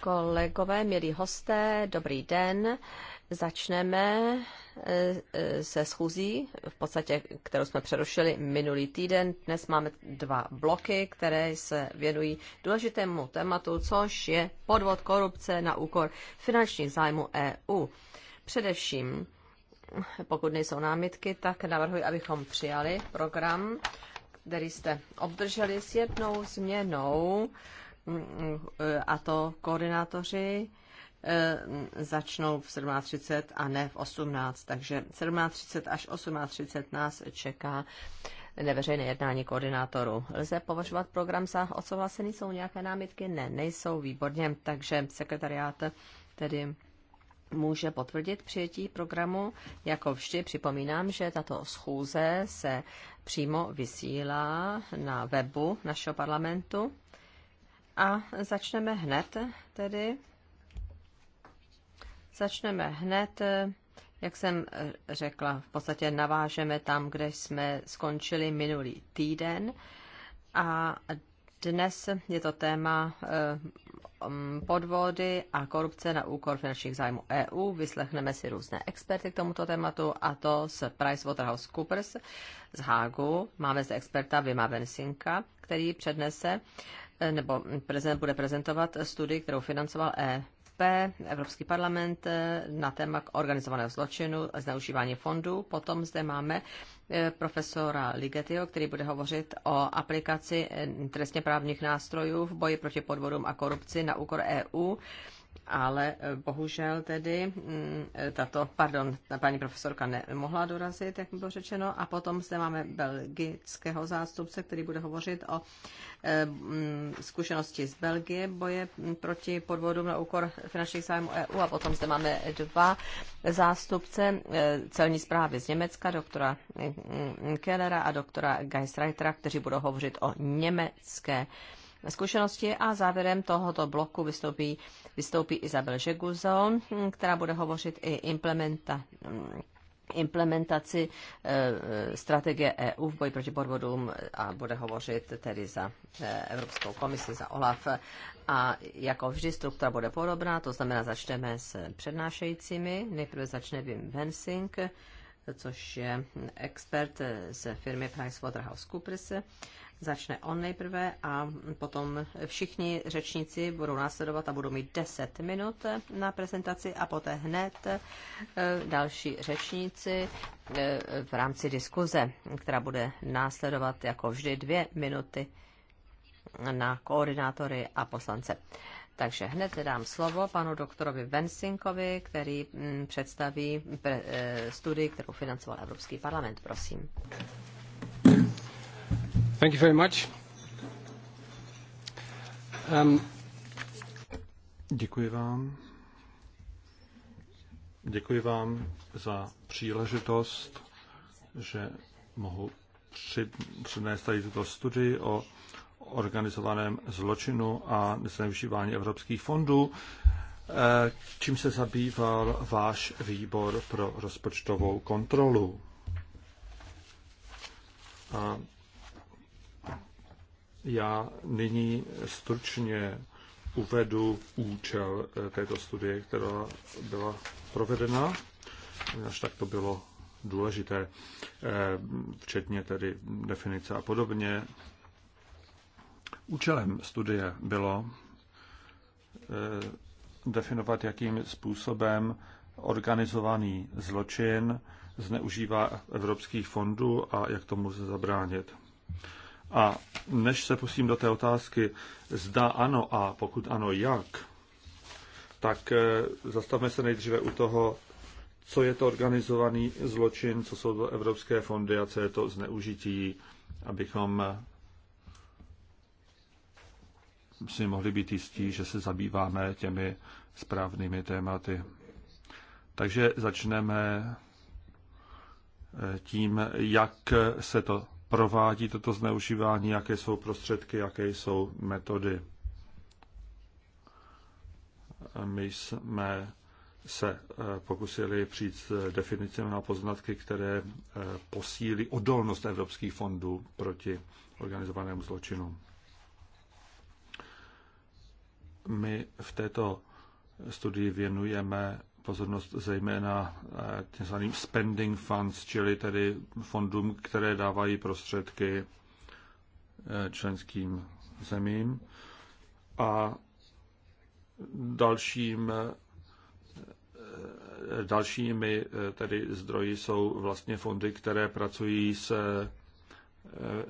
Kolegové, milí hosté, dobrý den. Začneme eh, eh, se schůzí, v podstatě, kterou jsme přerušili minulý týden. Dnes máme dva bloky, které se věnují důležitému tématu, což je podvod korupce na úkor finančních zájmů EU. Především, pokud nejsou námitky, tak navrhuji, abychom přijali program který jste obdrželi s jednou změnou, mm, mm, a to koordinátoři eh, začnou v 17.30 a ne v 18. Takže 17.30 až 18.30 nás čeká neveřejné jednání koordinátorů. Lze považovat program za odsouhlasený? Jsou nějaké námitky? Ne, nejsou. Výborně. Takže sekretariát tedy může potvrdit přijetí programu. Jako vždy připomínám, že tato schůze se přímo vysílá na webu našeho parlamentu. A začneme hned tedy. Začneme hned, jak jsem řekla, v podstatě navážeme tam, kde jsme skončili minulý týden. A dnes je to téma eh, Um, podvody a korupce na úkor finančních zájmů EU. Vyslechneme si různé experty k tomuto tématu a to z PricewaterhouseCoopers z Hágu. Máme zde experta Vima Vensinka, který přednese eh, nebo prezident bude prezentovat studii, kterou financoval e FP, Evropský parlament, eh, na téma organizovaného zločinu a zneužívání fondů. Potom zde máme eh, profesora Ligetio, který bude hovořit o aplikaci eh, trestně právních nástrojů v boji proti podvodům a korupci na úkor EU ale eh, bohužel tedy mm, tato, pardon, paní profesorka nemohla dorazit, jak bylo řečeno, a potom zde máme belgického zástupce, který bude hovořit o eh, mm, zkušenosti z Belgie, boje mm, proti podvodům na úkor finančních zájmů EU a potom zde máme dva zástupce eh, celní zprávy z Německa, doktora Kellera a doktora Geisreitera, kteří budou hovořit o německé zkušenosti a závěrem tohoto bloku vystoupí, vystoupí Izabel Žeguzo, která bude hovořit i implementa, implementaci eh, e, strategie EU v boji proti podvodům a bude hovořit tedy za e, Evropskou komisi, za OLAF. A jako vždy struktura bude podobná, to znamená začneme s přednášejícími. Nejprve začne Wim Vensink, což je expert z firmy PricewaterhouseCoopers Začne on nejprve a potom všichni řečníci budou následovat a budou mít 10 minut na prezentaci a poté hned eh, další řečníci eh, v rámci diskuze, která bude následovat jako vždy dvě minuty na koordinátory a poslance. Takže hned dám slovo panu doktorovi Vensinkovi, který mm, představí eh, studii, kterou financoval Evropský parlament. Prosím. Thank you very much. Um... Děkuji vám. Děkuji vám za příležitost, že mohu přednést tady tuto studii o organizovaném zločinu a nezneužívání evropských fondů, eh, čím se zabýval váš výbor pro rozpočtovou kontrolu. A já nyní stručně uvedu účel eh, této studie, která byla provedena, až tak to bylo důležité, eh, včetně tedy definice a podobně. Účelem studie bylo eh, definovat, jakým způsobem organizovaný zločin zneužívá evropských fondů a jak tomu zabránit. A než se pustím do té otázky, zda ano a pokud ano, jak, tak eh, zastavme se nejdříve u toho, co je to organizovaný zločin, co jsou to evropské fondy a co je to zneužití, abychom eh, si mohli být jistí, že se zabýváme těmi správnými tématy. Takže začneme eh, tím, jak se to provádí toto zneužívání, jaké jsou prostředky, jaké jsou metody. My jsme se eh, pokusili přijít s definicemi a poznatky, které eh, posílí odolnost evropských fondů proti organizovanému zločinu. My v této studii věnujeme pozornost zejména eh, tzv. spending funds, čili tedy fondům, které dávají prostředky eh, členským zemím. A dalším eh, dalšími tedy zdroji jsou vlastně fondy, které pracují se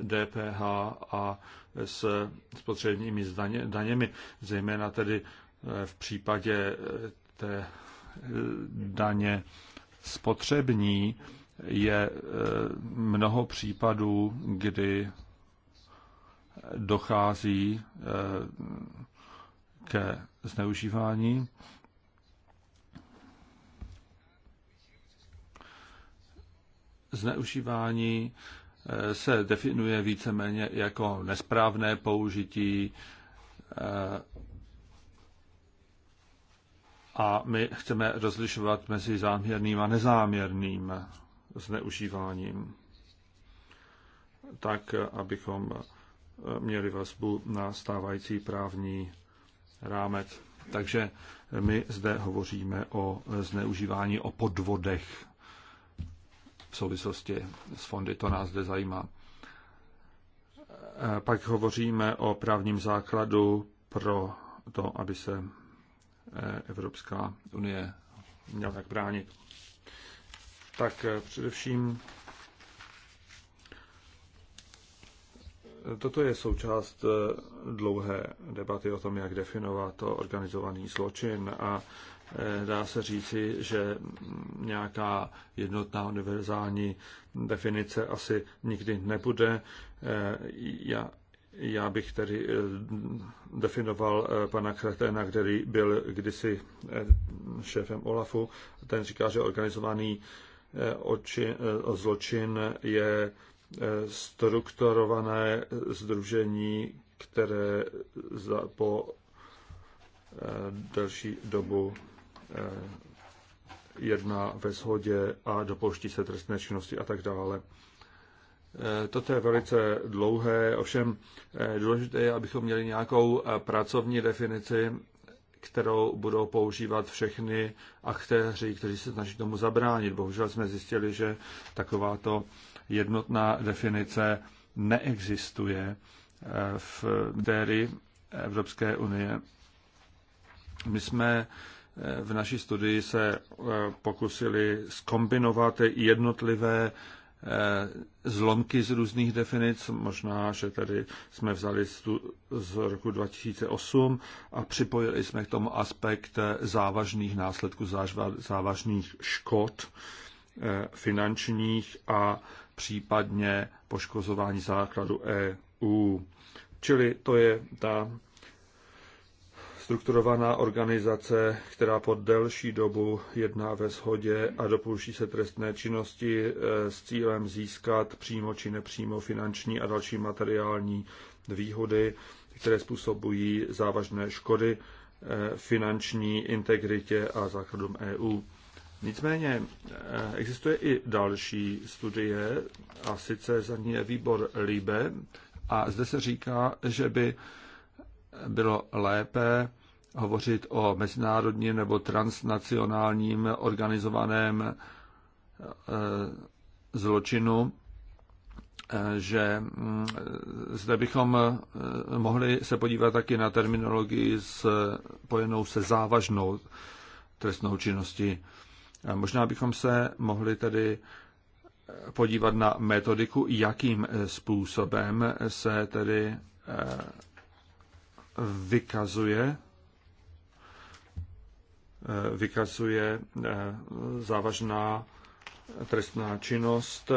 DPH a s spotřebními daněmi, zejména tedy v případě té daně spotřební je eh, mnoho případů, kdy dochází eh, ke zneužívání. Zneužívání eh, se definuje víceméně jako nesprávné použití a my chceme rozlišovat mezi záměrným a nezáměrným zneužíváním, tak abychom měli vazbu na stávající právní rámec. Takže my zde hovoříme o zneužívání, o podvodech v souvislosti s fondy. To nás zde zajímá. Pak hovoříme o právním základu pro to, aby se Evropská unie měla tak bránit. Tak eh, především eh, toto je součást eh, dlouhé debaty o tom, jak definovat to organizovaný zločin a dá se říci, že nějaká jednotná univerzální definice asi nikdy nebude. Já já bych tedy eh, definoval eh, pana Kretena, který byl kdysi eh, šéfem OLAFu. Ten říká, že organizovaný oči, zločin je strukturované združení, které za, po delší dobu jedná ve shodě a dopouští se trestné činnosti a tak dále. Eh, toto je velice dlouhé, ovšem eh, důležité je, abychom měli nějakou eh, pracovní definici, kterou budou používat všechny aktéři, kteří se snaží tomu zabránit. Bohužel jsme zjistili, že takováto jednotná definice neexistuje v déry Evropské unie. My jsme v naší studii se pokusili skombinovat jednotlivé Eh, zlomky z různých definic. Možná, že tady jsme vzali z roku 2008 a připojili jsme k tomu aspekt eh, závažných následků, závažných škod eh, finančních a případně poškozování základu EU. Čili to je ta strukturovaná organizace, která po delší dobu jedná ve shodě a dopouští se trestné činnosti eh, s cílem získat přímo či nepřímo finanční a další materiální výhody, které způsobují závažné škody eh, finanční integritě a základům EU. Nicméně eh, existuje i další studie, a sice za ní je výbor LIBE, a zde se říká, že by bylo lépe hovořit o mezinárodním nebo transnacionálním organizovaném eh, zločinu, eh, že mm, zde bychom eh, mohli se podívat taky na terminologii spojenou se závažnou trestnou činností. Možná bychom se mohli tedy podívat na metodiku, jakým způsobem se tedy vykazuje eh, vykazuje eh, závažná trestná činnost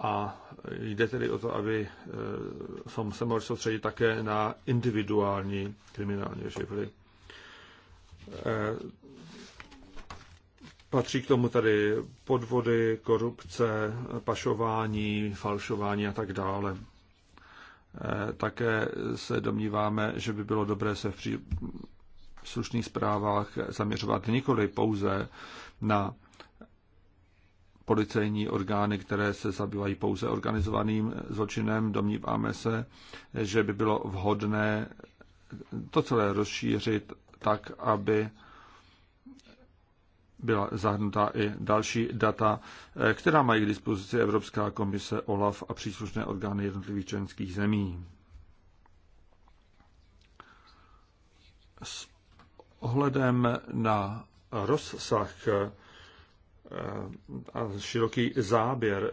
a jde tedy o to, aby eh, som se mohl soustředit také na individuální kriminální živly. Patří k tomu tady podvody, korupce, pašování, falšování a tak dále. Eh, také se domníváme, že by bylo dobré se v pří... slušných zprávách zaměřovat nikoli pouze na policejní orgány, které se zabývají pouze organizovaným zločinem. Domníváme se, že by bylo vhodné to celé rozšířit tak, aby byla zahrnuta i další data, eh, která mají k dispozici Evropská komise, OLAF a příslušné orgány jednotlivých členských zemí. S ohledem na rozsah eh, a široký záběr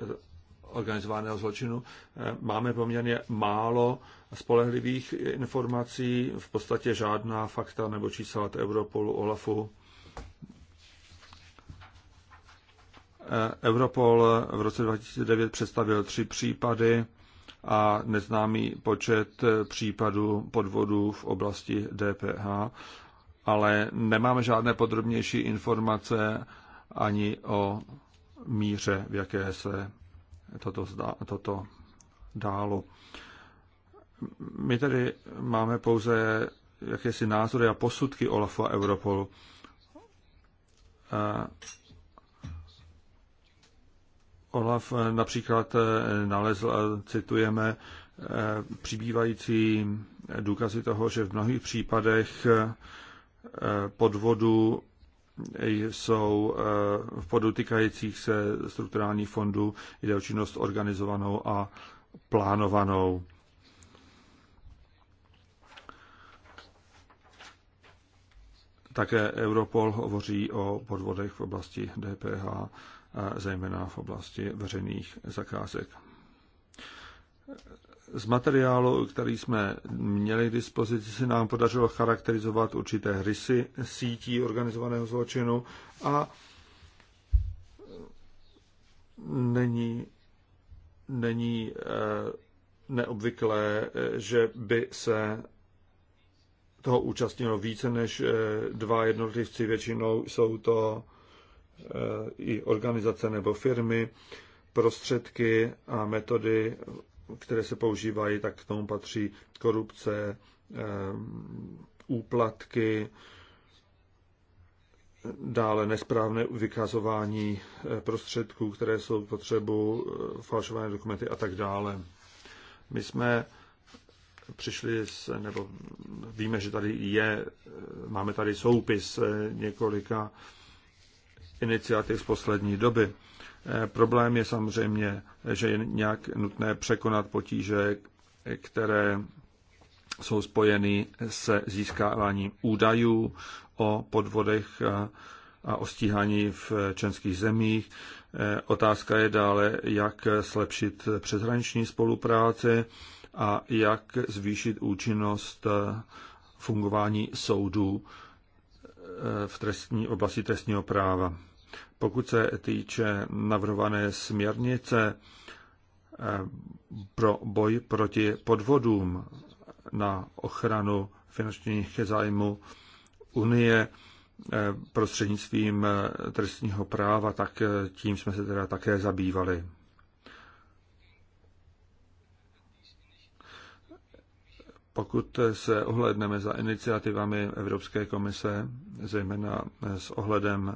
organizovaného zločinu eh, máme poměrně málo spolehlivých informací, v podstatě žádná fakta nebo čísla od Europolu, OLAFu Europol v roce 2009 představil tři případy a neznámý počet případů podvodů v oblasti DPH, ale nemáme žádné podrobnější informace ani o míře, v jaké se toto, zdá, toto dálo. My tedy máme pouze jakési názory a posudky Olafu a Europolu. Olaf eh, například eh, nalezl, citujeme, eh, přibývající důkazy toho, že v mnohých případech podvodu jsou v podotykajících se strukturálních fondů jde o činnost organizovanou a plánovanou. Také Europol hovoří o podvodech v oblasti DPH zejména v oblasti veřejných zakázek. Z materiálu, který jsme měli k dispozici, se nám podařilo charakterizovat určité rysy sítí organizovaného zločinu a není, není eh, neobvyklé, eh, že by se toho účastnilo více než eh, dva jednotlivci. Většinou jsou to Eh, i organizace nebo firmy, prostředky a metody, které se používají, tak k tomu patří korupce, eh, úplatky, dále nesprávné vykazování eh, prostředků, které jsou potřebu, falšované dokumenty a tak dále. My jsme přišli s, nebo víme, že tady je, máme tady soupis několika iniciativ z poslední doby. Eh, problém je samozřejmě, že je nějak nutné překonat potíže, které jsou spojeny se získáváním údajů o podvodech a o stíhání v členských zemích. Eh, otázka je dále, jak slepšit přeshraniční spolupráci a jak zvýšit účinnost eh, fungování soudů v trestní oblasti trestního práva. Pokud se týče navrhované směrnice eh, pro boj proti podvodům na ochranu finančních zájmů Unie eh, prostřednictvím eh, trestního práva, tak tím jsme se teda také zabývali. pokud se ohledneme za iniciativami Evropské komise, zejména s ohledem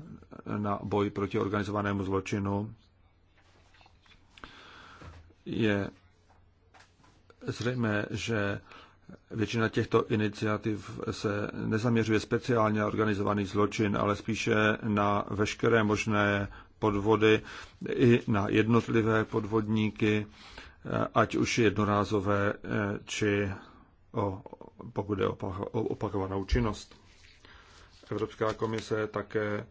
na boj proti organizovanému zločinu, je zřejmé, že většina těchto iniciativ se nezaměřuje speciálně na organizovaný zločin, ale spíše na veškeré možné podvody i na jednotlivé podvodníky, ať už jednorázové či o, pokud je o opakovanou činnost. Evropská komise také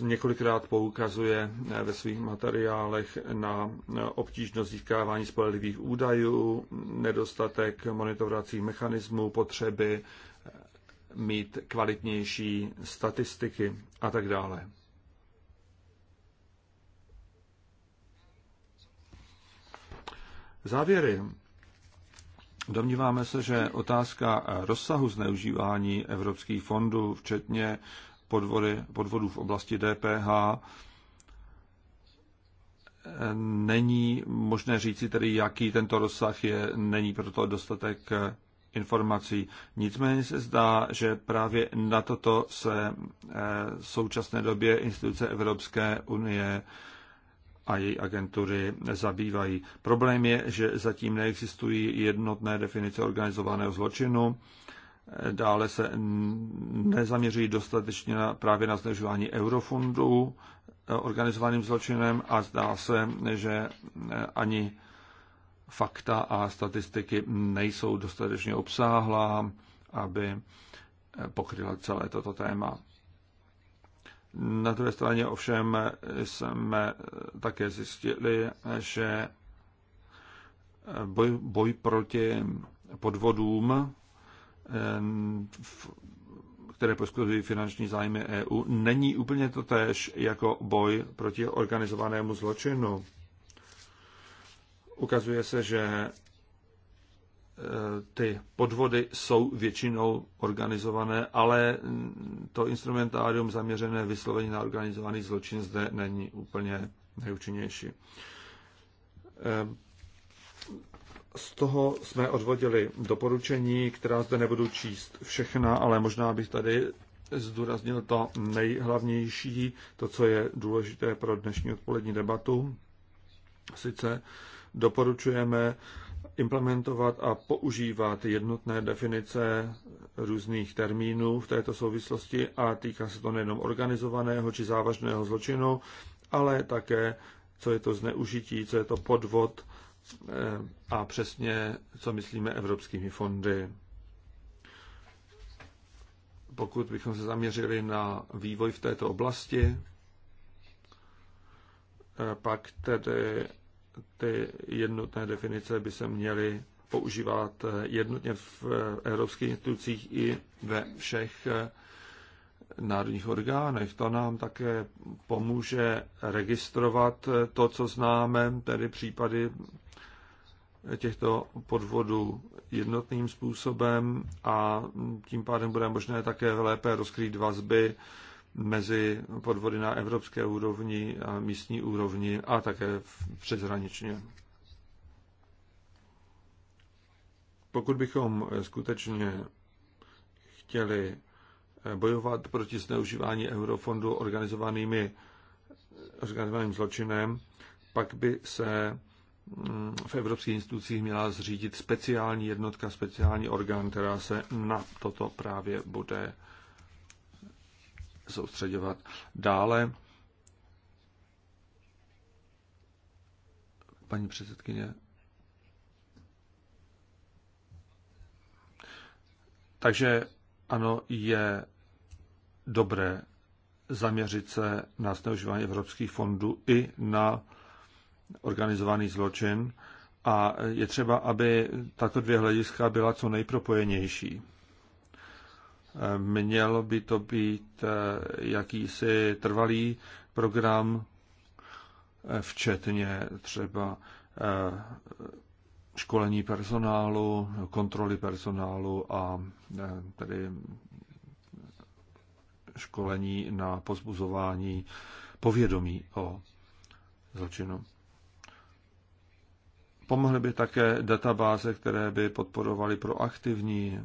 několikrát poukazuje ve svých materiálech na obtížnost získávání spolehlivých údajů, nedostatek monitorovacích mechanismů, potřeby mít kvalitnější statistiky a tak dále. Závěry. Domníváme se, že otázka rozsahu zneužívání evropských fondů, včetně podvody, podvodů v oblasti DPH, není možné říci tedy, jaký tento rozsah je, není proto dostatek informací. Nicméně se zdá, že právě na toto se eh, v současné době instituce Evropské unie a její agentury zabývají. Problém je, že zatím neexistují jednotné definice organizovaného zločinu, dále se nezaměřují dostatečně na, právě na zneužívání eurofundů e, organizovaným zločinem a zdá se, že e, ani fakta a statistiky nejsou dostatečně obsáhlá, aby e, pokryla celé toto téma. Na druhé straně ovšem jsme také zjistili, že boj, boj proti podvodům, eh, které poskytují finanční zájmy EU, není úplně to tež jako boj proti organizovanému zločinu. Ukazuje se, že ty podvody jsou většinou organizované, ale to instrumentárium zaměřené vysloveně na organizovaný zločin zde není úplně nejúčinnější. Eh, z toho jsme odvodili doporučení, která zde nebudu číst všechna, ale možná bych tady zdůraznil to nejhlavnější, to, co je důležité pro dnešní odpolední debatu. Sice doporučujeme implementovat a používat jednotné definice různých termínů v této souvislosti a týká se to nejenom organizovaného či závažného zločinu, ale také, co je to zneužití, co je to podvod eh, a přesně, co myslíme evropskými fondy. Pokud bychom se zaměřili na vývoj v této oblasti, eh, pak tedy ty jednotné definice by se měly používat jednotně v evropských institucích i ve všech eh, národních orgánech. To nám také pomůže registrovat eh, to, co známe, tedy případy eh, těchto podvodů jednotným způsobem a mm, tím pádem bude možné také lépe rozkrýt vazby mezi podvody na evropské úrovni a místní úrovni a také přeshraničně. Pokud bychom skutečně chtěli eh, bojovat proti zneužívání eurofondu organizovanými, organizovaným zločinem, pak by se mm, v evropských institucích měla zřídit speciální jednotka, speciální orgán, která se na toto právě bude soustředovat. Dále paní předsedkyně. Takže ano, je dobré zaměřit se na zneužívání evropských fondů i na organizovaný zločin a je třeba, aby tato dvě hlediska byla co nejpropojenější. Mělo by to být eh, jakýsi trvalý program, eh, včetně třeba eh, školení personálu, kontroly personálu a tedy školení na pozbuzování povědomí o zločinu. Pomohly by také databáze, které by podporovaly proaktivní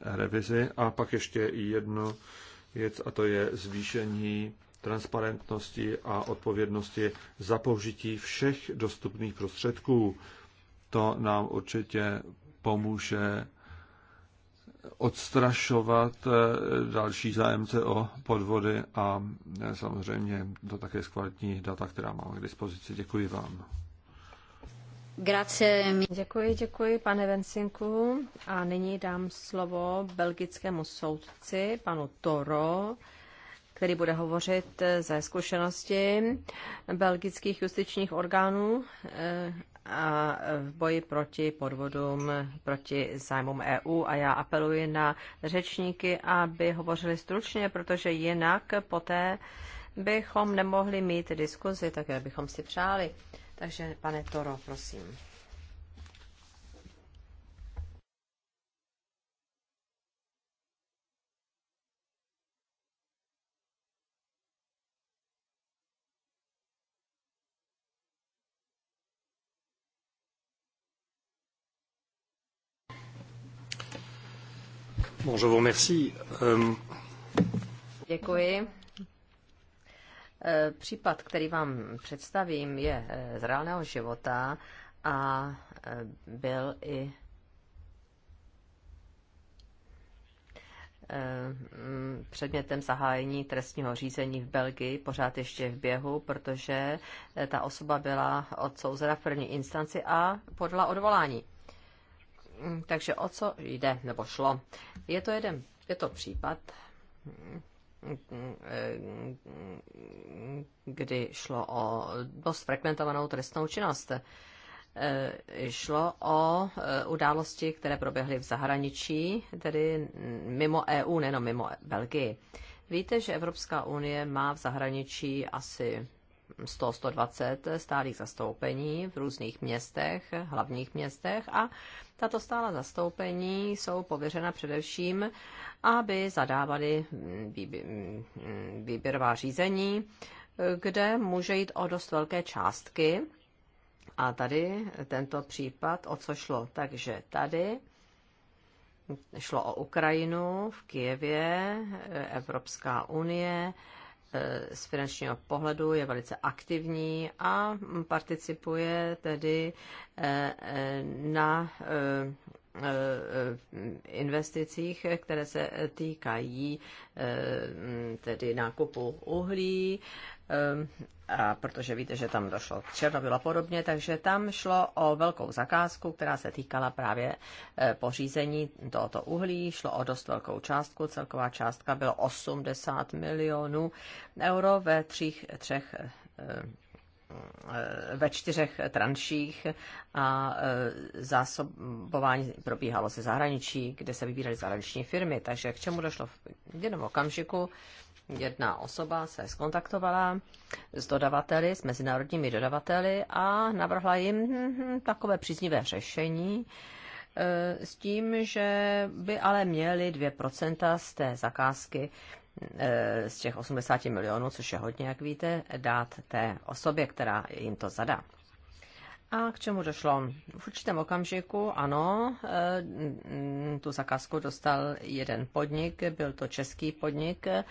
revizi. A pak ještě jedno věc, a to je zvýšení transparentnosti a odpovědnosti za použití všech dostupných prostředků. To nám určitě pomůže odstrašovat eh, další zájemce o podvody a eh, samozřejmě to také zkvalitní data, která máme k dispozici. Děkuji vám. Děkuji, děkuji, pane Vensinku. A nyní dám slovo belgickému soudci, panu Toro, který bude hovořit ze zkušenosti belgických justičních orgánů eh, a v boji proti podvodům, proti zájmům EU a já apeluji na řečníky, aby hovořili stručně, protože jinak poté bychom nemohli mít diskuzi, tak jak bychom si přáli. Takže pane Toro, prosím. Bonjour, je vous remercie. Um... Děkuji. Eh, případ, který vám představím, je eh, z reálného života a eh, byl i předmětem zahájení trestního řízení v Belgii, pořád ještě v běhu, protože ta osoba byla odsouzena v první instanci a podala odvolání. Mm, takže o co jde, nebo šlo? Je to jeden, je to případ, kdy šlo o dost frekventovanou trestnou činnost. Eh, šlo o eh, události, které proběhly v zahraničí, tedy mimo EU, nejenom mimo Belgii. Víte, že Evropská unie má v zahraničí asi 100-120 stálých zastoupení v různých městech, hlavních městech a tato stála zastoupení jsou pověřena především, aby zadávali mm, mm, výběrová řízení, kde může jít o dost velké částky. A tady tento případ, o co šlo? Takže tady šlo o Ukrajinu v Kijevě, Evropská unie, Eh, z finančního pohledu je velice aktivní a participuje tedy eh, na eh, investicích, které se týkají tedy nákupu uhlí a protože víte, že tam došlo k Černobylu a podobně, takže tam šlo o velkou zakázku, která se týkala právě e, pořízení tohoto uhlí, šlo o dost velkou částku, celková částka bylo 80 milionů euro ve třích, třech e, e, ve čtyřech tranších a zásobování probíhalo se zahraničí, kde se vybíraly zahraniční firmy. Takže k čemu došlo v jednom okamžiku? jedna osoba se skontaktovala s dodavateli, s mezinárodními dodavateli a navrhla jim hm, hm, takové příznivé řešení eh, s tím, že by ale měli 2% z té zakázky eh, z těch 80 milionů, což je hodně, jak víte, dát té osobě, která jim to zadá. A k čemu došlo? V určitém okamžiku, ano, eh, tu zakázku dostal jeden podnik, byl to český podnik, eh,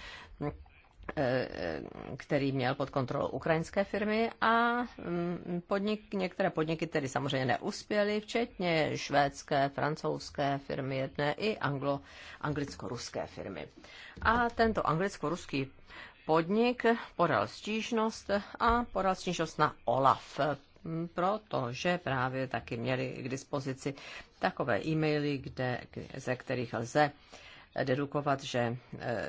eh, který měl pod kontrolou ukrajinské firmy a mm, podnik, některé podniky tedy samozřejmě neuspěly, včetně švédské, francouzské firmy jedné i anglo, anglicko-ruské firmy. A tento anglicko-ruský podnik podal stížnost a podal stížnost na OLAF, protože právě taky měli k dispozici takové e-maily, kde, ze kterých lze dedukovat, že e,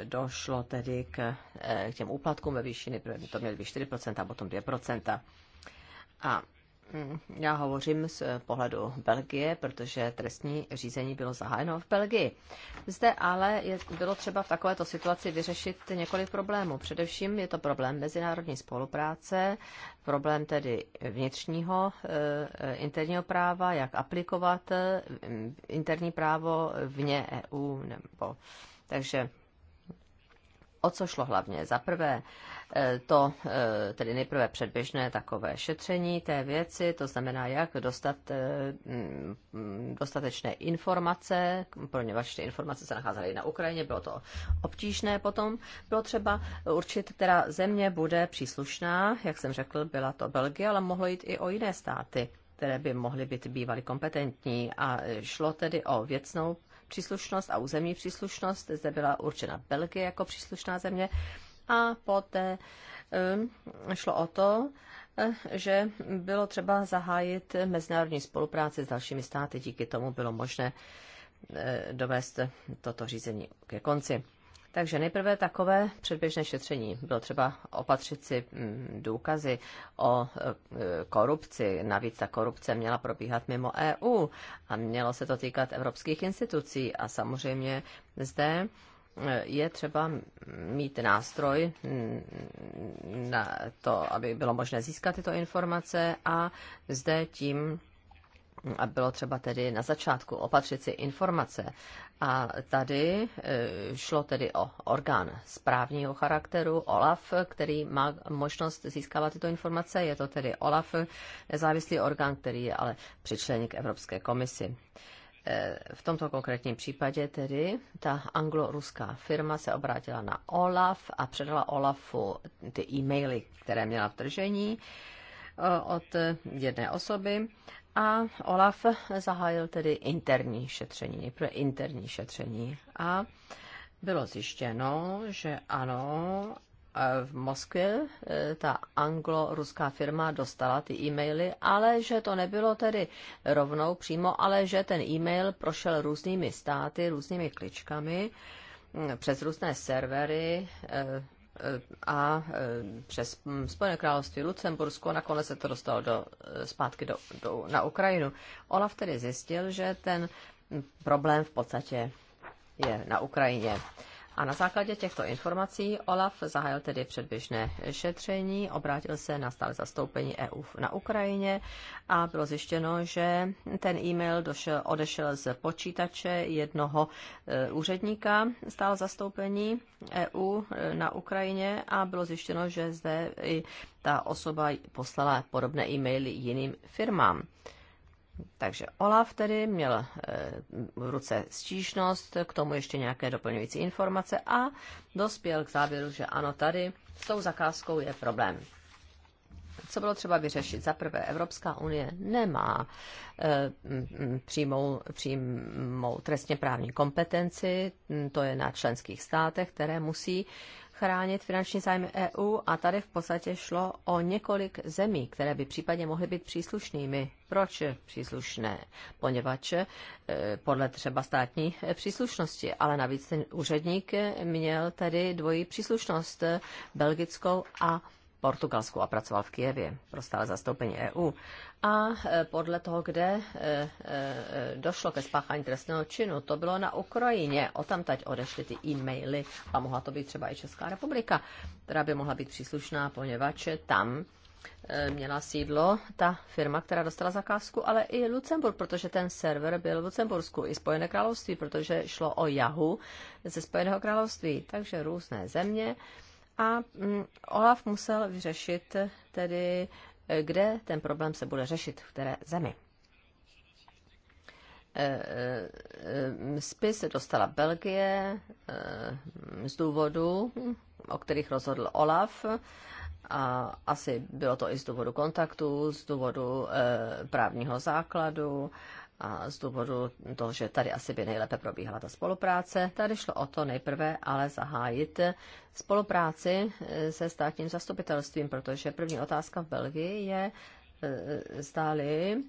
došlo tedy k, e, k těm úplatkům ve výši, to měly být 4% a potom 2%. A já hovořím z pohledu Belgie, protože trestní řízení bylo zahájeno v Belgii. Zde ale je, bylo třeba v takovéto situaci vyřešit několik problémů. Především je to problém mezinárodní spolupráce, problém tedy vnitřního eh, interního práva, jak aplikovat eh, interní právo vně EU. Nebo, takže O co šlo hlavně? Za prvé, e, to e, tedy nejprve předběžné takové šetření té věci, to znamená, jak dostat e, dostatečné informace, poněvadž ty informace se nacházely na Ukrajině, bylo to obtížné potom, bylo třeba určit, která země bude příslušná, jak jsem řekl, byla to Belgie, ale mohlo jít i o jiné státy které by mohly být bývaly kompetentní. A šlo tedy o věcnou příslušnost a územní příslušnost. Zde byla určena Belgie jako příslušná země. A poté um, šlo o to, eh, že bylo třeba zahájit mezinárodní spolupráci s dalšími státy. Díky tomu bylo možné eh, dovést toto řízení ke konci. Takže nejprve takové předběžné šetření. Bylo třeba opatřit si mm, důkazy o e, korupci. Navíc ta korupce měla probíhat mimo EU a mělo se to týkat evropských institucí. A samozřejmě zde e, je třeba mít nástroj mm, na to, aby bylo možné získat tyto informace a zde tím a bylo třeba tedy na začátku opatřit si informace. A tady e, šlo tedy o orgán správního charakteru, OLAF, který má možnost získávat tyto informace. Je to tedy OLAF, nezávislý orgán, který je ale přičlení k Evropské komisi. E, v tomto konkrétním případě tedy ta angloruská firma se obrátila na OLAF a předala OLAFu ty e-maily, které měla v držení e, od jedné osoby a Olaf zahájil tedy interní šetření, nejprve interní šetření. A bylo zjištěno, že ano, e, v Moskvě e, ta anglo-ruská firma dostala ty e-maily, ale že to nebylo tedy rovnou přímo, ale že ten e-mail prošel různými státy, různými kličkami přes různé servery e, a e, přes Spojené království Lucembursko nakonec se to dostalo do, zpátky do, do, na Ukrajinu. Olaf tedy zjistil, že ten problém v podstatě je na Ukrajině. A na základě těchto informací Olaf zahájil tedy předběžné šetření, obrátil se na stále zastoupení EU na Ukrajině a bylo zjištěno, že ten e-mail došel, odešel z počítače jednoho eh, úředníka stále zastoupení EU eh, na Ukrajině a bylo zjištěno, že zde i ta osoba poslala podobné e-maily jiným firmám. Takže Olaf tedy měl eh, v ruce stížnost, k tomu ještě nějaké doplňující informace a dospěl k závěru, že ano, tady s tou zakázkou je problém. Co bylo třeba vyřešit? Za prvé, Evropská unie nemá eh, přímou, přímou trestně právní kompetenci, to je na členských státech, které musí chránit finanční zájmy EU a tady v podstatě šlo o několik zemí, které by případně mohly být příslušnými. Proč příslušné? Poněvadž e, podle třeba státní e, příslušnosti, ale navíc ten úředník měl tedy dvojí příslušnost e, belgickou a Portugalsku a pracoval v Kijevě pro stále zastoupení EU. A e, podle toho, kde e, e, došlo ke spáchání trestného činu, to bylo na Ukrajině. O tam teď odešly ty e-maily a mohla to být třeba i Česká republika, která by mohla být příslušná, poněvadž tam měla sídlo ta firma, která dostala zakázku, ale i Lucemburg, protože ten server byl v Lucembursku, i Spojené království, protože šlo o Yahoo ze Spojeného království, takže různé země a mm, Olaf musel vyřešit tedy, eh, kde ten problém se bude řešit, v které zemi. Eh, eh, spis dostala Belgie z důvodu, o kterých rozhodl Olaf. A asi bylo to i z důvodu kontaktu, z důvodu právního základu a z důvodu toho, že tady asi by nejlépe probíhala ta spolupráce, tady šlo o to nejprve ale zahájit spolupráci eh, se státním zastupitelstvím, protože první otázka v Belgii je, eh, zdáli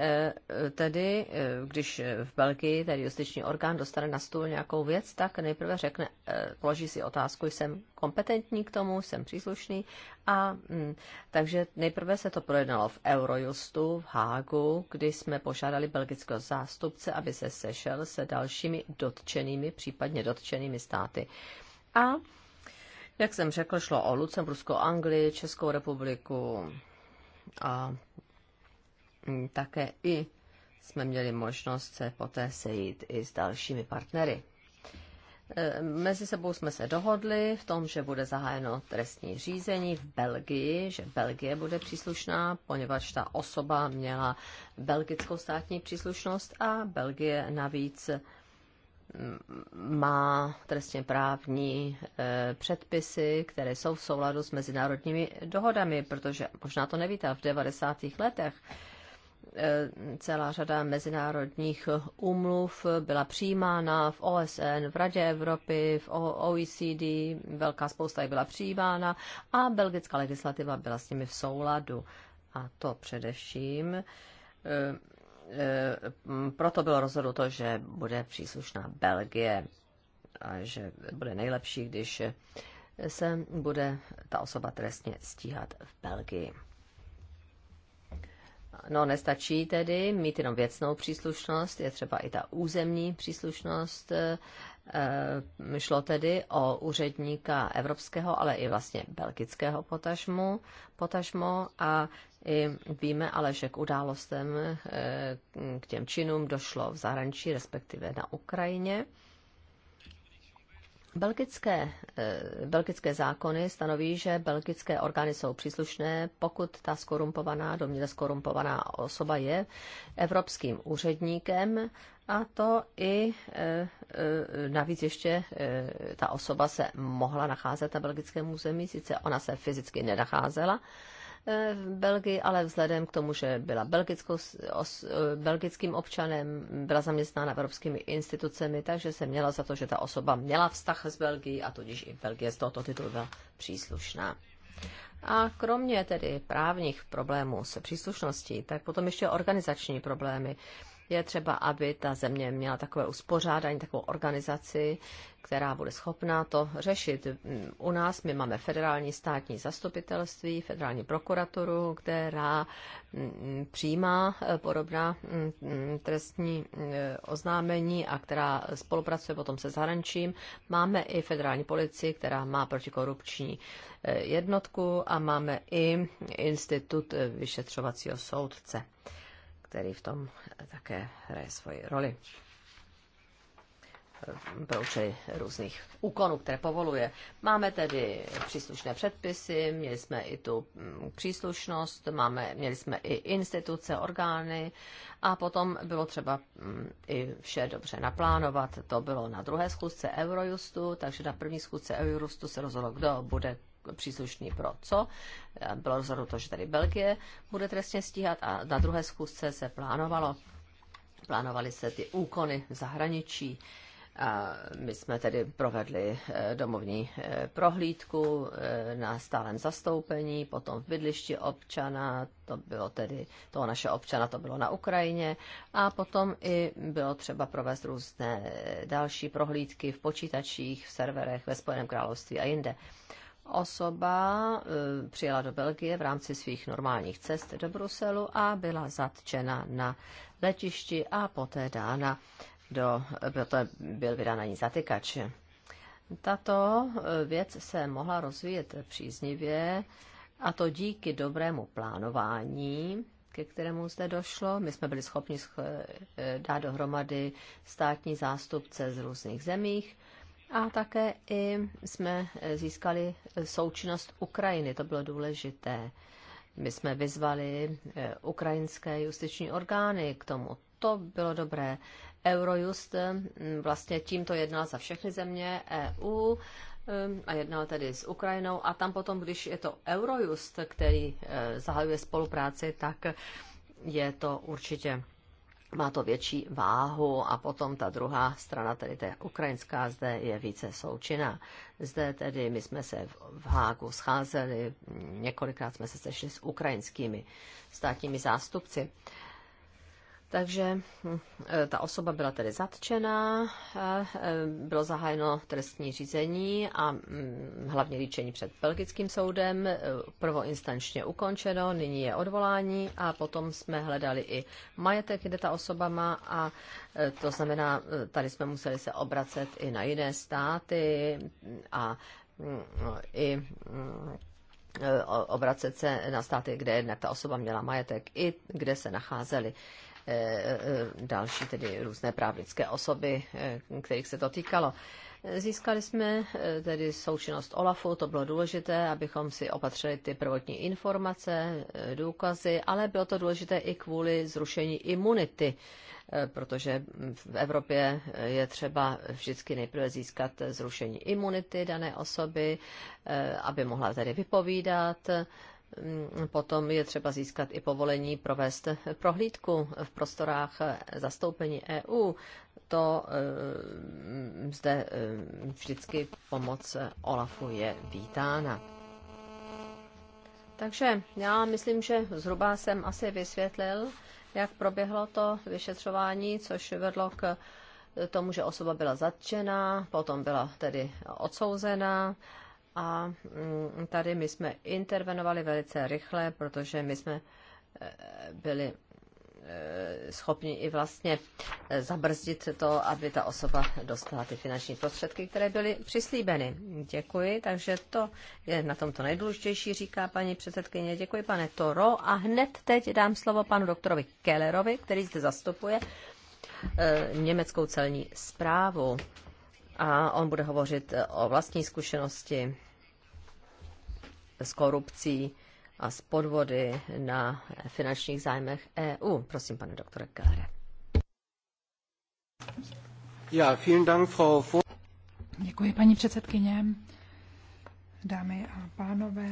Eh, tedy, eh, když v Belgii tedy justiční orgán dostane na stůl nějakou věc, tak nejprve řekne, eh, položí si otázku, jsem kompetentní k tomu, jsem příslušný. A mm, takže nejprve se to projednalo v Eurojustu v Hágu, kdy jsme požádali belgického zástupce, aby se sešel se dalšími dotčenými, případně dotčenými státy. A jak jsem řekl, šlo o Lucembursko, Anglii, Českou republiku a Mm, také i jsme měli možnost se poté sejít i s dalšími partnery. E, mezi sebou jsme se dohodli v tom, že bude zahájeno trestní řízení v Belgii, že Belgie bude příslušná, poněvadž ta osoba měla belgickou státní příslušnost a Belgie navíc mm, má trestně právní e, předpisy, které jsou v souladu s mezinárodními dohodami, protože možná to nevíte, v 90. letech Eh, celá řada mezinárodních úmluv byla přijímána v OSN, v Radě Evropy, v OECD, velká spousta jich byla přijímána a belgická legislativa byla s nimi v souladu. A to především eh, eh, proto bylo rozhodnuto, že bude příslušná Belgie a že bude nejlepší, když se bude ta osoba trestně stíhat v Belgii. No, nestačí tedy mít jenom věcnou příslušnost, je třeba i ta územní příslušnost. E, šlo tedy o úředníka evropského, ale i vlastně belgického potažmu, potažmo a i víme ale, že k událostem, e, k těm činům došlo v zahraničí, respektive na Ukrajině. Belgické, eh, belgické zákony stanoví, že belgické orgány jsou příslušné, pokud ta skorumpovaná, domněle skorumpovaná osoba je evropským úředníkem a to i eh, eh, navíc ještě ta osoba se mohla nacházet na belgickém území, sice ona se fyzicky nenacházela, Eh, v Belgii, ale vzhledem k tomu, že byla os, eh, belgickým občanem, byla zaměstnána evropskými institucemi, takže se měla za to, že ta osoba měla vztah s Belgií a tudíž i Belgie z tohoto titulu byla příslušná. A kromě tedy právních problémů se příslušností, tak potom ještě organizační problémy je třeba, aby ta země měla takové uspořádání, takovou organizaci, která bude schopná to řešit. U nás my máme federální státní zastupitelství, federální prokuraturu, která mm, přijímá eh, podobná mm, trestní eh, oznámení a která spolupracuje potom se zahraničím. Máme i federální policii, která má protikorupční eh, jednotku a máme i institut vyšetřovacího soudce který v tom také hraje svoji roli pro účely různých úkonů, které povoluje. Máme tedy příslušné předpisy, měli jsme i tu mm, příslušnost, máme, měli jsme i instituce, orgány a potom bylo třeba mm, i vše dobře naplánovat. To bylo na druhé schůzce Eurojustu, takže na první schůzce Eurojustu se rozhodlo, kdo bude příslušný pro co. Bylo rozhodnuto, že tady Belgie bude trestně stíhat a na druhé schůzce se plánovalo, plánovaly se ty úkony v zahraničí. A my jsme tedy provedli eh, domovní eh, prohlídku eh, na stálem zastoupení, potom v bydlišti občana, to bylo tedy toho naše občana, to bylo na Ukrajině, a potom i bylo třeba provést různé další prohlídky v počítačích, v serverech ve Spojeném království a jinde osoba eh, přijela do Belgie v rámci svých normálních cest do Bruselu a byla zatčena na letišti a poté dána do, poté byl vydán na ní zatykač. Tato eh, věc se mohla rozvíjet příznivě a to díky dobrému plánování, ke kterému zde došlo. My jsme byli schopni eh, dát dohromady státní zástupce z různých zemích a také i jsme eh, získali eh, součinnost Ukrajiny, to bylo důležité. My jsme vyzvali eh, ukrajinské justiční orgány k tomu. To bylo dobré. Eurojust vlastně tímto jednal za všechny země EU a jednal tedy s Ukrajinou. A tam potom, když je to Eurojust, který zahajuje spolupráci, tak je to určitě má to větší váhu a potom ta druhá strana, tedy ta ukrajinská, zde je více součina Zde tedy my jsme se v Hágu scházeli, několikrát jsme se sešli s ukrajinskými státními zástupci takže hm, e, ta osoba byla tedy zatčena, e, e, bylo zahájeno trestní řízení a hm, hlavně líčení před belgickým soudem, prvoinstančně ukončeno, nyní je odvolání a potom jsme hledali i majetek, kde ta osoba má a to znamená, tady jsme museli se obracet i na jiné státy a hm, no, i obracet se na státy, kde jednak ta osoba měla majetek i kde se nacházeli. Eh, eh, další tedy různé právnické osoby, eh, kterých se to týkalo. Získali jsme tedy součinnost OLAFu, to bylo důležité, abychom si opatřili ty prvotní informace, důkazy, ale bylo to důležité i kvůli zrušení imunity, protože v Evropě je třeba vždycky nejprve získat zrušení imunity dané osoby, aby mohla tedy vypovídat Mm, potom je třeba získat i povolení provést prohlídku v prostorách zastoupení EU. To eh, zde eh, vždycky pomoc OLAFu je vítána. Takže já myslím, že zhruba jsem asi vysvětlil, jak proběhlo to vyšetřování, což vedlo k tomu, že osoba byla zatčena, potom byla tedy odsouzena a mm, tady my jsme intervenovali velice rychle, protože my jsme eh, byli eh, schopni i vlastně eh, zabrzdit to, aby ta osoba dostala ty finanční prostředky, které byly přislíbeny. Děkuji, takže to je na tom to nejdůležitější, říká paní předsedkyně. Děkuji, pane Toro. A hned teď dám slovo panu doktorovi Kellerovi, který zde zastupuje německou celní zprávu. A on bude hovořit o vlastní zkušenosti s korupcí a s podvody na finančních zájmech EU. Prosím, pane doktore Kellere. Ja, vielen Dank, Frau Děkuji, paní předsedkyně, dámy a pánové.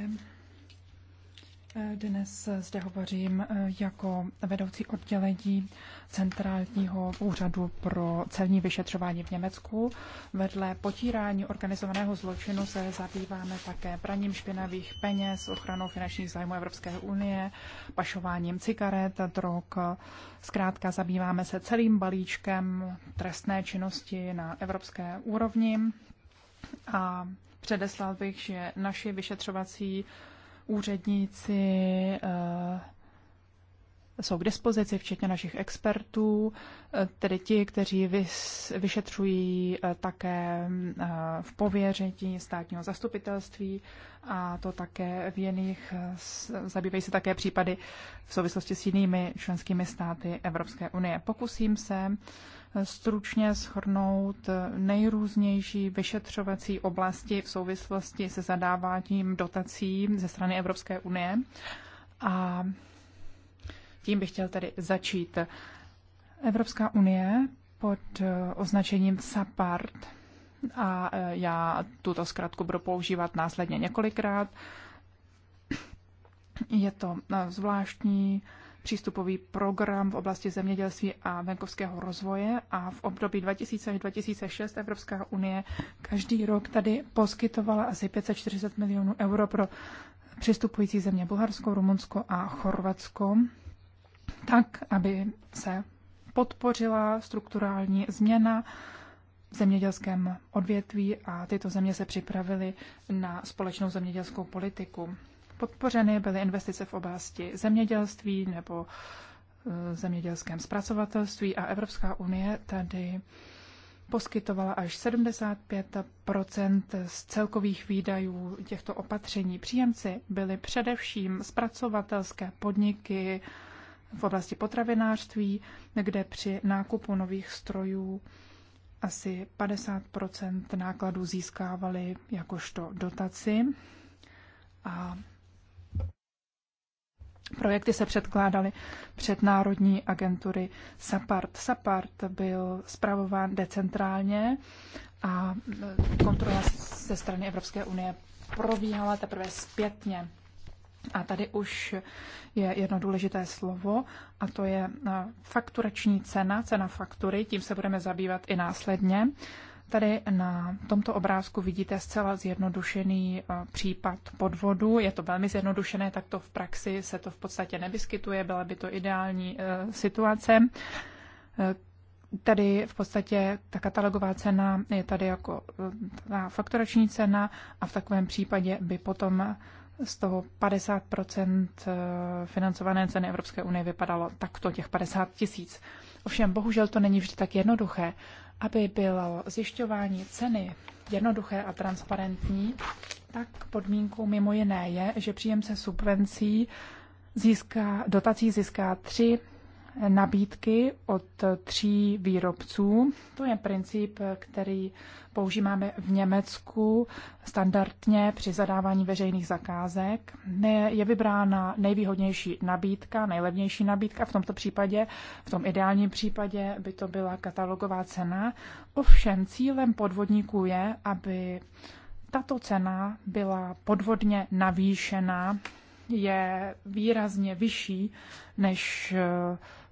Dnes zde hovořím eh, jako vedoucí oddělení Centrálního úřadu pro celní vyšetřování v Německu. Vedle potírání organizovaného zločinu se zabýváme také praním špinavých peněz, ochranou finančních zájmů Evropské unie, pašováním cigaret, drog. Zkrátka zabýváme se celým balíčkem trestné činnosti na evropské úrovni. A předeslal bych, že naši vyšetřovací úředníci eh, jsou k dispozici, včetně našich expertů, eh, tedy ti, kteří vyšetřují eh, také v pověření státního zastupitelství a to také v jiných, zabývají se také případy v souvislosti s jinými členskými státy Evropské unie. Pokusím se stručně shrnout nejrůznější vyšetřovací oblasti v souvislosti se zadáváním dotací ze strany Evropské unie. A tím bych chtěl tedy začít. Evropská unie pod označením SAPART a já tuto zkratku budu používat následně několikrát. Je to zvláštní přístupový program v oblasti zemědělství a venkovského rozvoje a v období 2000 až 2006 Evropská unie každý rok tady poskytovala asi 540 milionů euro pro přistupující země Bulharsko, Rumunsko a Chorvatsko, tak, aby se podpořila strukturální změna v zemědělském odvětví a tyto země se připravily na společnou zemědělskou politiku. Podpořeny byly investice v oblasti zemědělství nebo e, zemědělském zpracovatelství a Evropská unie tady poskytovala až 75 z celkových výdajů těchto opatření. Příjemci byli především zpracovatelské podniky v oblasti potravinářství, kde při nákupu nových strojů asi 50 nákladů získávali jakožto dotaci a Projekty se předkládaly před Národní agentury SAPART. SAPART byl zpravován decentrálně a kontrola ze strany Evropské unie probíhala teprve zpětně. A tady už je jedno důležité slovo, a to je fakturační cena, cena faktury. Tím se budeme zabývat i následně. Tady na tomto obrázku vidíte zcela zjednodušený eh, případ podvodu. Je to velmi zjednodušené, tak to v praxi se to v podstatě nevyskytuje, byla by to ideální eh, situace. Eh, tady v podstatě ta katalogová cena je tady jako ta fakturační cena a v takovém případě by potom z toho 50 financované ceny Evropské unie vypadalo takto těch 50 tisíc. Ovšem, bohužel to není vždy tak jednoduché, aby bylo zjišťování ceny jednoduché a transparentní, tak podmínkou mimo jiné je, že příjemce subvencí získá, dotací získá tři nabídky od tří výrobců. To je princip, který používáme v Německu standardně při zadávání veřejných zakázek. Je vybrána nejvýhodnější nabídka, nejlevnější nabídka. V tomto případě, v tom ideálním případě, by to byla katalogová cena. Ovšem cílem podvodníků je, aby tato cena byla podvodně navýšena je výrazně vyšší než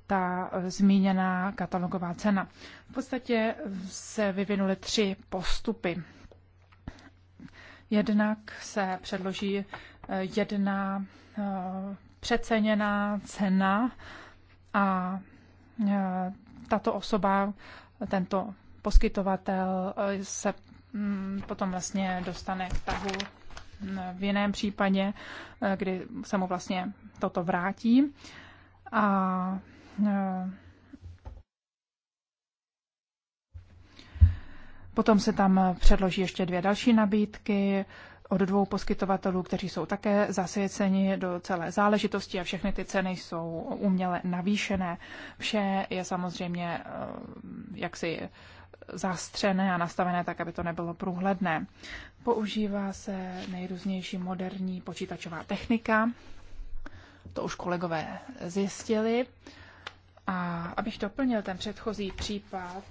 ta eh, zmíněná katalogová cena. V podstatě se vyvinuly tři postupy. Jednak se předloží eh, jedna eh, přeceněná cena a tato osoba, tento poskytovatel se mm, potom vlastně dostane k tahu mm, v jiném případě, kdy se mu vlastně toto vrátí. A Eh, potom se tam předloží ještě dvě další nabídky od dvou poskytovatelů, kteří jsou také zasvěceni do celé záležitosti a všechny ty ceny jsou uměle navýšené. Vše je samozřejmě eh, jaksi zastřené a nastavené tak, aby to nebylo průhledné. Používá se nejrůznější moderní počítačová technika, to už kolegové zjistili. A abych doplnil ten předchozí případ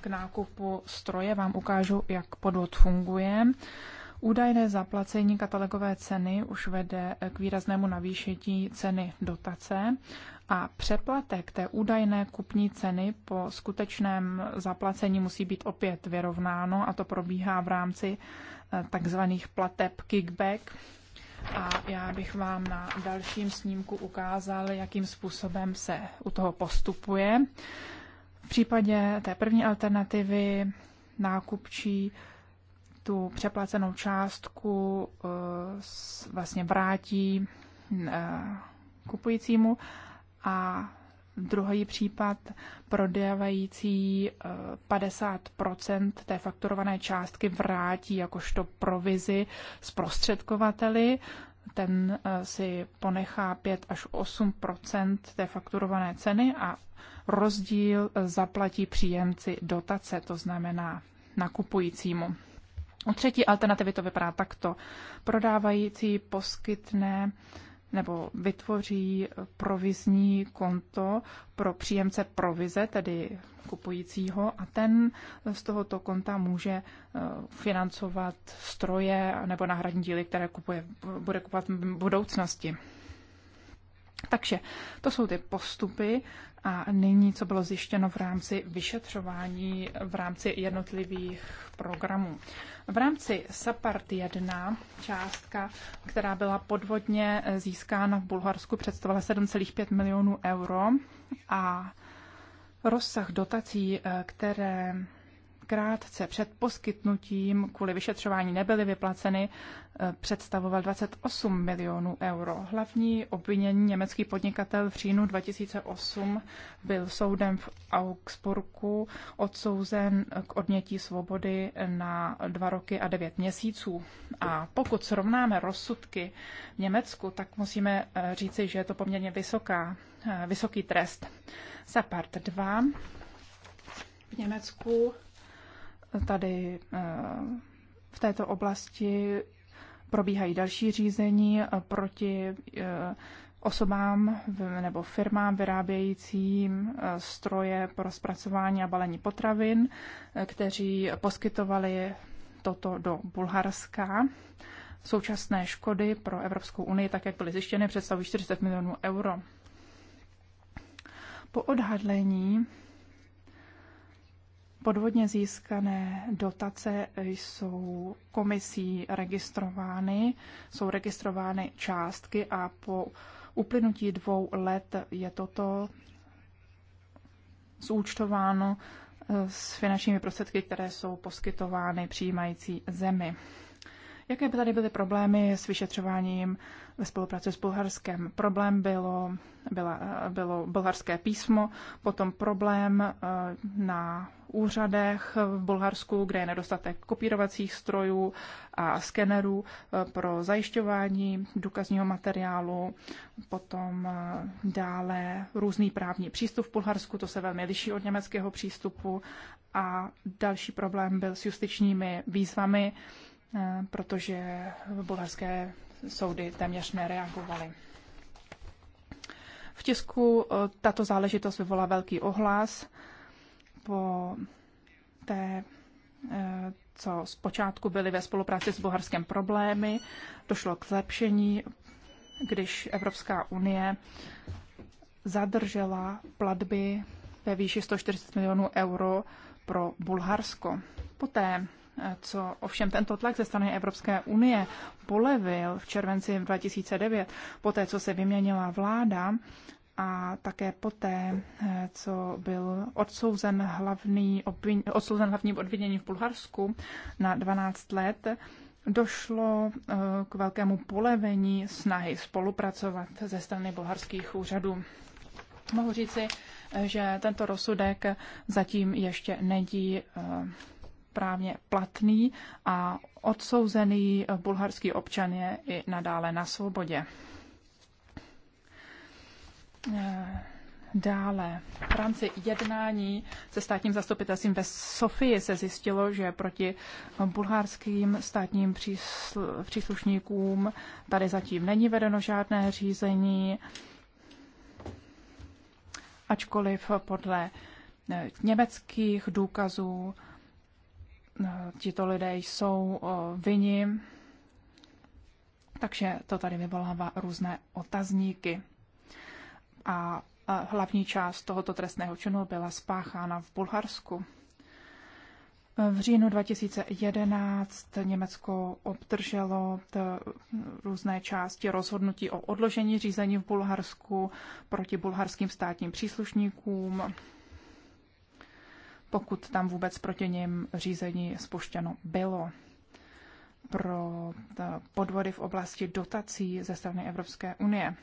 k nákupu stroje, vám ukážu, jak podvod funguje. Údajné zaplacení katalogové ceny už vede k výraznému navýšení ceny dotace a přeplatek té údajné kupní ceny po skutečném zaplacení musí být opět vyrovnáno a to probíhá v rámci eh, takzvaných plateb kickback, a já bych vám na dalším snímku ukázal, jakým způsobem se u toho postupuje. V případě té první alternativy nákupčí tu přeplacenou částku eh, vlastně vrátí eh, kupujícímu a druhý případ prodávající 50 eh, té fakturované částky vrátí jakožto provizi zprostředkovateli. Ten eh, si ponechá 5 až 8 té fakturované ceny a rozdíl eh, zaplatí příjemci dotace, to znamená nakupujícímu. U třetí alternativy to vypadá takto. Prodávající poskytne uh, nebo vytvoří provizní konto pro příjemce provize, tedy kupujícího, a ten z tohoto konta může eh, financovat stroje nebo náhradní díly, které kupuje, bude kupovat v budoucnosti. Takže to jsou ty postupy a nyní, co bylo zjištěno v rámci vyšetřování v rámci jednotlivých programů. V rámci SAPART 1 částka, která byla podvodně získána v Bulharsku, představovala 7,5 milionů euro a rozsah dotací, eh, které krátce před poskytnutím kvůli vyšetřování nebyly vyplaceny, eh, představoval 28 milionů euro. Hlavní obvinění německý podnikatel v říjnu 2008 byl soudem v Augsburgu odsouzen k odnětí svobody na dva roky a devět měsíců. A pokud srovnáme rozsudky v Německu, tak musíme eh, říci, že je to poměrně vysoká, eh, vysoký trest. Za part 2 v Německu tady eh, v této oblasti probíhají další řízení eh, proti eh, osobám nebo firmám vyrábějícím stroje pro zpracování a balení potravin, kteří poskytovali toto do Bulharska. Současné škody pro Evropskou unii, tak jak byly zjištěny, představují 40 milionů euro. Po odhadlení Podvodně získané dotace jsou komisí registrovány, jsou registrovány částky a po uplynutí dvou let je toto zúčtováno eh, s finančními prostředky, které jsou poskytovány přijímající zemi. Jaké by tady byly problémy s vyšetřováním ve spolupráci s Bulharskem. Problém bylo, byla, bylo bulharské písmo, potom problém eh, na úřadech v Bulharsku, kde je nedostatek kopírovacích strojů a skenerů eh, pro zajišťování důkazního materiálu, potom eh, dále různý právní přístup v Bulharsku, to se velmi liší od německého přístupu a další problém byl s justičními výzvami, protože bulharské soudy téměř nereagovaly. V tisku eh, tato záležitost vyvolá velký ohlas po té eh, co zpočátku byly ve spolupráci s Bulharskem problémy, došlo k zlepšení, když Evropská unie zadržela platby ve výši 140 milionů euro pro Bulharsko. Poté co ovšem tento tlak ze strany Evropské unie polevil v červenci 2009, poté co se vyměnila vláda a také poté, eh, co byl odsouzen hlavní, obvin, odsouzen hlavní obvinění v Bulharsku na 12 let, došlo eh, k velkému polevení snahy spolupracovat ze strany bulharských úřadů. Mohu říci, eh, že tento rozsudek zatím ještě není právně platný a odsouzený bulharský občan je i nadále na svobodě. Dále. V rámci jednání se státním zastupitelstvím ve Sofii se zjistilo, že proti bulharským státním příslušníkům tady zatím není vedeno žádné řízení, ačkoliv podle německých důkazů Eh, tito lidé jsou eh, vyni, takže to tady vyvolává různé otazníky. A eh, hlavní část tohoto trestného činu byla spáchána v Bulharsku. V říjnu 2011 Německo obdrželo různé části rozhodnutí o odložení řízení v Bulharsku proti bulharským státním příslušníkům pokud tam vůbec proti ním řízení spuštěno bylo. Pro podvody v oblasti dotací ze strany Evropské unie.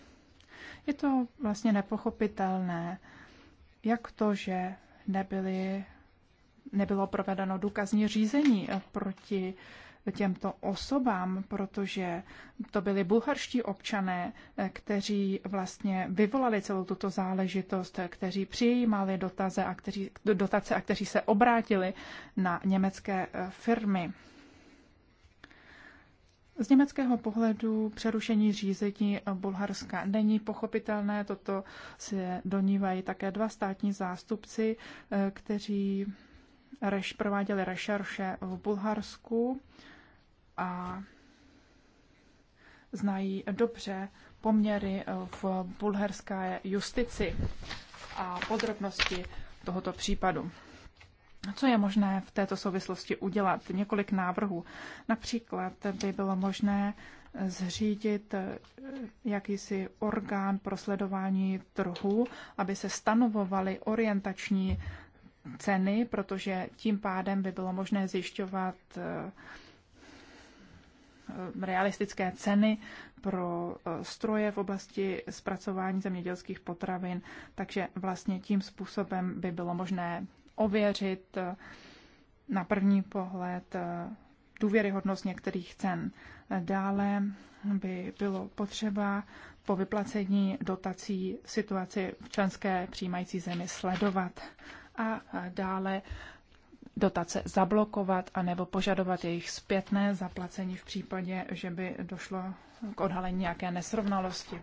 Je to vlastně nepochopitelné, jak to, že nebyly, nebylo provedeno důkazní řízení proti těmto osobám, protože to byli bulharští občané, eh, kteří vlastně vyvolali celou tuto záležitost, eh, kteří přijímali dotaze a kteří, dotace a kteří se obrátili na německé eh, firmy. Z německého pohledu přerušení řízení Bulharska není pochopitelné. Toto se donívají také dva státní zástupci, kteří reš, prováděli rešerše v Bulharsku a znají dobře poměry v bulharské justici a podrobnosti tohoto případu. Co je možné v této souvislosti udělat? Několik návrhů. Například by bylo možné zřídit jakýsi orgán pro sledování trhu, aby se stanovovaly orientační ceny, protože tím pádem by bylo možné zjišťovat Eh, realistické ceny pro eh, stroje v oblasti zpracování zemědělských potravin, takže vlastně tím způsobem by bylo možné ověřit eh, na první pohled důvěryhodnost některých cen. Dále by bylo potřeba po vyplacení dotací situaci v členské přijímající zemi sledovat a dále dotace zablokovat anebo požadovat jejich zpětné zaplacení v případě, že by došlo k odhalení nějaké nesrovnalosti.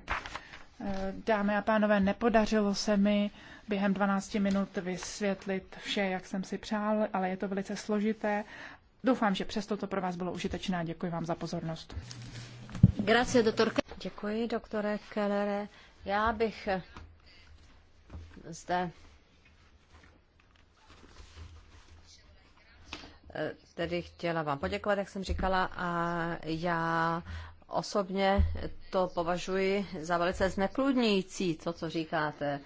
Eh, dámy a pánové, nepodařilo se mi během 12 minut vysvětlit vše, jak jsem si přál, ale je to velice složité. Doufám, že přesto to pro vás bylo užitečné a děkuji vám za pozornost. Grazie, doktor. Děkuji, doktore Kellere. Já bych eh, zde tedy chtěla vám poděkovat, jak jsem říkala, a já osobně to považuji za velice znekludnící, to, co říkáte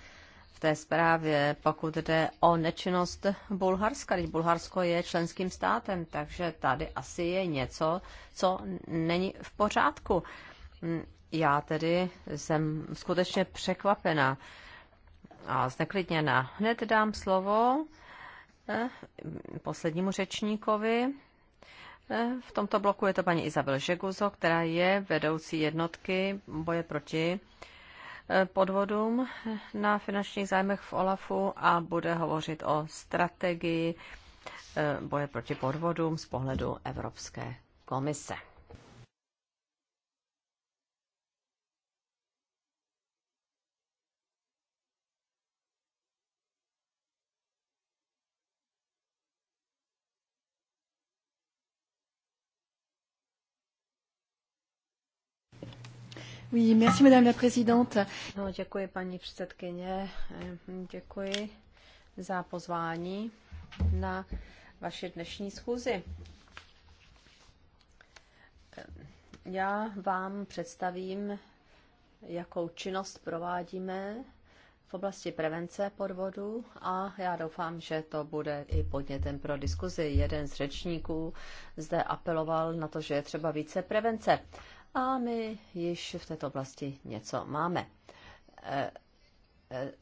v té zprávě, pokud jde o nečinnost Bulharska. Když Bulharsko je členským státem, takže tady asi je něco, co není v pořádku. Já tedy jsem skutečně překvapena a zneklidněna. Hned dám slovo Eh, poslednímu řečníkovi. Eh, v tomto bloku je to paní Izabel Žeguzo, která je vedoucí jednotky boje proti eh, podvodům na finančních zájmech v OLAFu a bude hovořit o strategii boje proti podvodům z pohledu Evropské komise. Oui, merci, madame la présidente. No, děkuji, paní předsedkyně. Eh, děkuji za pozvání na vaši dnešní schůzi. Eh, já vám představím, jakou činnost provádíme v oblasti prevence podvodu a já doufám, že to bude i podnětem pro diskuzi. Jeden z řečníků zde apeloval na to, že je třeba více prevence. A my již v této oblasti něco máme. Eh, eh,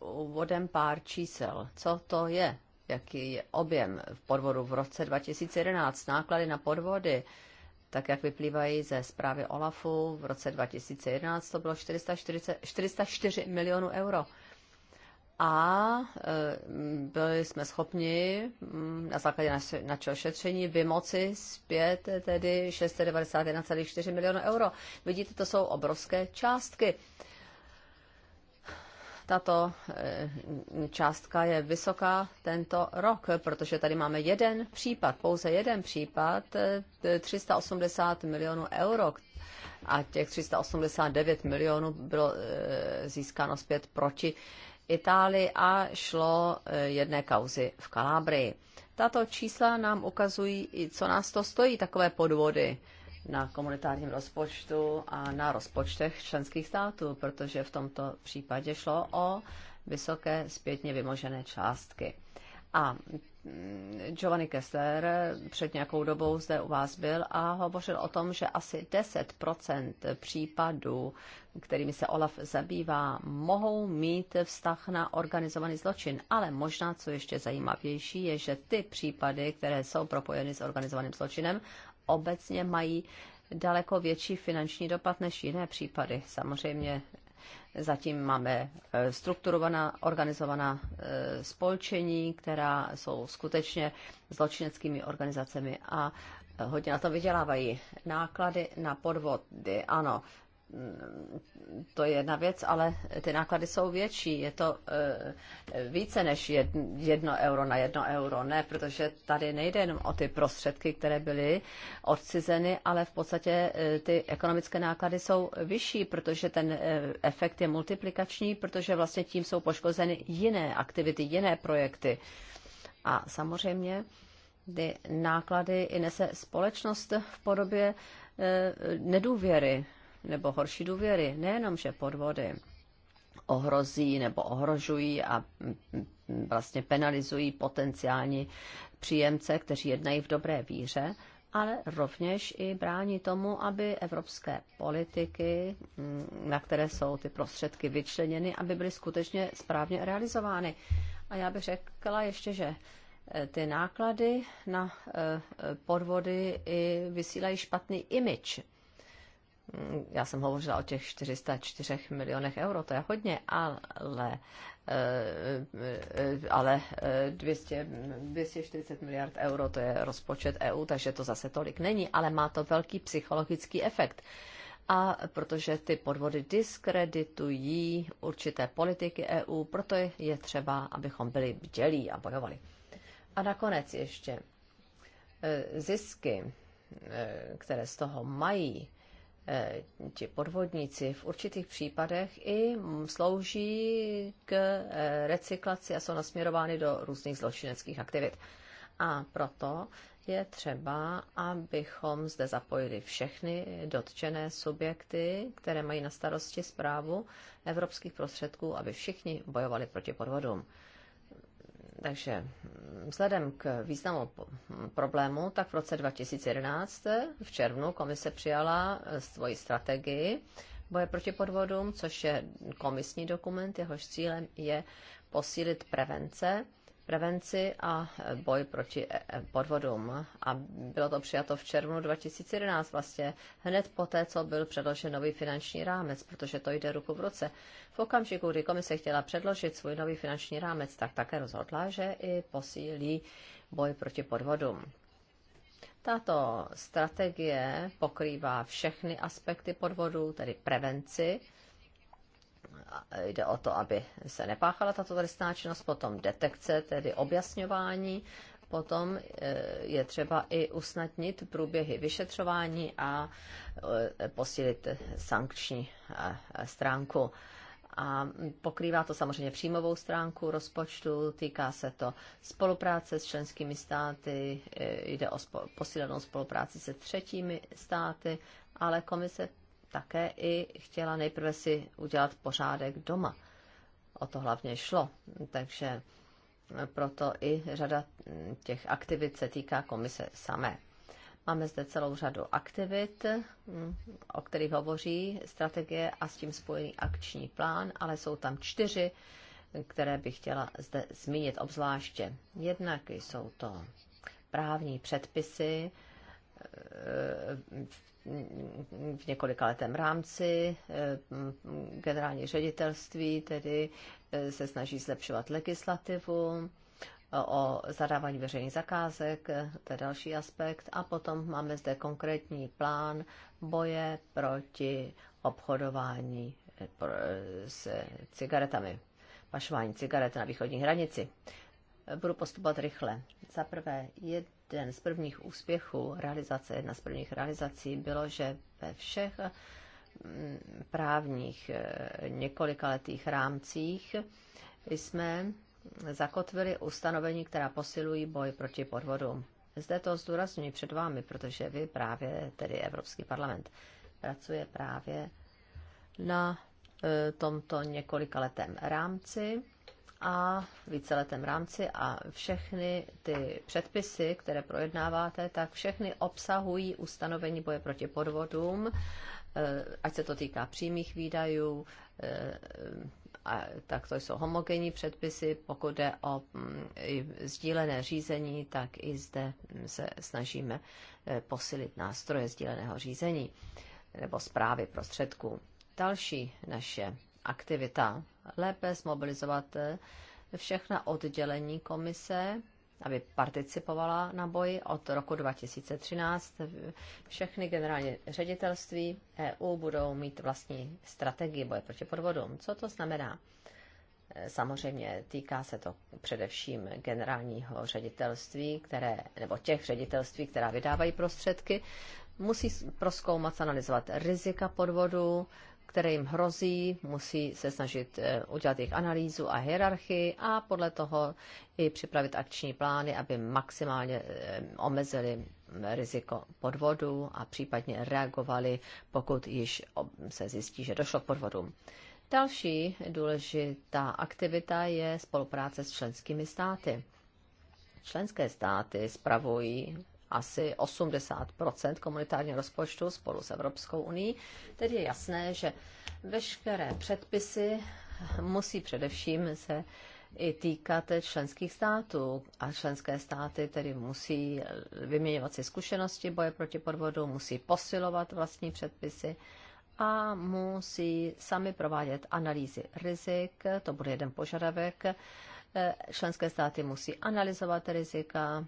úvodem pár čísel. Co to je? Jaký je objem v podvodu v roce 2011? Náklady na podvody, tak jak vyplývají ze zprávy OLAFu, v roce 2011 to bylo 440, 404 milionů euro a e, byli jsme schopni mm, na základě našeho šetření vymoci zpět e, tedy 691,4 milionů euro. Vidíte, to jsou obrovské částky. Tato e, částka je vysoká tento rok, protože tady máme jeden případ, pouze jeden případ, 380 milionů euro, a těch 389 milionů bylo získáno zpět proti Itálii a šlo e, jedné kauzy v Kalábrii. Tato čísla nám ukazují, co nás to stojí, takové podvody na komunitárním rozpočtu a na rozpočtech členských států, protože v tomto případě šlo o vysoké zpětně vymožené částky. A mm, Giovanni Kessler před nějakou dobou zde u vás byl a hovořil o tom, že asi 10% případů, kterými se Olaf zabývá, mohou mít vztah na organizovaný zločin. Ale možná, co ještě zajímavější, je, že ty případy, které jsou propojeny s organizovaným zločinem, obecně mají daleko větší finanční dopad než jiné případy. Samozřejmě Zatím máme e, strukturovaná, organizovaná e, spolčení, která jsou skutečně zločineckými organizacemi a e, hodně na to vydělávají. Náklady na podvody, ano, to je jedna věc, ale ty náklady jsou větší. Je to eh, více než jedno euro na jedno euro. Ne, protože tady nejde jenom o ty prostředky, které byly odcizeny, ale v podstatě eh, ty ekonomické náklady jsou vyšší, protože ten eh, efekt je multiplikační, protože vlastně tím jsou poškozeny jiné aktivity, jiné projekty. A samozřejmě ty náklady i nese společnost v podobě nedůvěry nebo horší důvěry. Nejenom, že podvody ohrozí nebo ohrožují a vlastně penalizují potenciální příjemce, kteří jednají v dobré víře, ale rovněž i brání tomu, aby evropské politiky, mm, na které jsou ty prostředky vyčleněny, aby byly skutečně správně realizovány. A já bych řekla ještě, že eh, ty náklady na eh, eh, podvody i vysílají špatný image já jsem hovořila o těch 404 milionech euro, to je hodně, ale, eh, eh, ale 200, eh, 240 miliard euro, to je rozpočet EU, takže to zase tolik není, ale má to velký psychologický efekt. A protože ty podvody diskreditují určité politiky EU, proto je třeba, abychom byli bdělí a bojovali. A nakonec ještě zisky, které z toho mají, Eh, ti podvodníci v určitých případech i slouží k eh, recyklaci a jsou nasměrovány do různých zločineckých aktivit. A proto je třeba, abychom zde zapojili všechny dotčené subjekty, které mají na starosti zprávu evropských prostředků, aby všichni bojovali proti podvodům. Takže vzhledem k významu problému, tak v roce 2011 v červnu komise přijala eh, svoji strategii boje proti podvodům, což je komisní dokument, jehož cílem je posílit prevence prevenci a boj proti e, e, podvodům. A bylo to přijato v červnu 2011, vlastně hned poté, co byl předložen nový finanční rámec, protože to jde ruku v ruce. V okamžiku, kdy komise chtěla předložit svůj nový finanční rámec, tak také rozhodla, že i posílí boj proti podvodům. Tato strategie pokrývá všechny aspekty podvodů, tedy prevenci, jde o to, aby se nepáchala tato trestná činnost, potom detekce, tedy objasňování, potom e, je třeba i usnadnit průběhy vyšetřování a e, posílit sankční e, stránku. A pokrývá to samozřejmě příjmovou stránku rozpočtu, týká se to spolupráce s členskými státy, jde o posílenou spolupráci se třetími státy, ale komise také i chtěla nejprve si udělat pořádek doma. O to hlavně šlo. Takže proto i řada těch aktivit se týká komise samé. Máme zde celou řadu aktivit, mm, o kterých hovoří strategie a s tím spojený akční plán, ale jsou tam čtyři, které bych chtěla zde zmínit obzvláště. Jednak jsou to právní předpisy, eh, v několika letém rámci eh, generální ředitelství tedy eh, se snaží zlepšovat legislativu eh, o zadávání veřejných zakázek, to je další aspekt. A potom máme zde konkrétní plán boje proti obchodování s cigaretami, pašování cigaret na východní hranici. Budu postupovat rychle. Za prvé, jed, jeden z prvních úspěchů realizace, jedna z prvních realizací bylo, že ve všech mm, právních eh, několikaletých rámcích jsme zakotvili ustanovení, která posilují boj proti podvodům. Zde to zdůrazňuji před vámi, protože vy právě, tedy Evropský parlament, pracuje právě na eh, tomto několikaletém rámci a víceletém rámci a všechny ty předpisy, které projednáváte, tak všechny obsahují ustanovení boje proti podvodům, eh, ať se to týká přímých výdajů, eh, a, tak to jsou homogenní předpisy, pokud jde o mm, sdílené řízení, tak i zde se snažíme eh, posilit nástroje sdíleného řízení nebo zprávy prostředků. Další naše aktivita. Lépe smobilizovat eh, všechna oddělení komise, aby participovala na boji od roku 2013. Všechny generální ředitelství EU budou mít vlastní strategii boje proti podvodům. Co to znamená? Eh, samozřejmě týká se to především generálního ředitelství, které, nebo těch ředitelství, která vydávají prostředky, musí proskoumat, analyzovat rizika podvodu, které jim hrozí, musí se snažit eh, udělat jejich analýzu a hierarchii a podle toho i připravit akční plány, aby maximálně eh, omezili mm, riziko podvodu a případně reagovali, pokud již se zjistí, že došlo k podvodům. Další důležitá aktivita je spolupráce s členskými státy. Členské státy spravují asi 80 komunitárního rozpočtu spolu s Evropskou uní. tedy je jasné, že veškeré předpisy musí především se i týkat členských států. A členské státy tedy musí vyměňovat si zkušenosti boje proti podvodu, musí posilovat vlastní předpisy a musí sami provádět analýzy rizik. To bude jeden požadavek. E, členské státy musí analyzovat rizika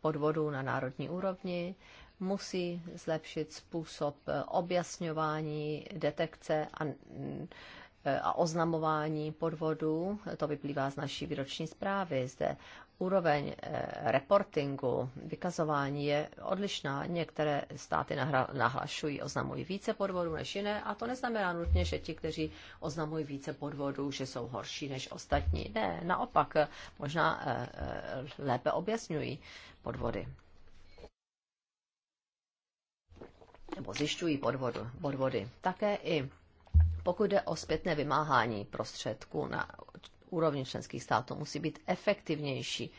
podvodů na národní úrovni, musí zlepšit způsob eh, objasňování, detekce a, mm, eh, a oznamování podvodů. To vyplývá z naší výroční zprávy. Zde úroveň eh, reportingu, vykazování je odlišná. Některé státy nahlašují, oznamují více podvodů než jiné a to neznamená nutně, že ti, kteří oznamují více podvodů, že jsou horší než ostatní. Ne, naopak, eh, možná eh, lépe objasňují podvody. Nebo zjišťují podvodu, podvody. Také i pokud jde o zpětné vymáhání prostředků na úrovni členských států musí být efektivnější,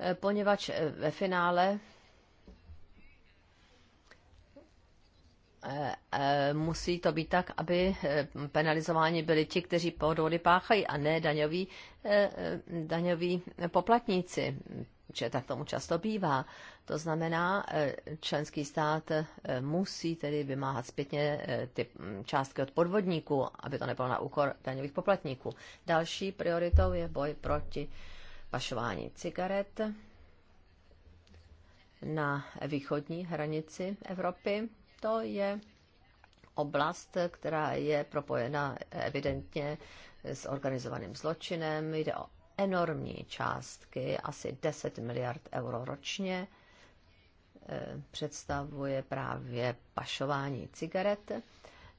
e, poněvadž e, ve finále e, musí to být tak, aby penalizováni byli ti, kteří podvody páchají a ne daňoví, daňoví poplatníci že tak tomu často bývá. To znamená, eh, členský stát eh, musí tedy vymáhat zpětně eh, ty mm, částky od podvodníků, aby to nebylo na úkor daňových poplatníků. Další prioritou je boj proti pašování cigaret na východní hranici Evropy. To je oblast, která je propojena evidentně s organizovaným zločinem. Jde o enormní částky, asi 10 miliard euro ročně, eh, představuje právě pašování cigaret.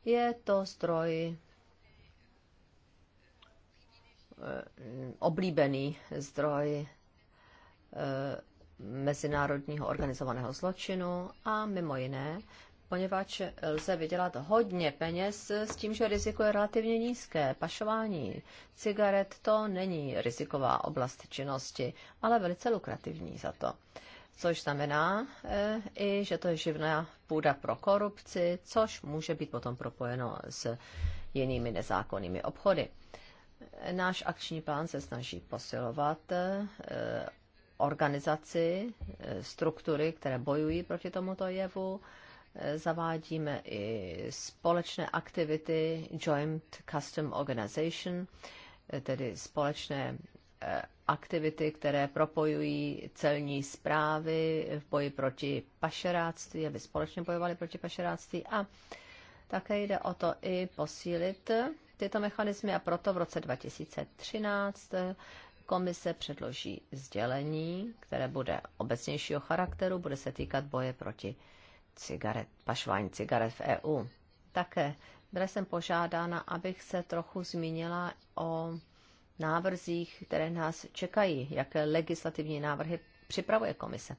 Je to zdroj eh, oblíbený zdroj eh, mezinárodního organizovaného zločinu a mimo jiné poněvadž lze vydělat hodně peněz s tím, že riziko je relativně nízké. Pašování cigaret to není riziková oblast činnosti, ale velice lukrativní za to. Což znamená e, i, že to je živná půda pro korupci, což může být potom propojeno s jinými nezákonnými obchody. Náš akční plán se snaží posilovat e, organizaci, eh, struktury, které bojují proti tomuto jevu zavádíme i společné aktivity Joint Custom Organization, tedy společné eh, aktivity, které propojují celní zprávy v boji proti pašeráctví, aby společně bojovali proti pašeráctví a také jde o to i posílit tyto mechanismy a proto v roce 2013 komise předloží sdělení, které bude obecnějšího charakteru, bude se týkat boje proti cigaret, pašování cigaret v EU. Také byla jsem požádána, abych se trochu zmínila o návrzích, které nás čekají, jaké legislativní návrhy připravuje komise.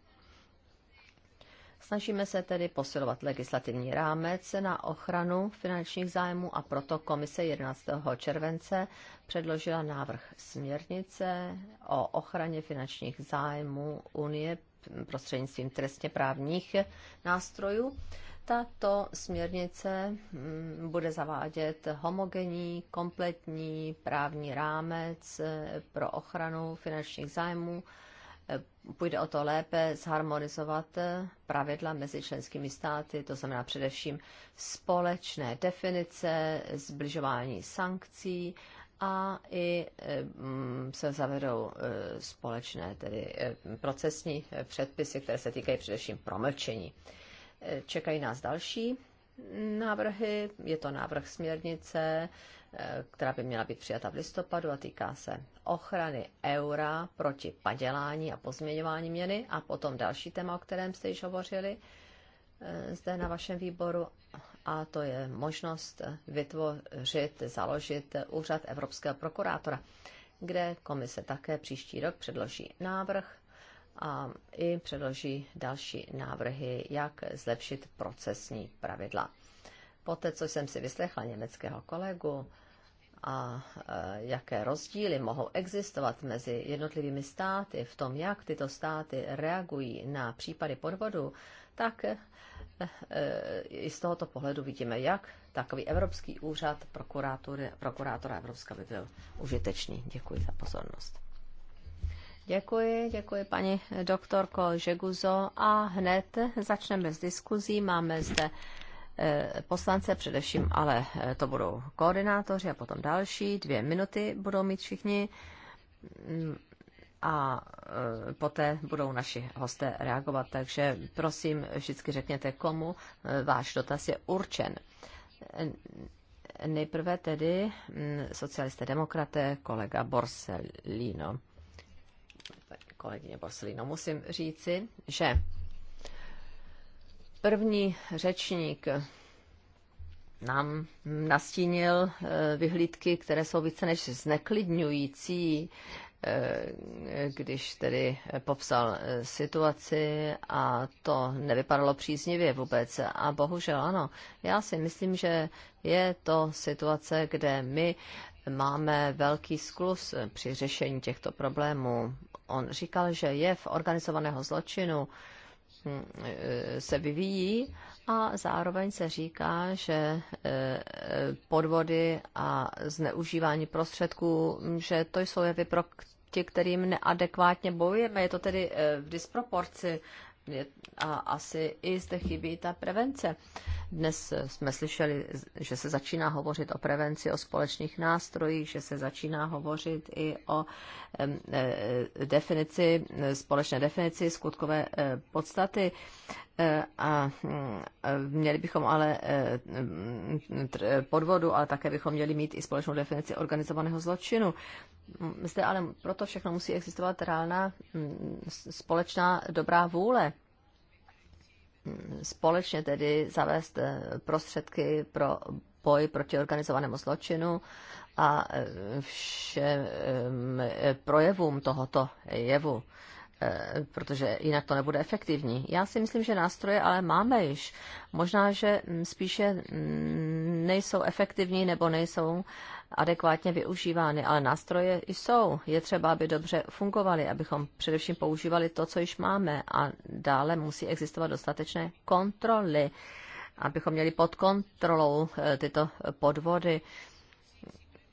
Snažíme se tedy posilovat legislativní rámec na ochranu finančních zájmů a proto komise 11. července předložila návrh směrnice o ochraně finančních zájmů Unie prostřednictvím trestně právních nástrojů. Tato směrnice mm, bude zavádět homogenní, kompletní právní rámec eh, pro ochranu finančních zájmů. Eh, půjde o to lépe zharmonizovat eh, pravidla mezi členskými státy, to znamená především společné definice, zbližování sankcí, a i e, mm, se zavedou e, společné tedy e, procesní předpisy, které se týkají především promlčení. Čekají nás další návrhy. Je to návrh směrnice, která by měla být přijata v listopadu a týká se ochrany eura proti padělání a pozměňování měny. A potom další téma, o kterém jste již hovořili zde na vašem výboru, a to je možnost vytvořit, založit úřad Evropského prokurátora, kde komise také příští rok předloží návrh a i předloží další návrhy, jak zlepšit procesní pravidla. Poté, co jsem si vyslechla německého kolegu a e, jaké rozdíly mohou existovat mezi jednotlivými státy v tom, jak tyto státy reagují na případy podvodu, tak Eh, i z tohoto pohledu vidíme, jak takový Evropský úřad prokurátora Evropska by byl užitečný. Děkuji za pozornost. Děkuji, děkuji paní doktorko Žeguzo a hned začneme s diskuzí. Máme zde eh, poslance, především ale eh, to budou koordinátoři a potom další. Dvě minuty budou mít všichni a e, poté budou naši hosté reagovat. Takže prosím, vždycky řekněte, komu e, váš dotaz je určen. Nejprve tedy mm, socialisté demokraté, kolega Borsellino. Kolegyně Borsellino, musím říci, že první řečník nám nastínil e, vyhlídky, které jsou více než zneklidňující Eh, když tedy popsal eh, situaci a to nevypadalo příznivě vůbec. A bohužel ano, já si myslím, že je to situace, kde my máme velký sklus při řešení těchto problémů. On říkal, že je v organizovaného zločinu hm, eh, se vyvíjí a zároveň se říká, že podvody a zneužívání prostředků, že to jsou jevy, pro proti kterým neadekvátně bojujeme. Je to tedy eh, v disproporci a asi i zde chybí ta prevence. Dnes eh, jsme slyšeli, že se začíná hovořit o prevenci, o společných nástrojích, že se začíná hovořit i o eh, definici, společné definici skutkové podstaty. A hm, měli bychom ale hm, podvodu, ale také bychom měli mít i společnou definici organizovaného zločinu zde ale proto všechno musí existovat reálná společná dobrá vůle. Společně tedy zavést e, prostředky pro boj proti organizovanému zločinu a e, všem e, projevům tohoto jevu. Eh, protože jinak to nebude efektivní. Já si myslím, že nástroje ale máme již. Možná, že mm, spíše mm, nejsou efektivní nebo nejsou adekvátně využívány, ale nástroje jsou. Je třeba, aby dobře fungovaly, abychom především používali to, co již máme a dále musí existovat dostatečné kontroly, abychom měli pod kontrolou eh, tyto podvody,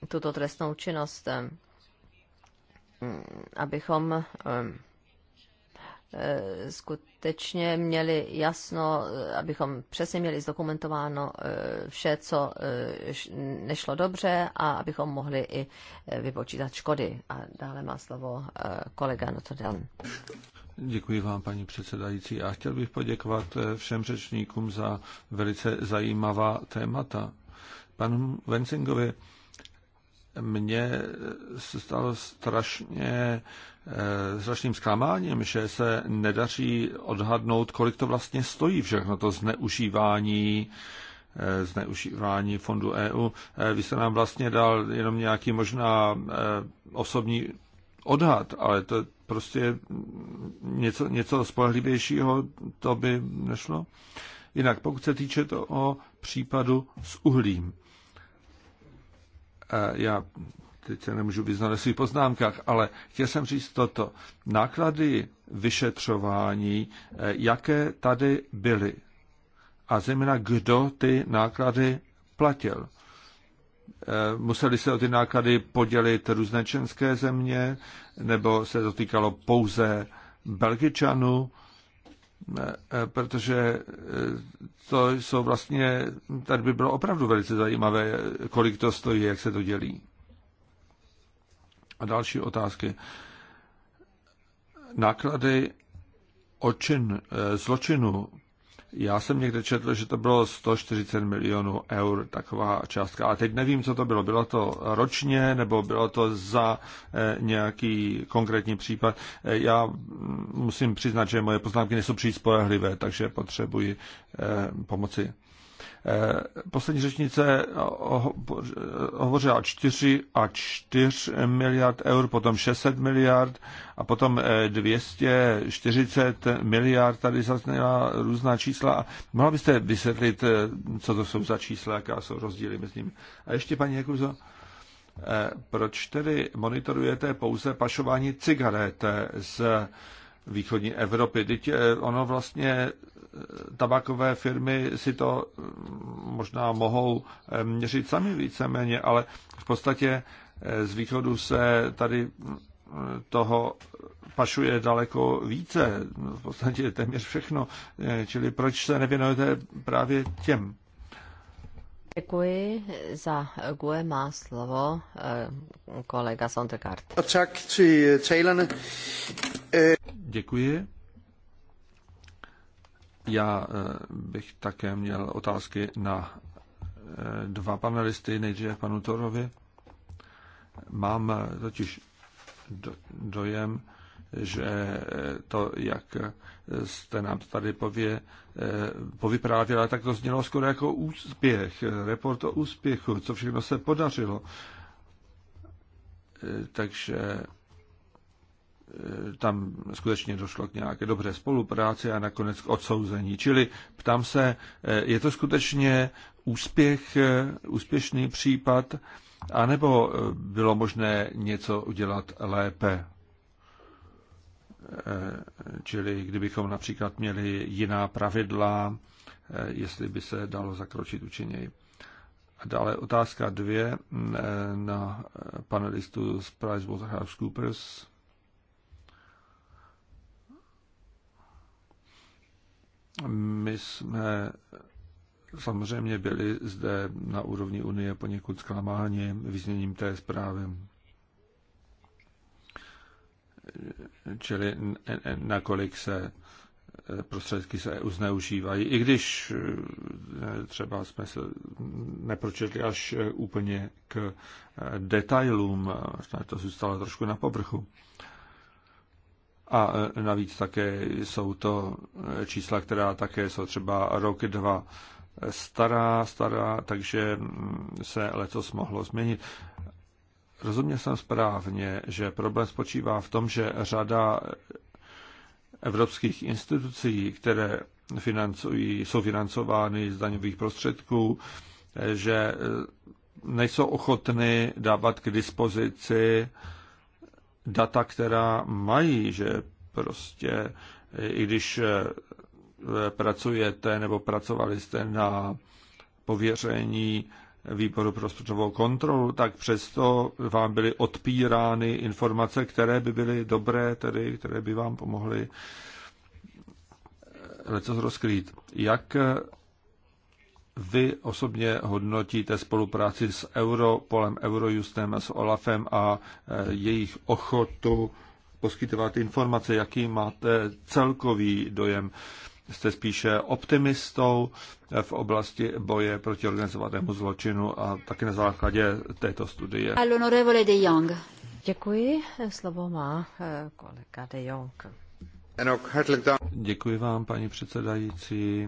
tuto trestnou činnost eh, mm, abychom Eh, skutečně měli jasno, eh, abychom přesně měli zdokumentováno eh, vše, co nešlo dobře a abychom mohli i vypočítat škody. A dále má slovo kolega Notodel. Děkuji vám, paní předsedající. A chtěl bych poděkovat všem řečníkům za velice zajímavá témata. Panu Vencingovi mě se stalo strašně eh, strašným zklamáním, že se nedaří odhadnout, kolik to vlastně stojí všechno to zneužívání eh, zneužívání fondu EU. Eh, vy jste nám vlastně dal jenom nějaký možná osobní odhad, ale to prostě něco, něco spolehlivějšího to by nešlo. Jinak, pokud se týče toho případu s uhlím, Eh, já teď se nemůžu vyznat ve svých poznámkách, ale chtěl jsem říct toto. Náklady vyšetřování, eh, jaké tady byly a zejména kdo ty náklady platil. Eh, museli se o ty náklady podělit různé české země, nebo se to týkalo pouze Belgičanů, E, protože e, to jsou vlastně, tady by bylo opravdu velice zajímavé, kolik to stojí, jak se to dělí. A další otázky. Náklady očin, e, zločinu já jsem někde četl, že to bylo 140 milionů eur, taková částka. A teď nevím, co to bylo. Bylo to ročně, nebo bylo to za eh, nějaký konkrétní případ. Eh, já musím přiznat, že moje poznámky nejsou příliš spolehlivé, takže potřebuji eh, pomoci. Eh, poslední řečnice eh, eh, hovořila 4 a 4 miliard eur, potom 600 miliard a potom 240 miliard. Tady zazněla různá čísla. Mohla byste vysvětlit, co to jsou za čísla, jaká jsou rozdíly mezi nimi? A ještě, paní Jakuzo, proč tedy monitorujete pouze pašování cigaret z východní Evropy. Teď ono vlastně tabakové firmy si to mm, možná mohou eh, měřit sami víceméně, ale v podstatě eh, z východu se tady mm, toho pašuje daleko více, no, v podstatě téměř všechno, eh, čili proč se nevěnujete právě těm? Děkuji za GUE má slovo kolega Sondergaard. Tak, Děkuji. Já eh, bych také měl otázky na eh, dva panelisty, nejdříve panu Torovi. Mám eh, totiž dojem, že to, jak jste nám tady pově, povyprávěla, tak to znělo skoro jako úspěch, report o úspěchu, co všechno se podařilo. Takže E, tam skutečně došlo k nějaké dobré spolupráci a nakonec k odsouzení. Čili ptám se, e, je to skutečně úspěch, e, úspěšný případ, anebo bylo možné něco udělat lépe? Čili kdybychom například měli jiná pravidla, jestli by se dalo zakročit učiněji. A dále otázka dvě na panelistu z PricewaterhouseCoopers. My jsme samozřejmě byli zde na úrovni Unie poněkud zklamáni vyzněním té zprávy. Čili nakolik se eh, prostředky se EU zneužívají, i když eh, třeba jsme se nepročetli až eh, úplně k detailům, to zůstalo trošku na povrchu. A navíc také jsou to čísla, která také jsou třeba rok, dva stará, stará, takže se letos mohlo změnit. Rozuměl jsem správně, že problém spočívá v tom, že řada evropských institucí, které financují, jsou financovány z daňových prostředků, že nejsou ochotny dávat k dispozici data, která mají, že prostě eh, i když eh, pracujete nebo pracovali jste na pověření výboru pro rozpočtovou kontrolu, tak přesto vám byly odpírány informace, které by byly dobré, tedy které by vám pomohly eh, leco rozkrýt. Jak vy osobně hodnotíte spolupráci s Europolem, Eurojustem, s Olafem a e, jejich ochotu poskytovat informace, jaký máte celkový dojem. Jste spíše optimistou e, v oblasti boje proti organizovanému zločinu a taky na základě této studie. All'onorevole de Jong. Děkuji. Slovo má e, kolega de Jong. Děkuji vám, paní předsedající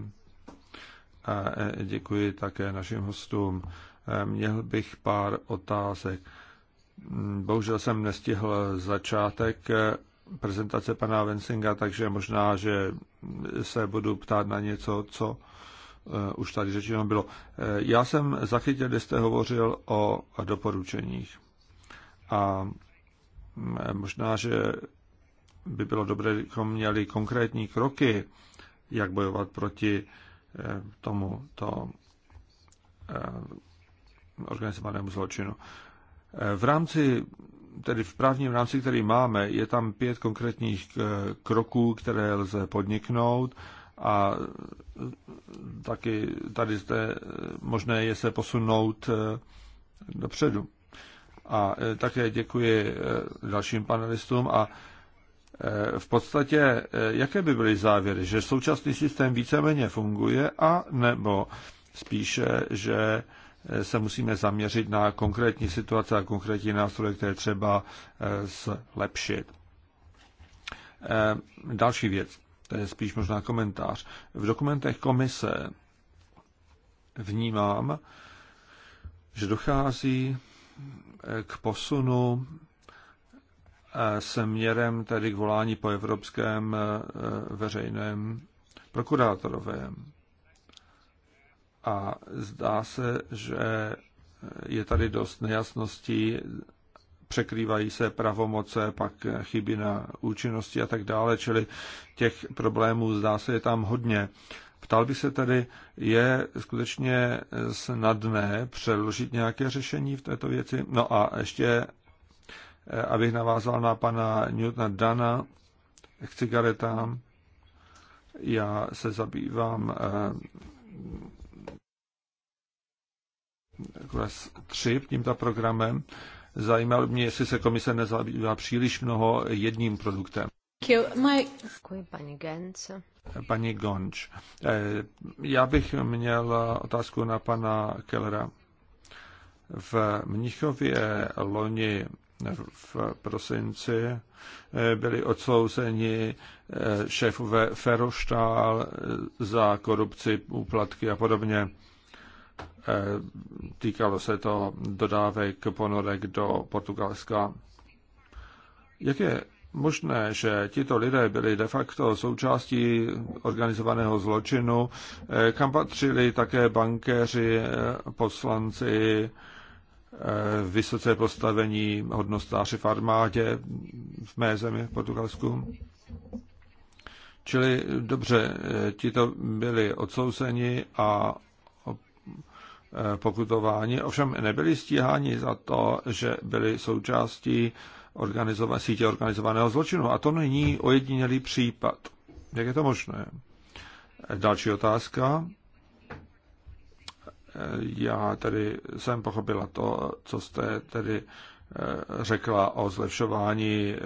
a e, děkuji také našim hostům. E, měl bych pár otázek. Mm, bohužel jsem nestihl začátek e, prezentace pana Vensinga, takže možná, že se budu ptát na něco, co už tady řečeno bylo. Já jsem zachytil, že jste hovořil o doporučeních. A mm, možná, že by bylo dobré, kdybychom měli konkrétní kroky, jak bojovat proti Eh, tomu to eh, organizovanému zločinu. Eh, v rámci, tedy v právním rámci, který máme, je tam pět konkrétních kroků, které lze podniknout a taky tady zde možné je se posunout dopředu. A také děkuji dalším panelistům a Eh, v podstatě, eh, jaké by byly závěry? Že současný systém víceméně funguje a nebo spíše, že eh, se musíme zaměřit na konkrétní situace a konkrétní nástroje, které třeba zlepšit. Další věc, to je spíš možná komentář. V dokumentech komise vnímám, že dochází k posunu směrem tedy k volání po evropském e, veřejném prokurátorovém. A zdá se, že je tady dost nejasností, překrývají se pravomoce, pak chyby na účinnosti a tak dále, čili těch problémů zdá se je tam hodně. Ptal by se tedy, je skutečně snadné přeložit nějaké řešení v této věci? No a ještě Eh, abych navázal na pana Newtona Dana k cigaretám. Já se zabývám klas eh, 3 tímto programem. Zajímalo mě, jestli se komise nezabývá příliš mnoho jedním produktem. Děkuji, paní Genc. Paní Gonč. Eh, já bych měl otázku na pana Kellera. V Mnichově loni v prosinci eh, byli odsouzeni eh, šéfové Feroštál eh, za korupci, úplatky a podobně. Týkalo se to dodávek ponorek do Portugalska. Jak je možné, že tito lidé byli de facto součástí organizovaného zločinu, kam patřili také bankéři, poslanci, Eh, vysoce postavení hodnostáři v armádě v mé zemi, v Portugalsku. Čili dobře, eh, to byli odsouzeni a eh, pokutováni, ovšem nebyli stíháni za to, že byli součástí organizova- sítě organizovaného zločinu. A to není ojedinělý případ. Jak je to možné? Další otázka. Já tady jsem pochopila to, co jste tedy eh, řekla o zlepšování, eh,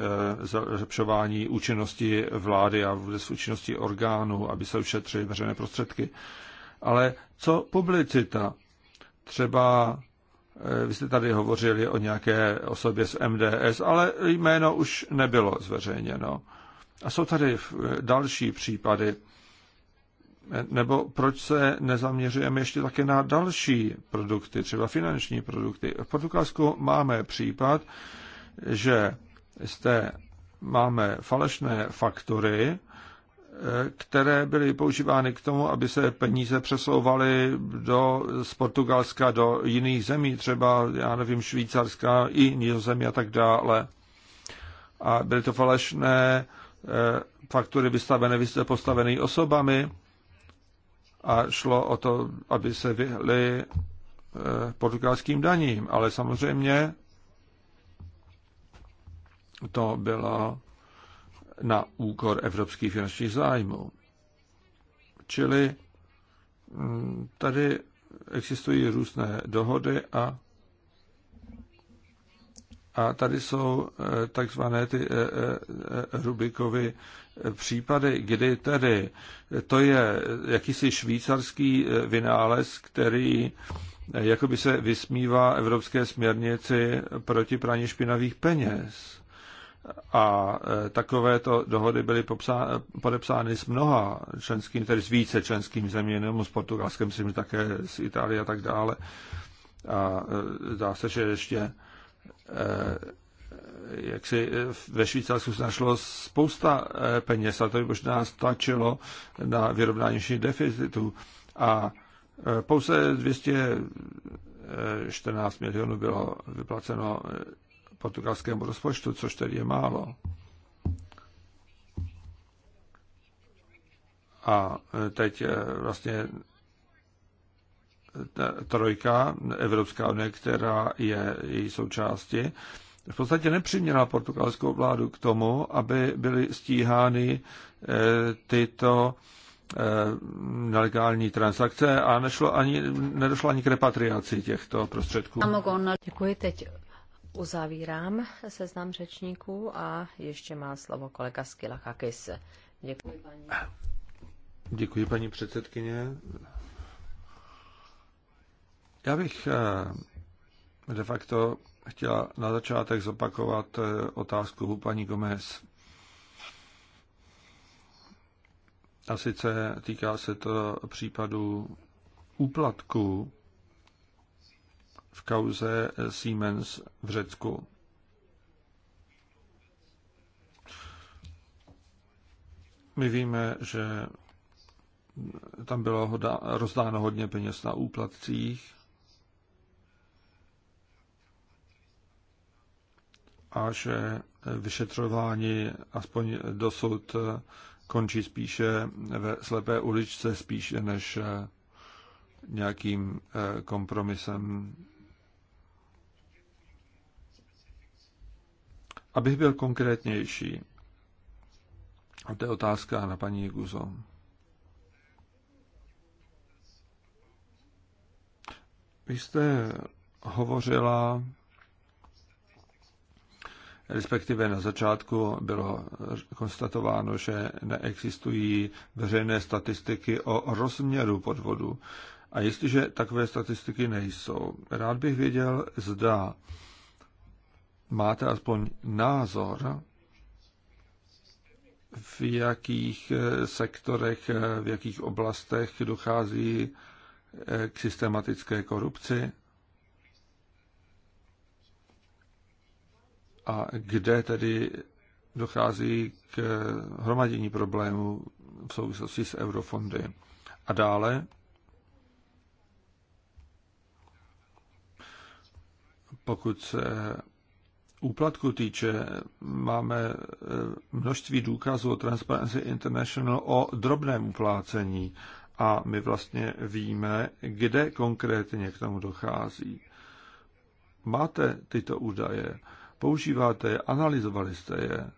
zlepšování účinnosti vlády a vůbec účinnosti orgánů, aby se ušetřily veřejné prostředky. Ale co publicita? Třeba eh, vy jste tady hovořili o nějaké osobě z MDS, ale jméno už nebylo zveřejněno. A jsou tady další případy. Nebo proč se nezaměřujeme ještě také na další produkty, třeba finanční produkty. V Portugalsku máme případ, že jste, máme falešné faktory, eh, které byly používány k tomu, aby se peníze přesouvaly do, z Portugalska do jiných zemí, třeba, já nevím, Švýcarska i Nizozemí a tak dále. A byly to falešné eh, faktury vystavené jste postavené osobami a šlo o to, aby se vyhli eh, portugalským daním. Ale samozřejmě to bylo na úkor evropských finančních zájmů. Čili mm, tady existují různé dohody a a tady jsou eh, takzvané ty eh, eh, Rubikovy případy, kdy tedy to je jakýsi švýcarský vynález, který jakoby se vysmívá evropské směrnici proti praní špinavých peněz. A takovéto dohody byly popsá, podepsány s mnoha členským, tedy s více členským zemí, nebo s Portugalskem, myslím, také z Itálie a tak dále. A zdá se, že ještě Eh, jak si eh, ve Švýcarsku se našlo spousta eh, peněz a to by možná stačilo na vyrovnání deficitu a pouze 214 milionů bylo vyplaceno portugalskému rozpočtu, což tedy je málo. A teď vlastně trojka, Evropská unie, která je její součástí, v podstatě nepřiměla portugalskou vládu k tomu, aby byly stíhány eh, tyto eh, nelegální transakce a nešlo ani, nedošlo ani k repatriaci těchto prostředků. Děkuji, teď uzavírám seznam řečníků a ještě má slovo kolega Skilakakis. Děkuji, paní. Děkuji, paní předsedkyně. Já bych eh, de facto chtěla na začátek zopakovat eh, otázku paní Gomez. A sice týká se to případu úplatku v kauze Siemens v Řecku. My víme, že tam bylo rozdáno hodně peněz na úplatcích a že vyšetřování aspoň dosud končí spíše ve slepé uličce, spíše než nějakým eh, kompromisem. Abych byl konkrétnější, a to je otázka na paní Guzo. Vy jste hovořila respektive na začátku bylo konstatováno, že neexistují veřejné statistiky o rozměru podvodu. A jestliže takové statistiky nejsou, rád bych věděl, zda máte aspoň názor, v jakých eh, sektorech, eh, v jakých oblastech dochází eh, k systematické korupci a kde tedy dochází k hromadění problémů v souvislosti s eurofondy. A dále pokud se úplatku týče, máme eh, množství důkazů o Transparency International o drobném uplácení a my vlastně víme, kde konkrétně k tomu dochází. Máte tyto údaje používáte je, analyzovali jste je,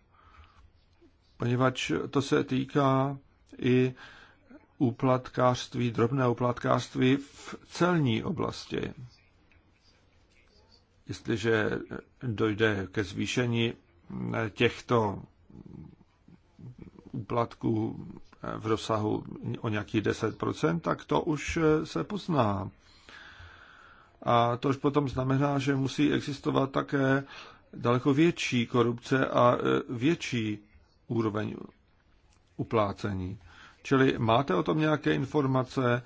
poněvadž to se týká i úplatkářství, drobné úplatkářství v celní oblasti. Jestliže dojde ke zvýšení těchto úplatků v rozsahu o nějakých 10%, tak to už se pozná. A to už potom znamená, že musí existovat také daleko větší korupce a e, větší úroveň uplácení. Čili máte o tom nějaké informace? E,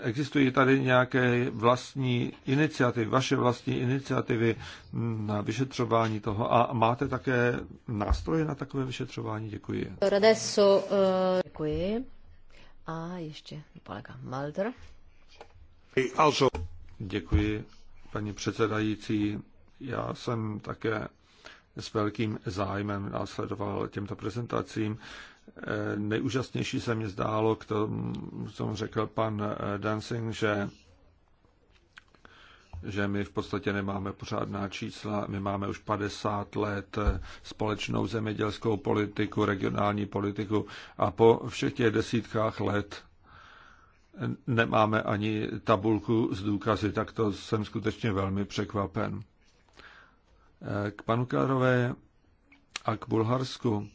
existují tady nějaké vlastní iniciativy, vaše vlastní iniciativy na vyšetřování toho a máte také nástroje na takové vyšetřování? Děkuji. E- Děkuji. A ještě kolega Malder. Děkuji, paní předsedající. Já jsem také s velkým zájmem následoval těmto prezentacím. Eh, nejúžasnější se mi zdálo, k tomu, co řekl pan eh, Dancing, že že my v podstatě nemáme pořádná čísla. My máme už 50 let eh, společnou zemědělskou politiku, regionální politiku a po všech těch desítkách let nemáme ani tabulku s důkazy, tak to jsem skutečně velmi překvapen. K panu Kellerové a k Bulharsku.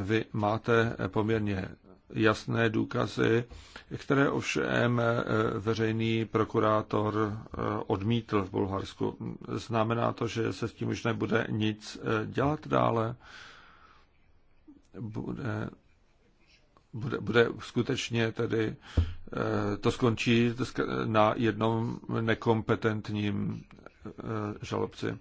Vy máte poměrně jasné důkazy, které ovšem veřejný prokurátor odmítl v Bulharsku. Znamená to, že se s tím už nebude nic dělat dále? Bude, bude, bude skutečně tedy, eh, to skončí na jednom nekompetentním eh, žalobci.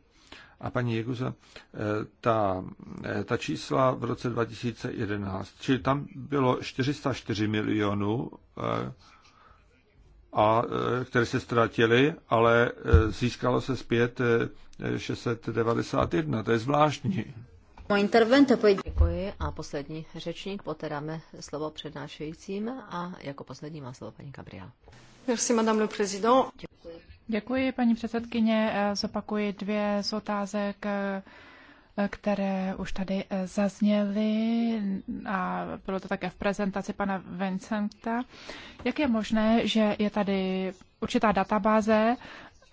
A paní Jeguza, eh, ta, eh, ta čísla v roce 2011, čili tam bylo 404 milionů, eh, a, které se ztratily, ale získalo se zpět 691. To je zvláštní. Můj intervento pojď. Děkuji a poslední řečník, poté dáme slovo přednášejícím a jako poslední má slovo paní Gabriela. Merci, madame le président. Děkuji. Děkuji, paní předsedkyně. Eh, zopakuji dvě z otázek, eh, které už tady eh, zazněly a bylo to také v prezentaci pana Vincenta. Jak je možné, že je tady určitá databáze,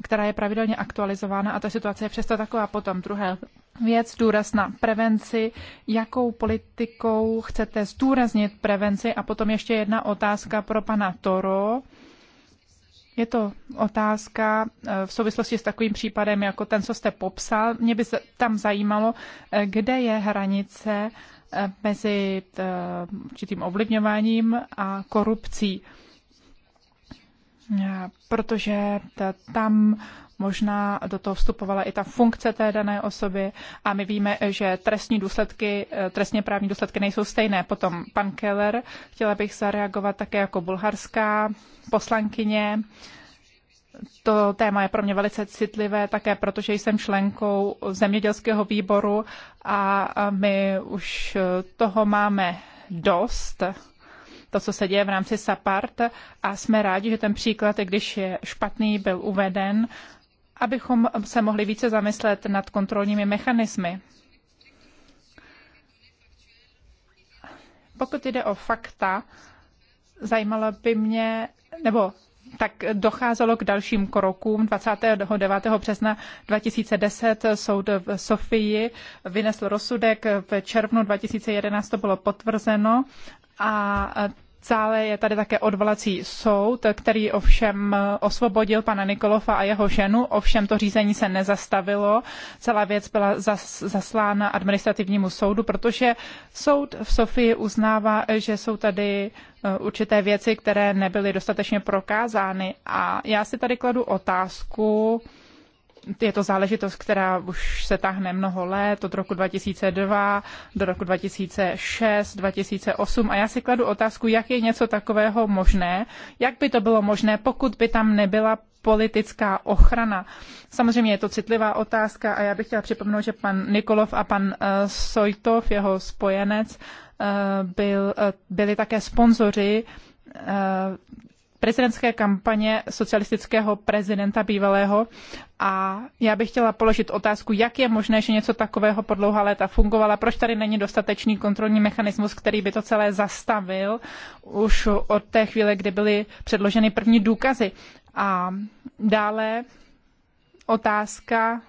která je pravidelně aktualizována a ta situace je přesto taková potom. Druhá věc, důraz na prevenci. Jakou politikou chcete zdůraznit prevenci? A potom ještě jedna otázka pro pana Toro je to otázka e, v souvislosti s takovým případem, jako ten, co jste popsal. Mě by tam zajímalo, e, kde je hranice e, mezi určitým ovlivňováním a korupcí. Protože tam možná do toho vstupovala i ta funkce té dané osoby a my víme, že trestní důsledky, eh, trestně právní důsledky nejsou stejné. Potom pan Keller, chtěla bych zareagovat také jako bulharská poslankyně. To téma je pro mě velice citlivé, také protože jsem členkou zemědělského výboru a my už eh, toho máme dost, to, co se děje v rámci SAPART a jsme rádi, že ten příklad, i když je špatný, byl uveden abychom se mohli více zamyslet nad kontrolními mechanismy. Pokud jde o fakta, zajímalo by mě, nebo tak docházelo k dalším krokům. 29. března 2010 soud v Sofii vynesl rozsudek, v červnu 2011 to bylo potvrzeno a Zále je tady také odvolací soud, který ovšem osvobodil pana Nikolova a jeho ženu, ovšem to řízení se nezastavilo. Celá věc byla zas, zaslána administrativnímu soudu, protože soud v Sofii uznává, že jsou tady eh, určité věci, které nebyly dostatečně prokázány. A já si tady kladu otázku, je to záležitost, která už se tahne mnoho let, od roku 2002 do roku 2006, 2008. A já si kladu otázku, jak je něco takového možné, jak by to bylo možné, pokud by tam nebyla politická ochrana. Samozřejmě je to citlivá otázka a já bych chtěla připomenout, že pan Nikolov a pan eh, Sojtov, jeho spojenec, eh, byl, eh, byli také sponzoři prezidentské kampaně socialistického prezidenta bývalého a já bych chtěla položit otázku, jak je možné, že něco takového po dlouhá léta fungovalo, proč tady není dostatečný kontrolní mechanismus, který by to celé zastavil už od té chvíle, kdy byly předloženy první důkazy. A dále otázka,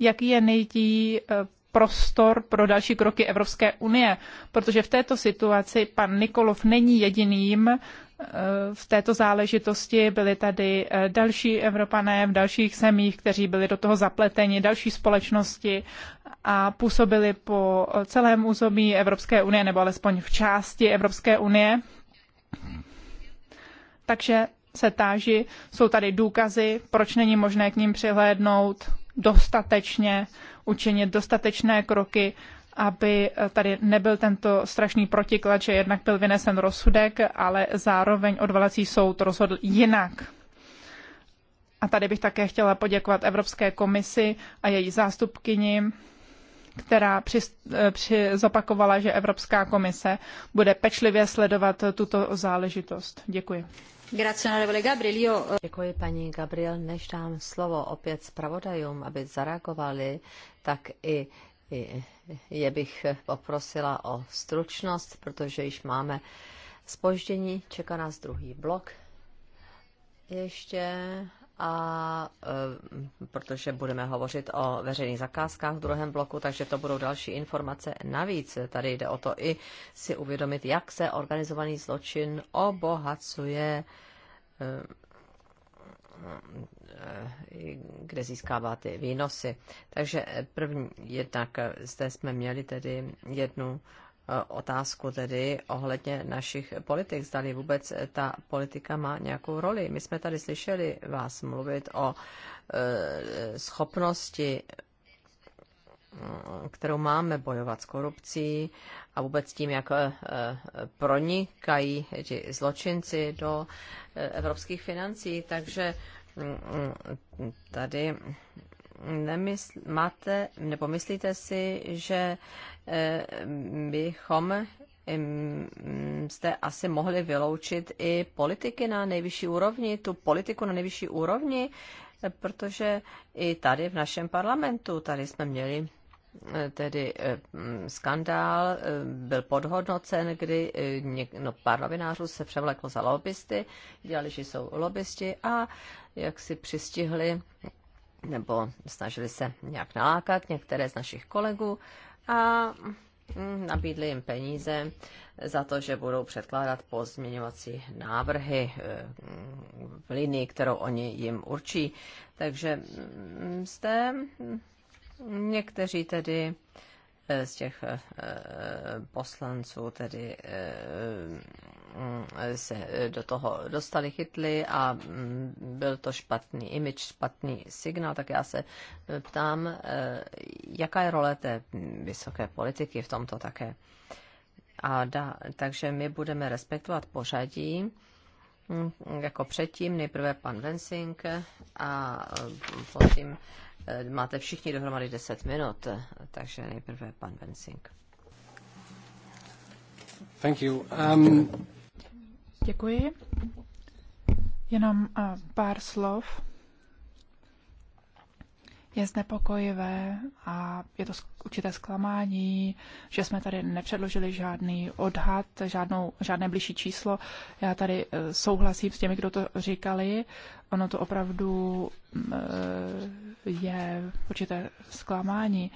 jaký je nejtí eh, prostor pro další kroky Evropské unie, protože v této situaci pan Nikolov není jediným. Eh, v této záležitosti byli tady eh, další Evropané v dalších zemích, kteří byli do toho zapleteni, další společnosti a působili po celém území Evropské unie, nebo alespoň v části Evropské unie. Takže se táži, jsou tady důkazy, proč není možné k ním přihlédnout dostatečně učinit dostatečné kroky, aby eh, tady nebyl tento strašný protiklad, že jednak byl vynesen rozsudek, ale zároveň odvolací soud rozhodl jinak. A tady bych také chtěla poděkovat Evropské komisi a její zástupkyni která při, eh, při, zopakovala, že Evropská komise bude pečlivě sledovat tuto záležitost. Děkuji. Děkuji paní Gabriel, než dám slovo opět zpravodajům, aby zareagovali, tak i, i je bych poprosila o stručnost, protože již máme spoždění, čeká nás druhý blok. Ještě a e, protože budeme hovořit o veřejných zakázkách v druhém bloku, takže to budou další informace. Navíc tady jde o to i si uvědomit, jak se organizovaný zločin obohacuje, e, e kde získává ty výnosy. Takže první, jednak zde jsme měli tedy jednu Eh, otázku tedy ohledně našich politik. Zdali vůbec eh, ta politika má nějakou roli. My jsme tady slyšeli vás mluvit o eh, schopnosti mm, kterou máme bojovat s korupcí a vůbec tím, jak pronikají ti zločinci do evropských financí. Takže mm, mm, tady nemysl, máte, nebo myslíte si, že Eh, bychom jste asi mohli vyloučit i politiky na nejvyšší úrovni, tu politiku na nejvyšší úrovni, eh, protože i tady v našem parlamentu, tady jsme měli eh, tedy skandál, byl podhodnocen, kdy něk, no, pár novinářů se převleklo za lobbysty, dělali, že jsou lobbysti a jak si přistihli nebo snažili se nějak nalákat některé z našich kolegů, a mm, nabídli jim peníze za to, že budou předkládat pozměňovací návrhy e, v linii, kterou oni jim určí. Takže jste mm, mm, někteří tedy Eh, z těch eh, poslanců tedy eh, mm, se do toho dostali, chytli a mm, byl to špatný image, špatný signál, tak já se ptám, jaká je role té vysoké politiky v tomto také. A da, takže my budeme respektovat pořadí, mm, jako předtím, nejprve pan Vensink a potom Eh, máte všichni dohromady 10 minut, eh, takže nejprve pan Bensink. Thank you. Um... Děkuji. Jenom eh, pár slov je znepokojivé a je to určité zklamání, že jsme tady nepředložili žádný odhad, žádnou, žádné blížší číslo. Já tady eh, souhlasím s těmi, kdo to říkali. Ono to opravdu eh, je určité zklamání.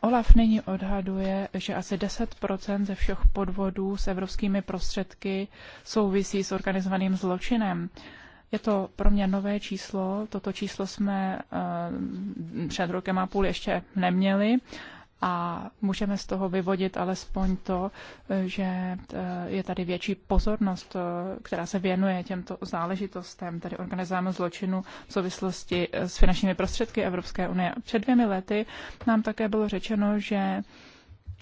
Olaf nyní odhaduje, že asi 10 ze všech podvodů s evropskými prostředky souvisí s organizovaným zločinem. Je to pro mě nové číslo. Toto číslo jsme eh, před rokem a půl ještě neměli a můžeme z toho vyvodit alespoň to, eh, že eh, je tady větší pozornost, která se věnuje těmto záležitostem, tedy organizujeme zločinu v souvislosti s finančními prostředky Evropské unie. Před dvěmi lety nám také bylo řečeno, že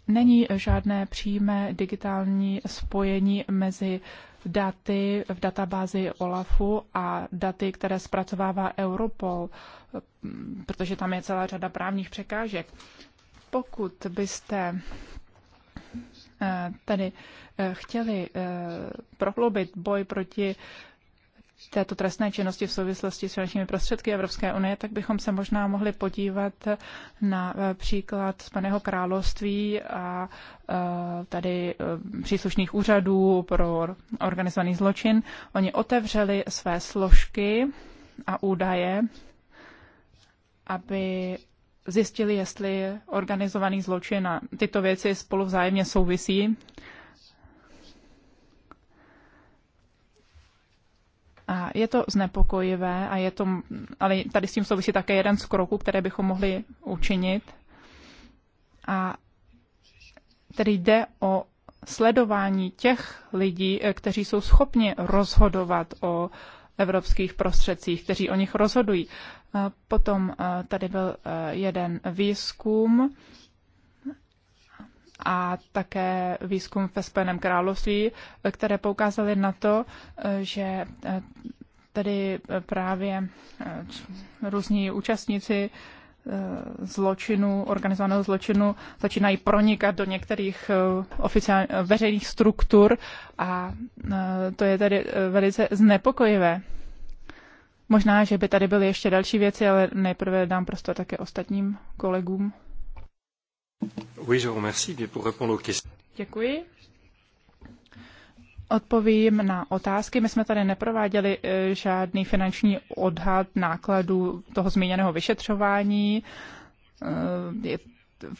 není žádné přímé digitální spojení mezi daty v databázi OLAFu a daty, které zpracovává Europol, protože tam je celá řada právních překážek. Pokud byste eh, tedy eh, chtěli eh, prohloubit boj proti této trestné činnosti v souvislosti s finančními prostředky Evropské unie, tak bychom se možná mohli podívat na eh, příklad Spaného království a eh, tady eh, příslušných úřadů pro organizovaný zločin. Oni otevřeli své složky a údaje, aby zjistili, jestli organizovaný zločin a tyto věci spolu vzájemně souvisí A je to znepokojivé, a je to, ale tady s tím souvisí také jeden z kroků, které bychom mohli učinit. A tedy jde o sledování těch lidí, eh, kteří jsou schopni rozhodovat o evropských prostředcích, kteří o nich rozhodují. Potom eh, tady byl eh, jeden výzkum, a také výzkum ve Spojeném království, které poukázaly na to, že eh, tedy eh, právě eh, různí účastníci zločinu, organizovaného zločinu začínají pronikat do některých oficiálně, veřejných struktur a to je tedy velice znepokojivé. Možná, že by tady byly ještě další věci, ale nejprve dám prostor také ostatním kolegům. Děkuji. Odpovím na otázky. My jsme tady neprováděli eh, žádný finanční odhad nákladů toho zmíněného vyšetřování. Eh,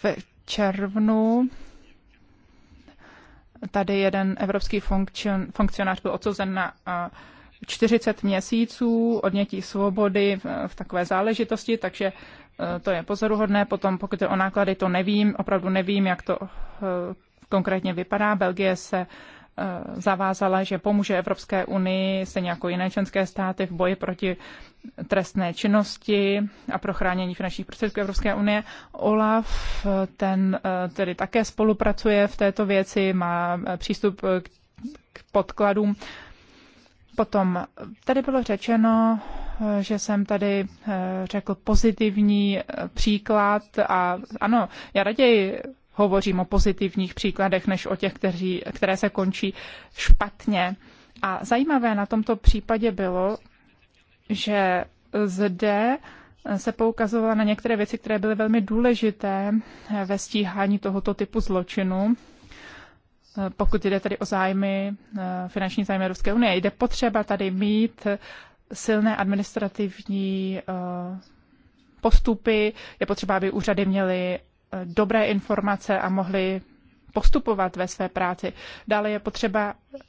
ve červnu tady jeden evropský funkcionář byl odsouzen na 40 eh, měsíců odnětí svobody v takové záležitosti, takže Eh, to je pozoruhodné. Potom, pokud je o náklady, to nevím, opravdu nevím, jak to eh, konkrétně vypadá. Belgie se eh, zavázala, že pomůže Evropské unii, stejně jako jiné členské státy, v boji proti trestné činnosti a pro chránění finančních prostředků Evropské unie. OLAF ten tedy také spolupracuje v této věci, má přístup k podkladům. Potom tady bylo řečeno, že jsem tady eh, řekl pozitivní eh, příklad a ano, já raději hovořím o pozitivních příkladech, než o těch, kteří, které se končí špatně. A zajímavé na tomto případě bylo, že zde eh, se poukazovala na některé věci, které byly velmi důležité ve stíhání tohoto typu zločinu, pokud jde tady o zájmy, finanční zájmy Evropské unie. Jde potřeba tady mít silné administrativní eh, postupy, je potřeba, aby úřady měly eh, dobré informace a mohly postupovat ve své práci. Dále je potřeba eh,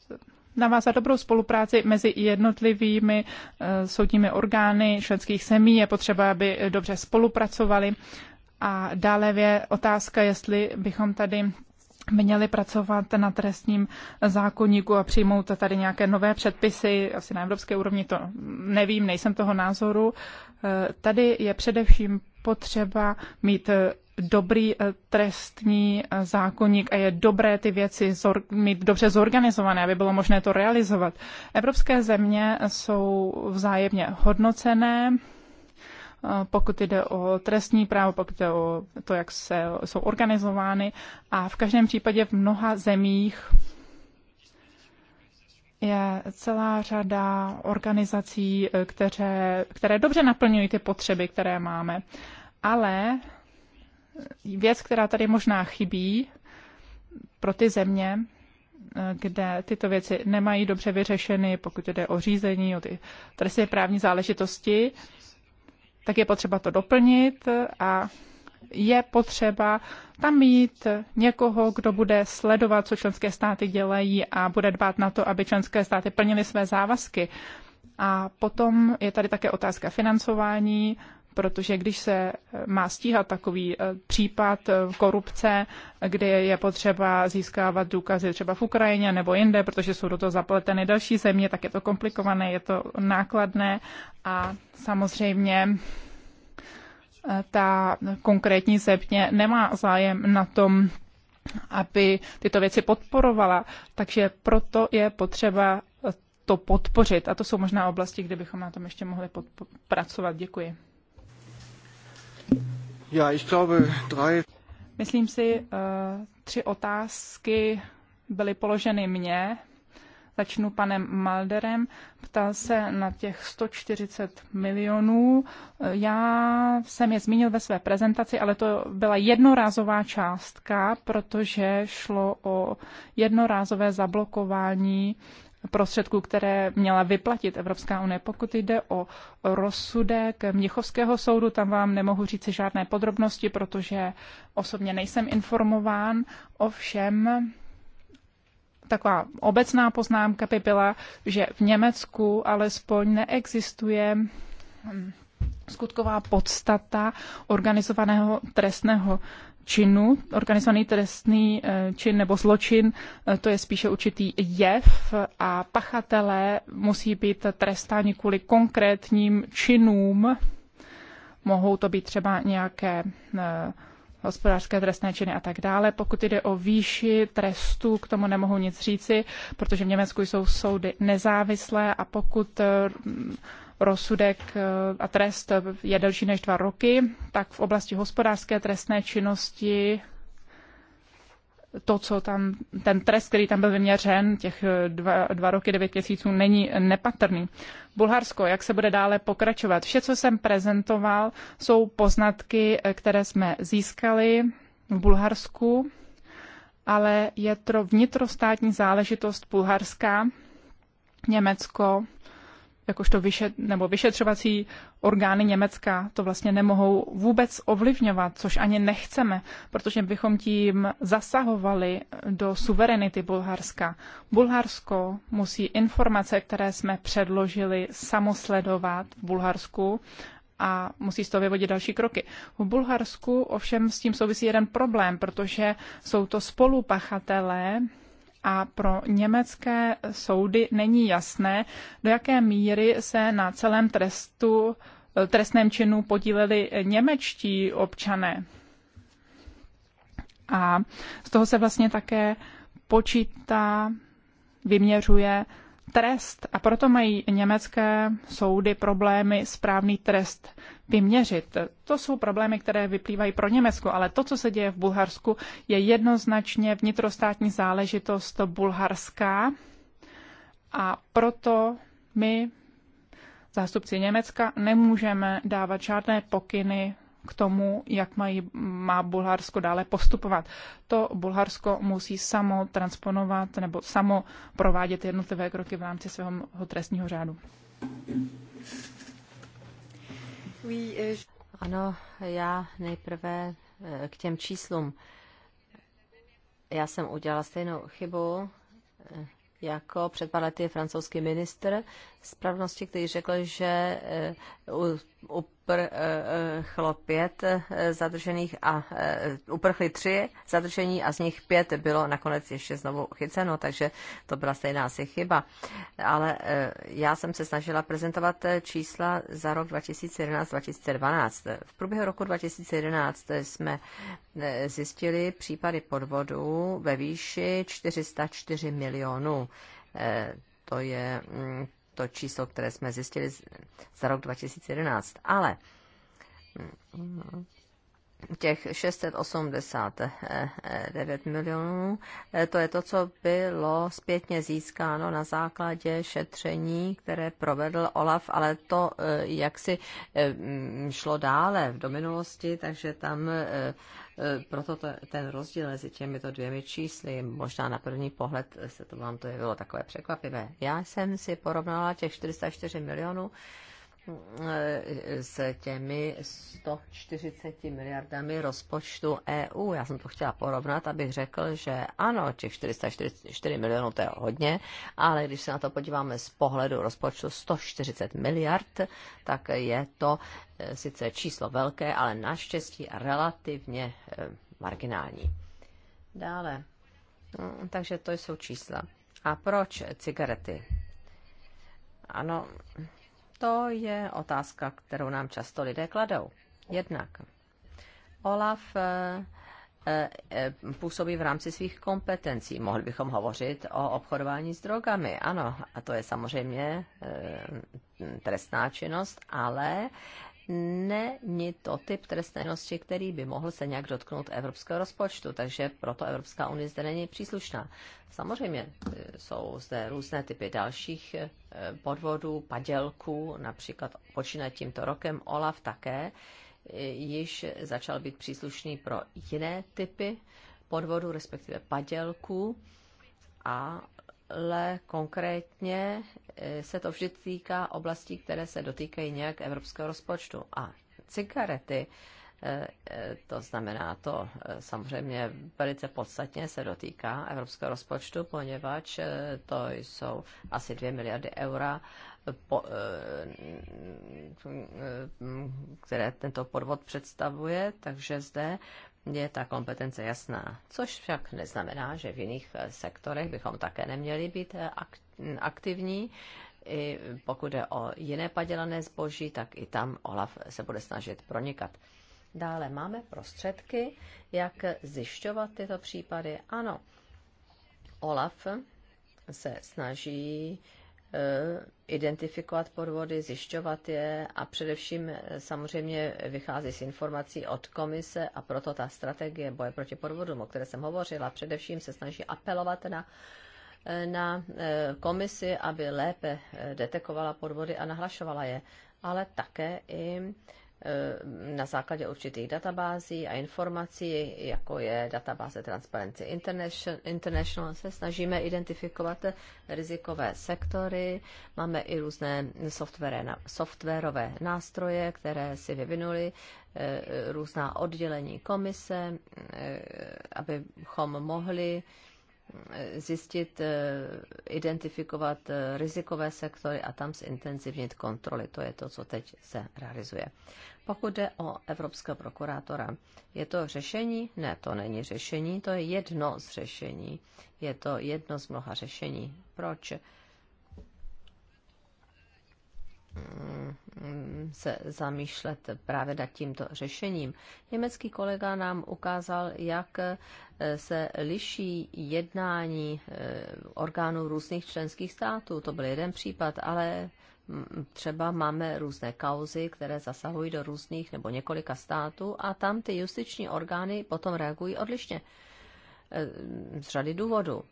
navázat dobrou spolupráci mezi jednotlivými soudními orgány členských zemí, je potřeba, aby dobře spolupracovali. A dále je otázka, jestli bychom tady měli pracovat na trestním zákonníku a přijmout tady nějaké nové předpisy, asi na evropské úrovni to nevím, nejsem toho názoru. Eh, tady je především potřeba mít eh, dobrý eh, trestní zákonník a je dobré ty věci mít dobře zorganizované, aby bylo možné to realizovat. Evropské země jsou vzájemně hodnocené Eh, pokud jde o trestní právo, pokud jde o to, jak se, jsou organizovány. A v každém případě v mnoha zemích je celá řada organizací, eh, které, které dobře naplňují ty potřeby, které máme. Ale věc, která tady možná chybí pro ty země, eh, kde tyto věci nemají dobře vyřešeny, pokud jde o řízení, o ty trestně právní záležitosti, tak je potřeba to doplnit a je potřeba tam mít někoho, kdo bude sledovat, co členské státy dělají a bude dbát na to, aby členské státy plnily své závazky. A potom je tady také otázka financování protože když se eh, má stíhat takový eh, případ eh, korupce, kde je potřeba získávat důkazy třeba v Ukrajině nebo jinde, protože jsou do toho zapleteny další země, tak je to komplikované, je to nákladné a samozřejmě ta konkrétní země nemá zájem na tom, aby tyto věci podporovala, takže proto je potřeba to podpořit. A to jsou možná oblasti, kde bychom na tom ještě mohli pracovat. Děkuji. Myslím si, eh, tři otázky byly položeny mně. Začnu panem Malderem. Ptal se na těch 140 milionů. Eh, já jsem je zmínil ve své prezentaci, ale to byla jednorázová částka, protože šlo o jednorázové zablokování prostředků, které měla vyplatit Evropská unie. Pokud jde o rozsudek Měchovského soudu, tam vám nemohu říct žádné podrobnosti, protože osobně nejsem informován. Ovšem, taková obecná poznámka by byla, že v Německu alespoň neexistuje hm, skutková podstata organizovaného trestného činu. Organizovaný trestný eh, čin nebo zločin, eh, to je spíše určitý jev a pachatelé musí být trestáni kvůli konkrétním činům. Mohou to být třeba nějaké eh, hospodářské trestné činy a tak dále. Pokud jde o výši trestu, k tomu nemohu nic říci, protože v Německu jsou soudy nezávislé a pokud rozsudek eh, a trest je delší než dva roky, tak v oblasti hospodářské trestné činnosti to, co tam, ten trest, který tam byl vyměřen, těch eh, dva, dva roky, devět měsíců, není nepatrný. Bulharsko, jak se bude dále pokračovat? Vše, co jsem prezentoval, jsou poznatky, eh, které jsme získali v Bulharsku, ale je to vnitrostátní záležitost Bulharska, Německo, jakožto vyšet, nebo vyšetřovací orgány Německa to vlastně nemohou vůbec ovlivňovat, což ani nechceme, protože bychom tím zasahovali do suverenity Bulharska. Bulharsko musí informace, které jsme předložili, samosledovat v Bulharsku a musí z toho vyvodit další kroky. V Bulharsku ovšem s tím souvisí jeden problém, protože jsou to spolupachatelé a pro německé soudy není jasné, do jaké míry se na celém trestu, eh, trestném činu podíleli němečtí občané. A z toho se vlastně také počítá, vyměřuje trest a proto mají německé soudy problémy správný trest vyměřit. To jsou problémy, které vyplývají pro Německo, ale to, co se děje v Bulharsku, je jednoznačně vnitrostátní záležitost bulharská a proto my, zástupci Německa, nemůžeme dávat žádné pokyny k tomu, jak mají, má Bulharsko dále postupovat. To Bulharsko musí samo transponovat nebo samo provádět jednotlivé kroky v rámci svého trestního řádu. Euh, ano, já nejprve eh, k těm číslům. Já jsem udělala stejnou chybu eh, jako před pár lety francouzský ministr, Správnosti, který řekl, že eh, uprchlo eh, eh, pět zadržených a uprchli tři zadržení a z nich pět bylo nakonec ještě znovu chyceno, takže to byla stejná asi chyba. Ale já jsem se snažila prezentovat čísla za rok 2011-2012. V průběhu roku 2011 jsme zjistili případy podvodů ve výši 404 milionů to je mm, to číslo, které jsme zjistili za rok 2011. Ale mm, těch 689 milionů, eh, to je to, co bylo zpětně získáno na základě šetření, které provedl Olaf, ale to eh, jak si eh, šlo dále do minulosti, takže tam Eh, proto to, ten rozdíl mezi těmito dvěmi čísly, možná na první pohled se to vám to jevilo takové překvapivé. Já jsem si porovnala těch 404 milionů Eh, s těmi 140 miliardami rozpočtu EU. Já jsem to chtěla porovnat, abych řekl, že ano, těch 444 milionů to je hodně, ale když se na to podíváme z pohledu rozpočtu 140 miliard, tak je to eh, sice číslo velké, ale naštěstí relativně eh, marginální. Dále. Mm, takže to jsou čísla. A proč cigarety? Ano, to je otázka, kterou nám často lidé kladou. Jednak Olaf eh, eh, eh, působí v rámci svých kompetencí. Mohli bychom hovořit o obchodování s drogami. Ano, a to je samozřejmě trestná činnost, ale není to typ trestné činnosti, který by mohl se nějak dotknout evropského rozpočtu, takže proto Evropská unie zde není příslušná. Samozřejmě e, jsou zde různé typy dalších e, podvodů, padělků, například počínat tímto rokem OLAF také e, již začal být příslušný pro jiné typy podvodů respektive padělků a ale konkrétně e, se to vždy týká oblastí, které se dotýkají nějak evropského rozpočtu. A cigarety, e, e, to znamená, to samozřejmě velice podstatně se dotýká evropského rozpočtu, poněvadž to jsou asi 2 miliardy eura, po, které tento podvod představuje, takže zde je ta kompetence jasná. Což však neznamená, že v jiných eh, sektorech bychom také neměli být eh, aktivní. I pokud je o jiné padělané zboží, tak i tam OLAF se bude snažit pronikat. Dále máme prostředky, jak zjišťovat tyto případy. Ano, OLAF se snaží Eh, identifikovat podvody, zjišťovat je a především eh, samozřejmě vychází z informací od komise a proto ta strategie boje proti podvodům, o které jsem hovořila, především se snaží apelovat na eh, na komisi, aby lépe detekovala podvody a nahlašovala je, ale také i na základě určitých databází a informací, jako je databáze Transparency International, se snažíme identifikovat rizikové sektory. Máme i různé softwarové nástroje, které si vyvinuli e, různá oddělení komise, e, abychom mohli zjistit, eh, identifikovat eh, rizikové sektory a tam zintenzivnit kontroly. To je to, co teď se realizuje. Pokud jde o evropského prokurátora, je to řešení? Ne, to není řešení, to je jedno z řešení. Je to jedno z mnoha řešení. Proč? Mm, se zamýšlet právě nad tímto řešením. Německý kolega nám ukázal, jak eh, se liší jednání eh, orgánů různých členských států. To byl jeden případ, ale mm, třeba máme různé kauzy, které zasahují do různých nebo několika států a tam ty justiční orgány potom reagují odlišně. Eh, z řady důvodů,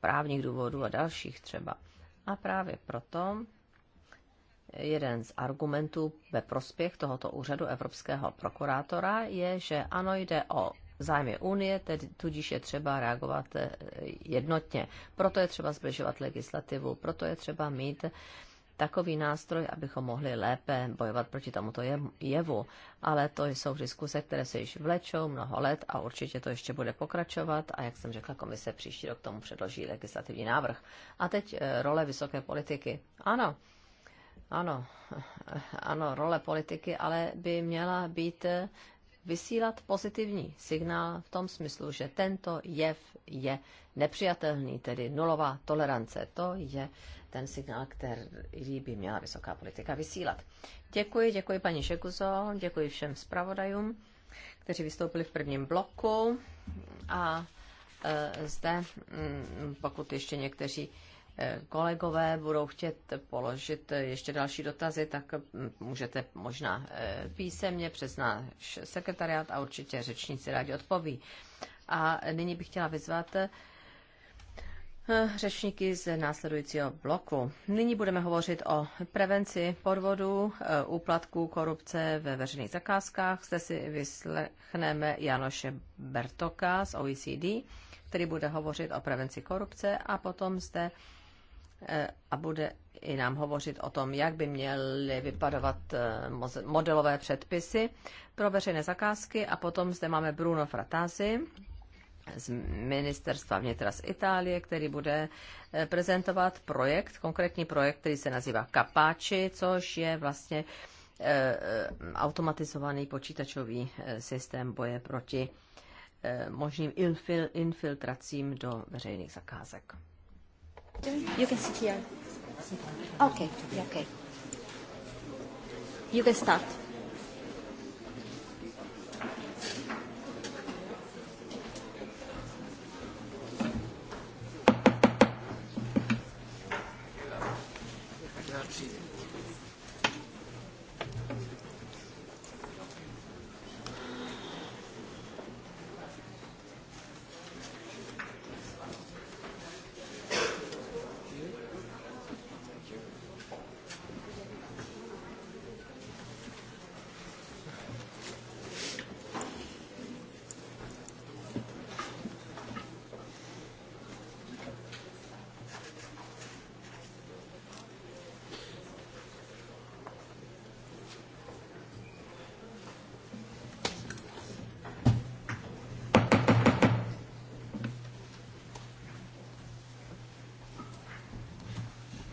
právních důvodů a dalších třeba. A právě proto jeden z argumentů ve prospěch tohoto úřadu evropského prokurátora je, že ano, jde o zájmy Unie, tedy tudíž je třeba reagovat eh, jednotně. Proto je třeba zbližovat legislativu, proto je třeba mít takový nástroj, abychom mohli lépe bojovat proti tomuto jevu. Ale to jsou diskuse, které se již vlečou mnoho let a určitě to ještě bude pokračovat. A jak jsem řekla, komise příští rok tomu předloží legislativní návrh. A teď eh, role vysoké politiky. Ano, ano, ano, role politiky ale by měla být eh, vysílat pozitivní signál v tom smyslu, že tento jev je nepřijatelný, tedy nulová tolerance. To je ten signál, který by měla vysoká politika vysílat. Děkuji, děkuji paní Šekuzo, děkuji všem zpravodajům, kteří vystoupili v prvním bloku a e, zde, mm, pokud ještě někteří kolegové budou chtět položit ještě další dotazy, tak můžete možná eh, písemně přes náš sekretariát a určitě řečníci rádi odpoví. A nyní bych chtěla vyzvat eh, řečníky z následujícího bloku. Nyní budeme hovořit o prevenci podvodů, eh, úplatků, korupce ve veřejných zakázkách. Zde si vyslechneme Janoše Bertoka z OECD, který bude hovořit o prevenci korupce a potom zde Eh, a bude i nám hovořit o tom, jak by měly vypadovat eh, modelové předpisy pro veřejné zakázky. A potom zde máme Bruno Fratasi z ministerstva vnitra z Itálie, který bude eh, prezentovat projekt, konkrétní projekt, který se nazývá Kapáči, což je vlastně automatizovaný počítačový systém boje proti možným infiltracím do veřejných zakázek. You can sit here. Okay, okay. You can start.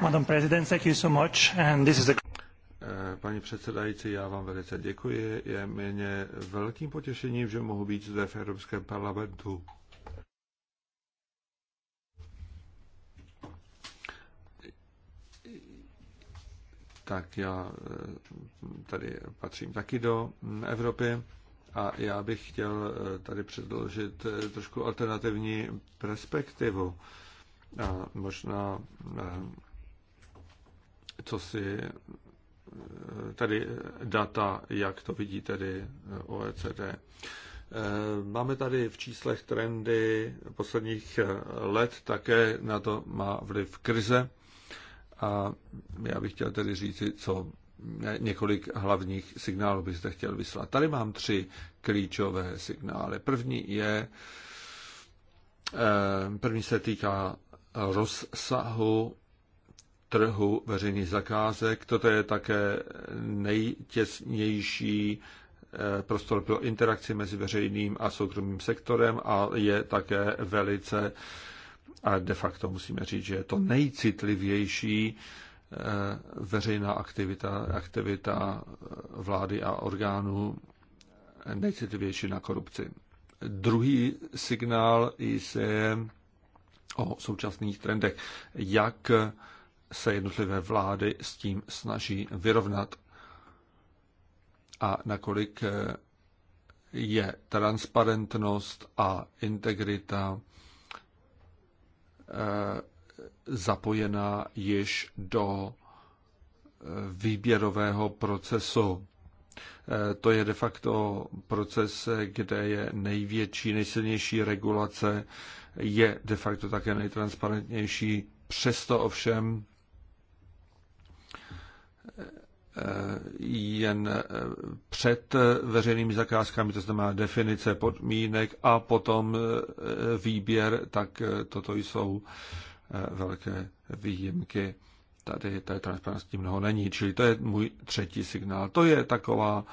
Madam President, thank you so much. And this is a... Eh, paní předsedající, já vám velice děkuji. Je mě velkým potěšením, že mohu být zde v Evropském parlamentu. Tak já eh, tady patřím taky do Evropy a já bych chtěl eh, tady předložit trošku alternativní perspektivu. A možná co si eh, tedy data, jak to vidí tedy eh, OECD. Eh, máme tady v číslech trendy posledních let, také na to má vliv krize. A já bych chtěl tedy říct, co několik hlavních signálů bych zde chtěl vyslat. Tady mám tři klíčové signály. První je, první se týká rozsahu trhu veřejných zakázek. Toto je také nejtěsnější eh, prostor pro interakci mezi veřejným a soukromým sektorem a je také velice, a de facto musíme říct, že je to nejcitlivější eh, veřejná aktivita, aktivita eh, vlády a orgánů nejcitlivější na korupci. Druhý signál je o současných trendech, jak se jednotlivé vlády s tím snaží vyrovnat a nakolik eh, je transparentnost a integrita eh, zapojena již do eh, výběrového procesu. To je de facto proces, kde je největší, nejsilnější regulace, je de facto také nejtransparentnější. Přesto ovšem jen eh, před veřejnými zakázkami, to znamená definice podmínek a potom eh, výběr, tak eh, toto jsou velké výjimky. Tady té transparentnosti mnoho není, čili to je můj třetí signál. To je taková,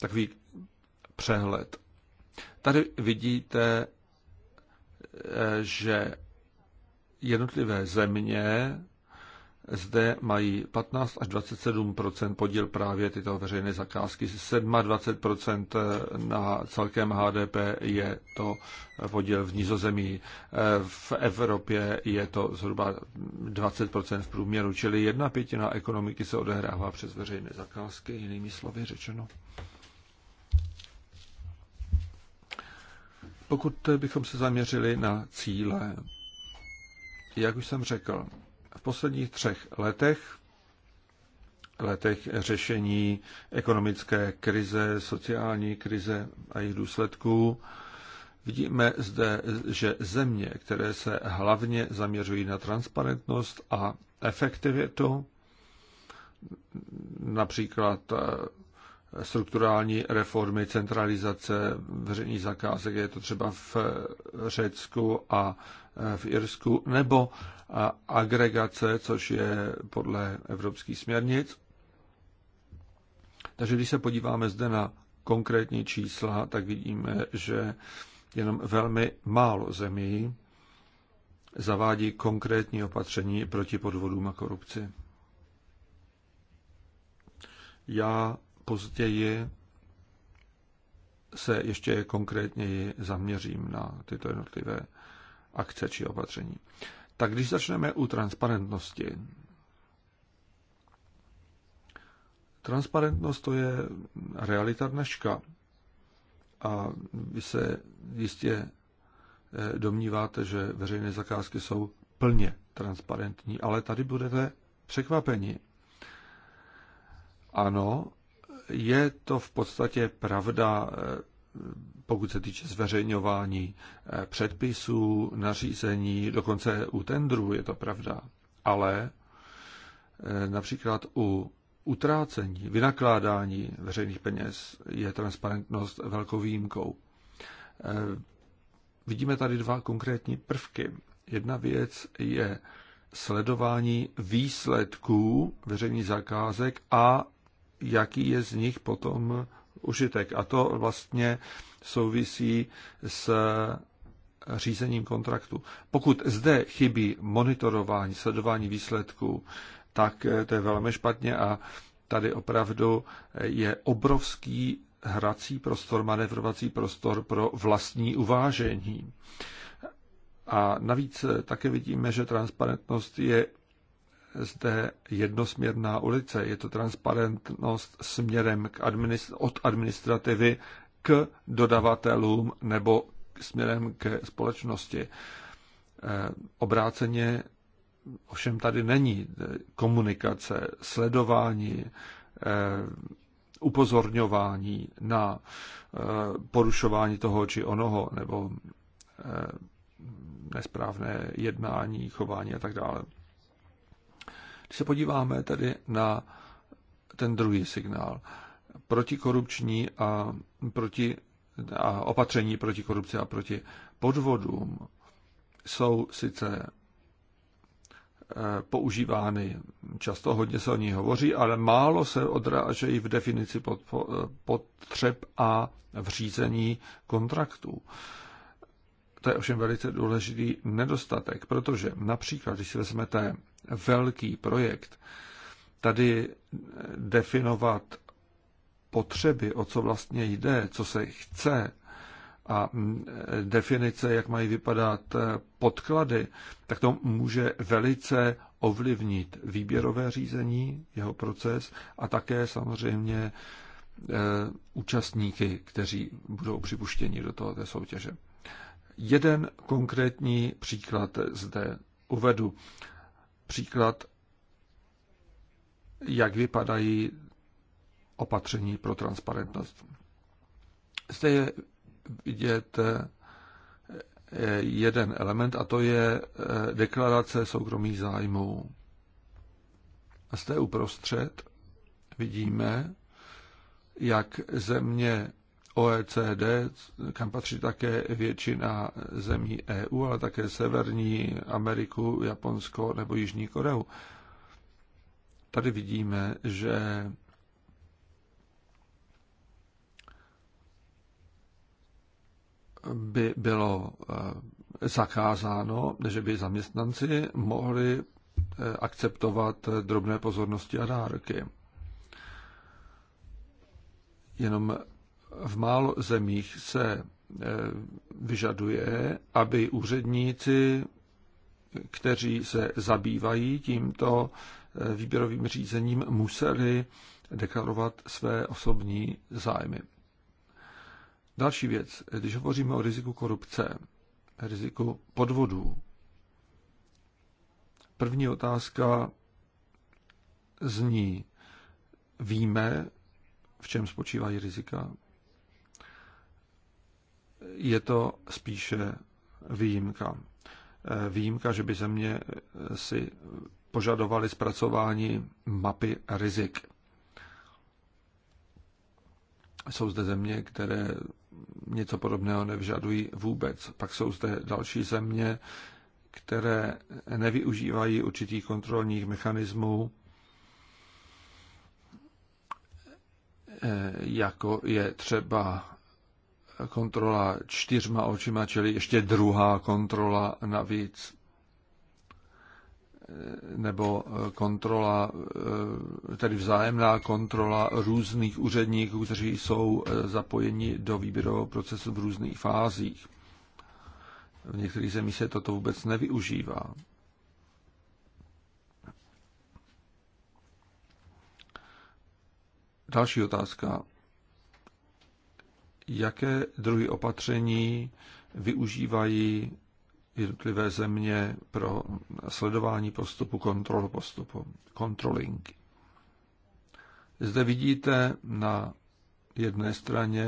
takový přehled. Tady vidíte, že jednotlivé země zde mají 15 až 27 podíl právě tyto veřejné zakázky. 27 na celkem HDP je to podíl v Nizozemí. V Evropě je to zhruba 20 v průměru, čili jedna pětina ekonomiky se odehrává přes veřejné zakázky, jinými slovy řečeno. Pokud bychom se zaměřili na cíle, jak už jsem řekl, v posledních třech letech letech řešení ekonomické krize, sociální krize a jejich důsledků. Vidíme zde, že země, které se hlavně zaměřují na transparentnost a efektivitu, například eh, strukturální reformy, centralizace veřejných zakázek, je to třeba v eh, Řecku a eh, v Irsku, nebo a agregace, což je podle evropských směrnic. Takže když se podíváme zde na konkrétní čísla, tak vidíme, že jenom velmi málo zemí zavádí konkrétní opatření proti podvodům a korupci. Já později se ještě konkrétněji zaměřím na tyto jednotlivé akce či opatření. Tak když začneme u transparentnosti. Transparentnost to je realita dneška. A vy se jistě eh, domníváte, že veřejné zakázky jsou plně transparentní, ale tady budete překvapeni. Ano, je to v podstatě pravda eh, pokud se týče zveřejňování eh, předpisů, nařízení, dokonce u tendru je to pravda, ale eh, například u utrácení, vynakládání veřejných peněz je transparentnost velkou výjimkou. Eh, vidíme tady dva konkrétní prvky. Jedna věc je sledování výsledků veřejných zakázek a jaký je z nich potom užitek. A to vlastně souvisí s eh, řízením kontraktu. Pokud zde chybí monitorování, sledování výsledků, tak eh, to je velmi špatně a tady opravdu eh, je obrovský hrací prostor, manevrovací prostor pro vlastní uvážení. A navíc také vidíme, že transparentnost je zde jednosměrná ulice. Je to transparentnost směrem k administ- od administrativy k dodavatelům nebo směrem ke společnosti. Eh, obráceně ovšem tady není komunikace, sledování, eh, upozorňování na eh, porušování toho či onoho nebo nesprávné jednání, chování a tak dále. Když se podíváme tady na ten druhý signál, protikorupční a, proti, a opatření proti korupci a proti podvodům jsou sice eh, používány. Často hodně se o ní hovoří, ale málo se odrážejí v definici eh, potřeb a v řízení kontraktů. To je ovšem velice důležitý nedostatek, protože například, když si vezmete velký projekt, tady definovat potřeby, o co vlastně jde, co se chce, a definice, jak mají vypadat podklady, tak to může velice ovlivnit výběrové řízení, jeho proces a také samozřejmě e, účastníky, kteří budou připuštěni do tohoto soutěže. Jeden konkrétní příklad zde uvedu. Příklad, jak vypadají opatření pro transparentnost. Zde je vidět eh, jeden element a to je eh, deklarace soukromých zájmů. A zde uprostřed vidíme, jak země OECD, kam patří také většina zemí EU, ale také Severní Ameriku, Japonsko nebo Jižní Koreu. Tady vidíme, že by bylo eh, zakázáno, že by zaměstnanci mohli eh, akceptovat drobné pozornosti a dárky. Jenom v málo zemích se e, vyžaduje, aby úředníci, kteří se zabývají tímto e, výběrovým řízením, museli deklarovat své osobní zájmy. Další věc, když hovoříme o riziku korupce, riziku podvodů, první otázka zní, víme, v čem spočívají rizika? je to spíše výjimka. Eh, výjimka, že by země eh, si požadovali zpracování mapy rizik. Jsou zde země, které něco podobného nevžadují vůbec. Pak jsou zde další země, které nevyužívají určitých kontrolních mechanismů, eh, jako je třeba kontrola čtyřma očima, čili ještě druhá kontrola navíc, eh, nebo eh, kontrola, eh, tedy vzájemná kontrola různých úředníků, kteří jsou zapojeni do výběrového procesu v různých fázích. V některých zemích se toto vůbec nevyužívá. Další otázka jaké druhy opatření využívají jednotlivé země pro sledování postupu, kontrolu postupu, controlling. Zde vidíte na jedné straně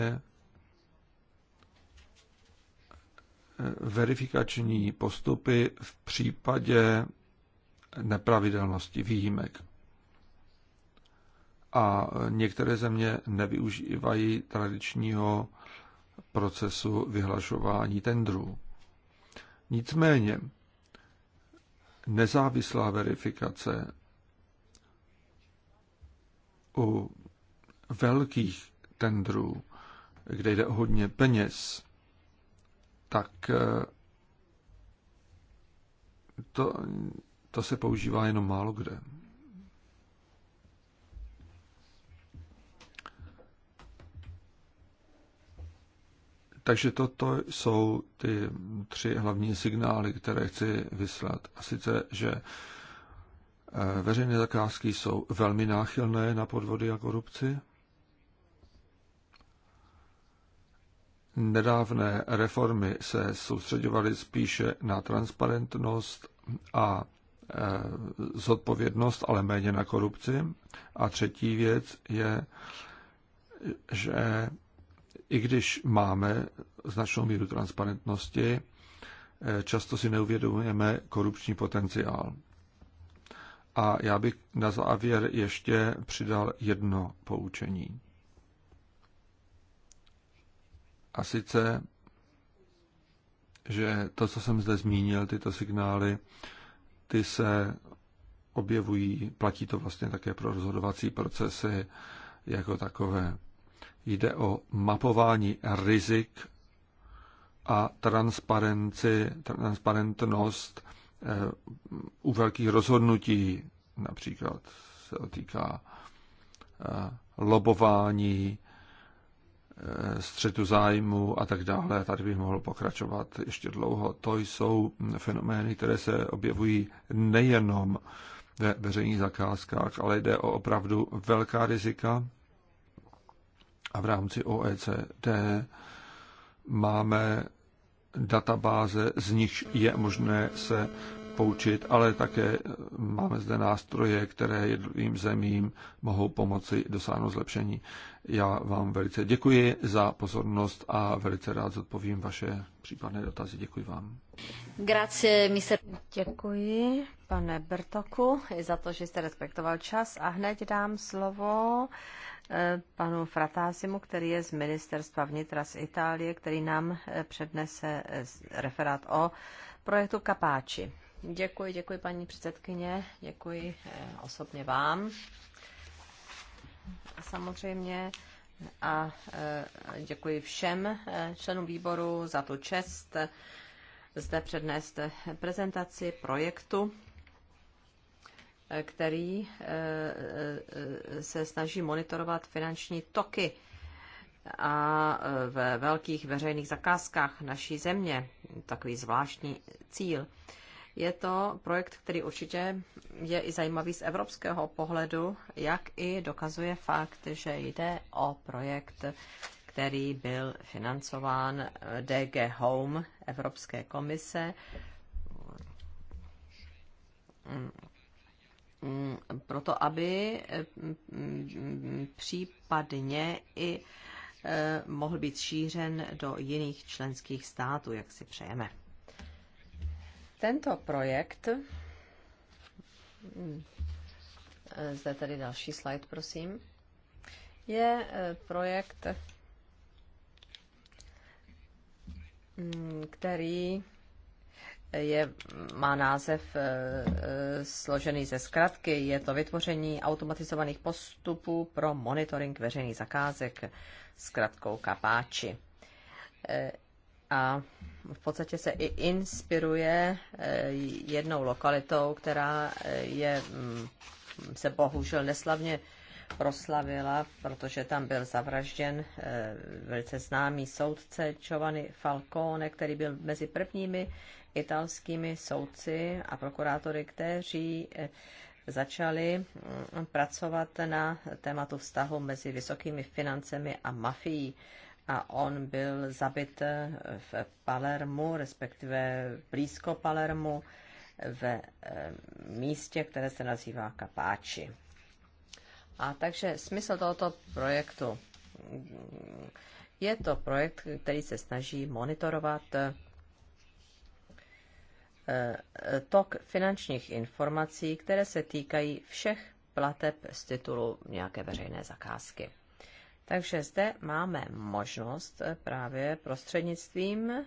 eh, verifikační postupy v případě nepravidelnosti výjimek a některé země nevyužívají tradičního procesu vyhlašování tendrů. Nicméně nezávislá verifikace u velkých tendrů, kde jde o hodně peněz, tak eh, to, to se používá jenom málo kde. Takže toto jsou ty tři hlavní signály, které chci vyslat. A sice, že eh, veřejné zakázky jsou velmi náchylné na podvody a korupci. Nedávné reformy se soustředovaly spíše na transparentnost a eh, zodpovědnost, ale méně na korupci. A třetí věc je, že i když máme značnou míru transparentnosti, eh, často si neuvědomujeme korupční potenciál. A já bych na závěr ještě přidal jedno poučení. A sice, že to, co jsem zde zmínil, tyto signály, ty se objevují, platí to vlastně také pro rozhodovací procesy jako takové. Jde o mapování rizik a transparenci, transparentnost eh, u velkých rozhodnutí, například se týká eh, lobování, eh, střetu zájmu a tak dále. Tady bych mohl pokračovat ještě dlouho. To jsou fenomény, které se objevují nejenom ve veřejných zakázkách, ale jde o opravdu velká rizika a v rámci OECD máme databáze, z nich je možné se poučit, ale také máme zde nástroje, které jednotlivým zemím mohou pomoci dosáhnout zlepšení. Já vám velice děkuji za pozornost a velice rád zodpovím vaše případné dotazy. Děkuji vám. Grazie, mister. Děkuji, pane Bertoku, za to, že jste respektoval čas a hned dám slovo eh, panu Fratásimu, který je z ministerstva vnitra z Itálie, který nám eh, přednese eh, referát o projektu Kapáči. Děkuji, děkuji paní předsedkyně, děkuji osobně vám samozřejmě a e, děkuji všem e, členům výboru za tu čest zde přednést prezentaci projektu, který e, se snaží monitorovat finanční toky a ve velkých veřejných zakázkách naší země. Takový zvláštní cíl. Je to projekt, který určitě je i zajímavý z evropského pohledu, jak i dokazuje fakt, že jde o projekt, který byl financován DG Home Evropské komise proto, aby mm, případně i eh, mohl být šířen do jiných členských států, jak si přejeme. Tento projekt, zde tady další slide, prosím, je e, projekt, mm, který je, má název e, e, složený ze zkratky. Je to vytvoření automatizovaných postupů pro monitoring veřejných zakázek s zkratkou kapáči a v podstatě se i inspiruje eh, jednou lokalitou, která eh, je, mm, se bohužel neslavně proslavila, protože tam byl zavražděn eh, velice známý soudce Giovanni Falcone, který byl mezi prvními italskými soudci a prokurátory, kteří začali mm, pracovat na tématu vztahu mezi vysokými financemi a mafií a on byl zabit eh, v Palermu, respektive blízko Palermu, v eh, místě, které se nazývá Kapáči. A takže smysl tohoto projektu je to projekt, který se snaží monitorovat eh, tok finančních informací, které se týkají všech plateb z titulu nějaké veřejné zakázky. Takže zde máme možnost eh, právě prostřednictvím eh,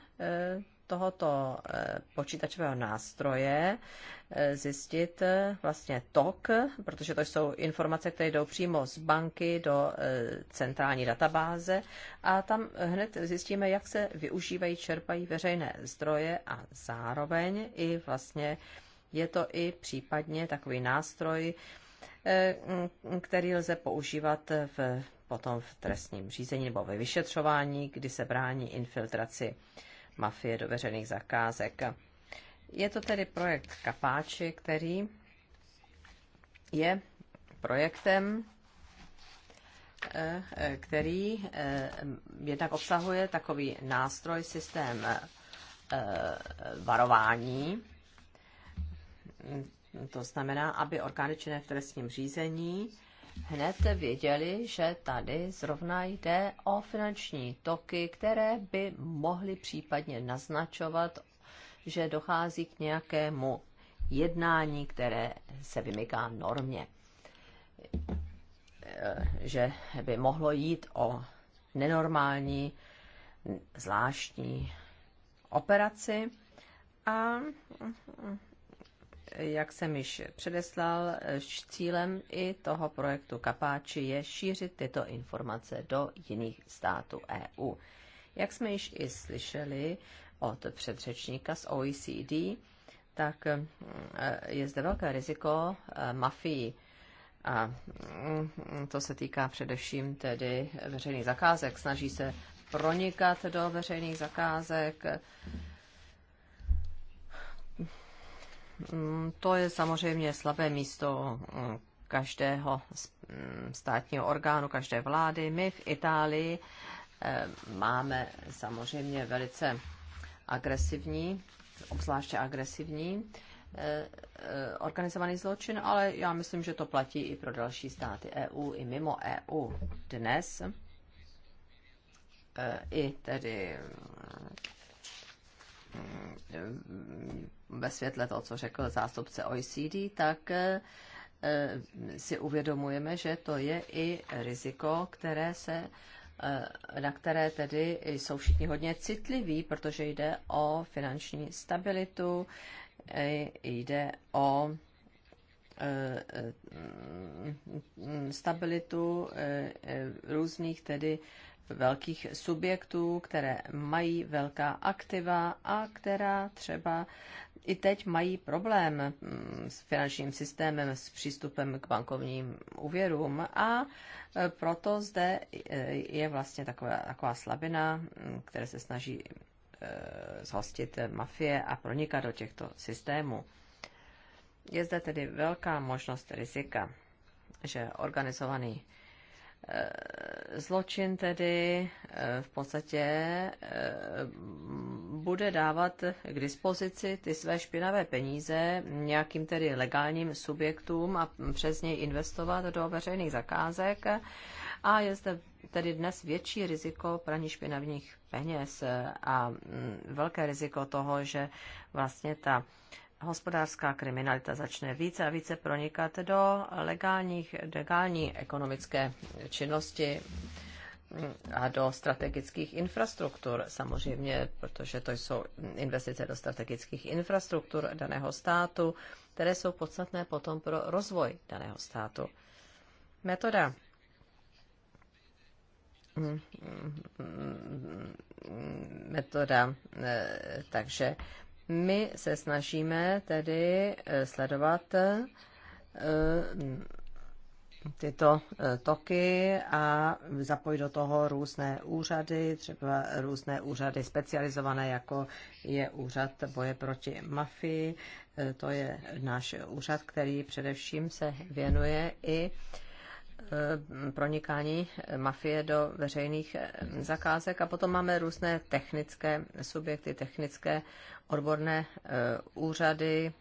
tohoto eh, počítačového nástroje zjistit vlastně tok, protože to jsou informace, které jdou přímo z banky do centrální databáze a tam hned zjistíme, jak se využívají, čerpají veřejné zdroje a zároveň i vlastně je to i případně takový nástroj, Eh, mm, který lze používat v, potom v trestním řízení nebo ve vyšetřování, kdy se brání infiltraci mafie do veřejných zakázek. Je to tedy projekt Kapáči, který je projektem, eh, který eh, jednak obsahuje takový nástroj, systém varování, to znamená, aby orgány činné v trestním řízení hned věděli, že tady zrovna jde o finanční toky, které by mohly případně naznačovat, že dochází k nějakému jednání, které se vymyká normě. Eh, že by mohlo jít o nenormální, zvláštní operaci a jak jsem již předeslal, eh, cílem i toho projektu Kapáči je šířit tyto informace do jiných států EU. Jak jsme již i slyšeli od předřečníka z OECD, tak eh, je zde velké riziko eh, mafii. A mm, to se týká především tedy veřejných zakázek. Snaží se pronikat do veřejných zakázek Mm, to je samozřejmě slabé místo mm, každého mm, státního orgánu, každé vlády. My v Itálii eh, máme samozřejmě velice agresivní, obzvláště agresivní eh, eh, organizovaný zločin, ale já myslím, že to platí i pro další státy EU i mimo EU dnes. I tedy Mm, ve světle toho, co řekl zástupce OECD, tak eh, eh, si uvědomujeme, že to je i riziko, které se, eh, na které tedy jsou všichni hodně citliví, protože jde o finanční stabilitu, jde o mm, stabilitu různých tedy velkých subjektů, které mají velká aktiva a která třeba i teď mají problém mm, s finančním systémem, s přístupem k bankovním úvěrům a e, proto zde e, je vlastně taková, taková slabina, mm, které se snaží e, zhostit mafie a pronikat do těchto systémů. Je zde tedy velká možnost rizika, že organizovaný Eh, zločin tedy eh, v podstatě eh, bude dávat k dispozici ty své špinavé peníze nějakým tedy legálním subjektům a přes něj investovat do veřejných zakázek. A je zde tedy dnes větší riziko praní špinavých peněz a mm, velké riziko toho, že vlastně ta hospodářská kriminalita začne více a více pronikat do legálních, legální ekonomické činnosti a do strategických infrastruktur samozřejmě, protože to jsou investice do strategických infrastruktur daného státu, které jsou podstatné potom pro rozvoj daného státu. Metoda metoda, eh, takže my se snažíme tedy eh, sledovat eh, tyto eh, toky a zapojit do toho různé úřady, třeba různé úřady specializované, jako je úřad boje proti mafii. To je náš úřad, který především se věnuje i Eh, pronikání mafie do veřejných eh, zakázek a potom máme různé technické subjekty, technické odborné eh, úřady,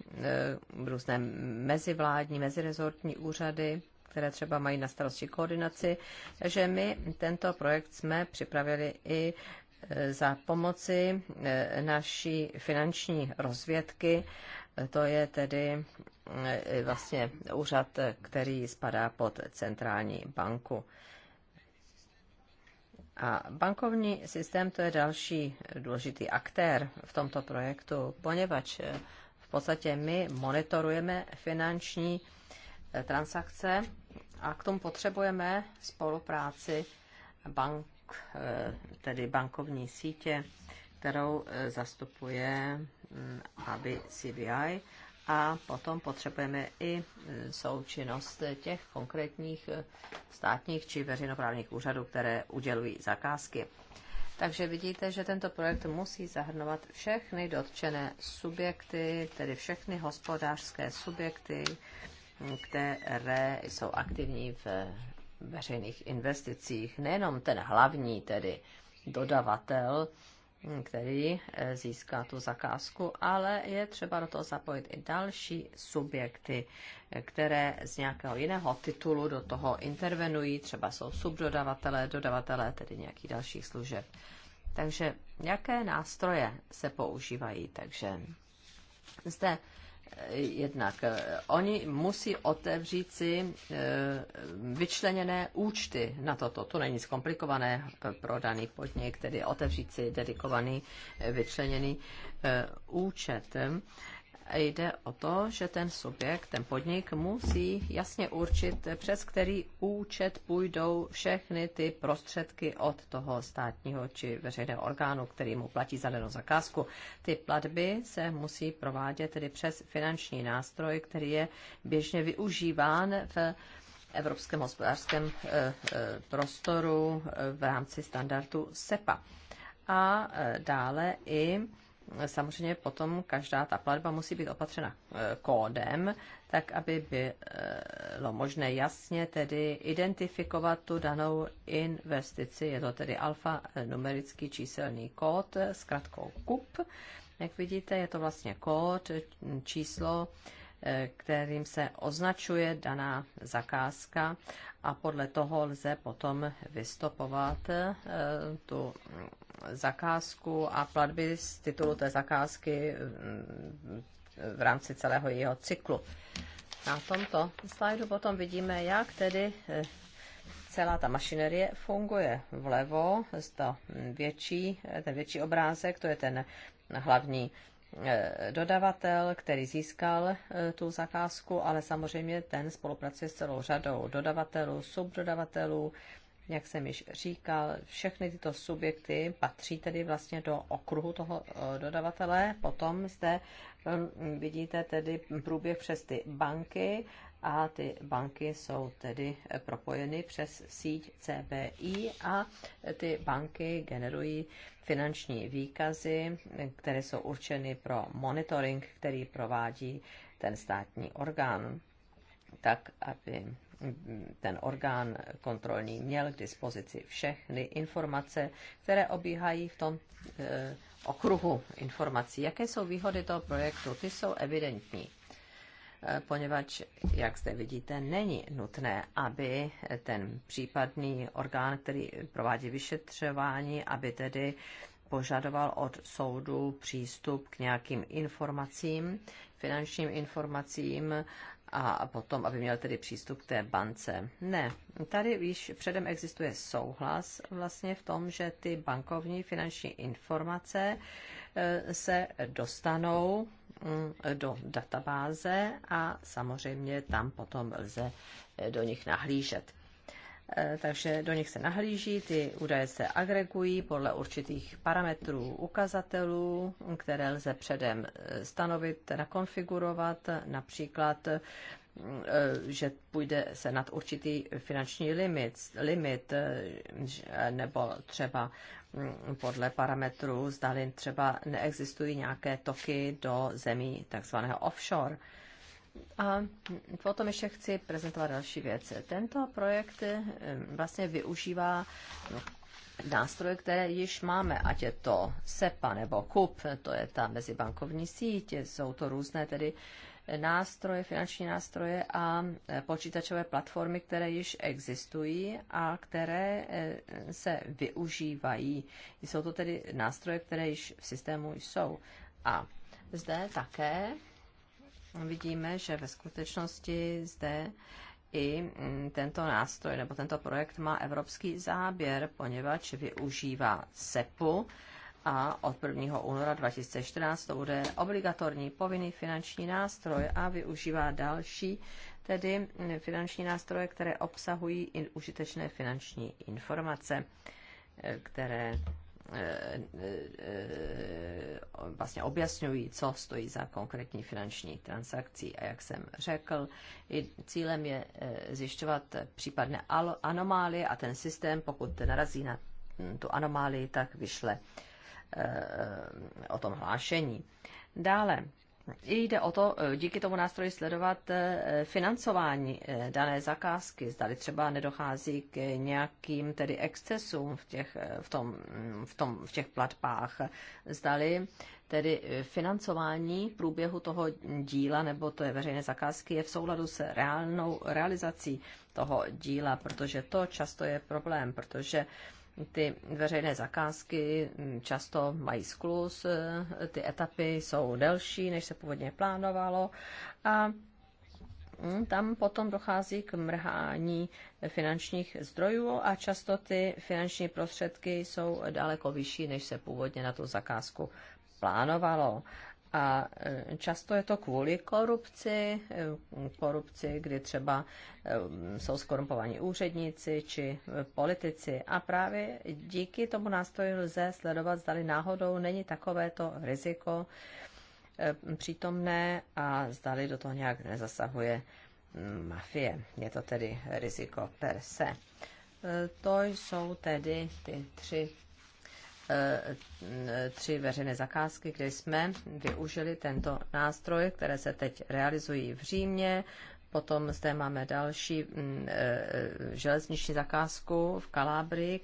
různé mezivládní, mezirezortní úřady, které třeba mají na starosti koordinaci. Takže my tento projekt jsme připravili i za pomoci naší finanční rozvědky to je tedy e, vlastně úřad, který spadá pod centrální banku. A bankovní systém to je další důležitý aktér v tomto projektu, poněvadž e, v podstatě my monitorujeme finanční e, transakce a k tomu potřebujeme spolupráci bank, tedy bankovní sítě, kterou zastupuje Mm, aby CBI a potom potřebujeme i mm, součinnost těch konkrétních eh, státních či veřejnoprávních úřadů, které udělují zakázky. Takže vidíte, že tento projekt musí zahrnovat všechny dotčené subjekty, tedy všechny hospodářské subjekty, mm, které jsou aktivní v eh, veřejných investicích. Nejenom ten hlavní, tedy dodavatel, který eh, získá tu zakázku, ale je třeba do toho zapojit i další subjekty, eh, které z nějakého jiného titulu do toho intervenují, třeba jsou subdodavatelé, dodavatelé tedy nějakých dalších služeb. Takže jaké nástroje se používají? Takže zde jednak eh, oni musí otevřít si eh, vyčleněné účty na toto. To není zkomplikované pro daný podnik, tedy otevřít si dedikovaný eh, vyčleněný účet jde o to, že ten subjekt, ten podnik musí jasně určit, přes který účet půjdou všechny ty prostředky od toho státního či veřejného orgánu, který mu platí za danou zakázku. Ty platby se musí provádět tedy přes finanční nástroj, který je běžně využíván v evropském hospodářském eh, eh, prostoru eh, v rámci standardu SEPA. A dále i samozřejmě potom každá ta platba musí být opatřena eh, kódem, tak aby bylo možné jasně tedy identifikovat tu danou investici. Je to tedy alfa eh, numerický číselný kód s kratkou KUP. Jak vidíte, je to vlastně kód, číslo, eh, kterým se označuje daná zakázka a podle toho lze potom vystopovat tu zakázku a platby z titulu té zakázky mm, v rámci celého jeho cyklu. Na tomto slajdu potom vidíme, jak tedy eh, celá ta mašinerie funguje vlevo, to větší, ten větší obrázek, to je ten hlavní eh, dodavatel, který získal eh, tu zakázku, ale samozřejmě ten spolupracuje s celou řadou dodavatelů, subdodavatelů, jak jsem již říkal, všechny tyto subjekty patří tedy vlastně do okruhu toho eh, dodavatele. Potom zde eh, vidíte tedy průběh přes ty banky a ty banky jsou tedy eh, propojeny přes síť CBI a ty banky generují finanční výkazy, které jsou určeny pro monitoring, který provádí ten státní orgán, tak aby ten orgán kontrolní měl k dispozici všechny informace, které obíhají v tom eh, okruhu informací. Jaké jsou výhody toho projektu? Ty jsou evidentní, eh, poněvadž, jak zde vidíte, není nutné, aby ten případný orgán, který provádí vyšetřování, aby tedy požadoval od soudu přístup k nějakým informacím, finančním informacím a potom, aby měl tedy přístup k té bance. Ne, tady již předem existuje souhlas vlastně v tom, že ty bankovní finanční informace e, se dostanou mm, do databáze a samozřejmě tam potom lze e, do nich nahlížet. Eh, takže do nich se nahlíží, ty údaje se agregují podle určitých parametrů ukazatelů, které lze předem eh, stanovit, nakonfigurovat, například mm, eh, že půjde se nad určitý finanční limit, limit nebo třeba mm, podle parametrů, zdali třeba neexistují nějaké toky do zemí takzvaného offshore. A potom ještě chci prezentovat další věc. Tento projekt eh, vlastně využívá no, nástroje, které již máme, ať je to SEPA nebo KUP, to je ta mezibankovní síť, jsou to různé tedy nástroje, finanční nástroje a eh, počítačové platformy, které již existují a které eh, se využívají. Jsou to tedy nástroje, které již v systému jsou. A zde také vidíme, že ve skutečnosti zde i mm, tento nástroj nebo tento projekt má evropský záběr, poněvadž využívá SEPu a od 1. února 2014 to bude obligatorní povinný finanční nástroj a využívá další tedy mm, finanční nástroje, které obsahují i užitečné finanční informace, e, které vlastně objasňují, co stojí za konkrétní finanční transakcí. A jak jsem řekl, i cílem je eh, zjišťovat případné anomálie a ten systém, pokud narazí na tu anomálii, tak vyšle eh, eh, o tom hlášení. Dále Jde o to e, díky tomu nástroji sledovat e, financování e, dané zakázky. Zdali třeba nedochází k nějakým tedy excesům v těch, v tom, mm, v tom, v těch platbách. Zdali tedy financování průběhu toho díla nebo to je veřejné zakázky je v souladu s reálnou realizací toho díla, protože to často je problém, protože ty veřejné zakázky často mají sklus, ty etapy jsou delší, než se původně plánovalo a tam potom dochází k mrhání finančních zdrojů a často ty finanční prostředky jsou daleko vyšší, než se původně na tu zakázku plánovalo. A e, často je to kvůli korupci, e, korupci, kdy třeba e, jsou skorumpovaní úředníci či politici. A právě díky tomu nástroji lze sledovat, zdali náhodou není takovéto riziko přítomné a zdali do toho nějak nezasahuje mm, mafie. Je to tedy riziko per se. To jsou tedy ty tři tři veřejné zakázky, kde jsme využili tento nástroj, které se teď realizují v Římě. Potom zde máme další mm, eh, železniční zakázku v Kalábrii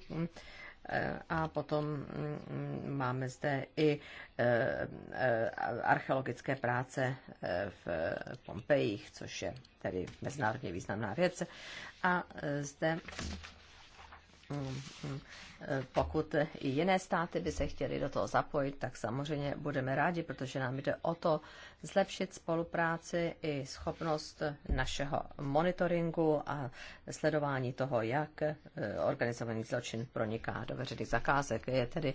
eh, a potom mm, máme zde i eh, archeologické práce v Pompejích, což je tedy mezinárodně významná věc. A zde Mm, mm. E, pokud i jiné státy by se chtěly do toho zapojit, tak samozřejmě budeme rádi, protože nám jde o to zlepšit spolupráci i schopnost našeho monitoringu a sledování toho, jak e, organizovaný zločin proniká do veřejných zakázek. Je tedy,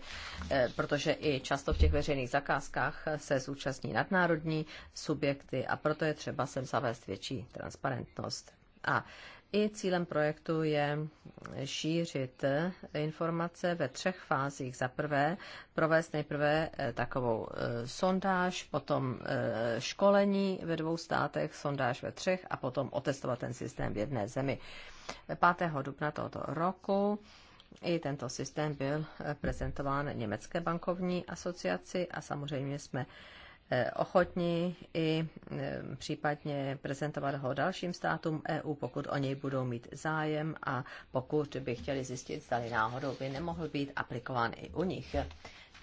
e, protože i často v těch veřejných zakázkách se zúčastní nadnárodní subjekty a proto je třeba sem zavést větší transparentnost. A i cílem projektu je šířit informace ve třech fázích. Za prvé provést nejprve eh, takovou eh, sondáž, potom eh, školení ve dvou státech, sondáž ve třech a potom otestovat ten systém v jedné zemi. 5. dubna tohoto roku i tento systém byl prezentován Německé bankovní asociaci a samozřejmě jsme ochotni i e, případně prezentovat ho dalším státům EU, pokud o něj budou mít zájem a pokud by chtěli zjistit, zda náhodou by nemohl být aplikován i u nich.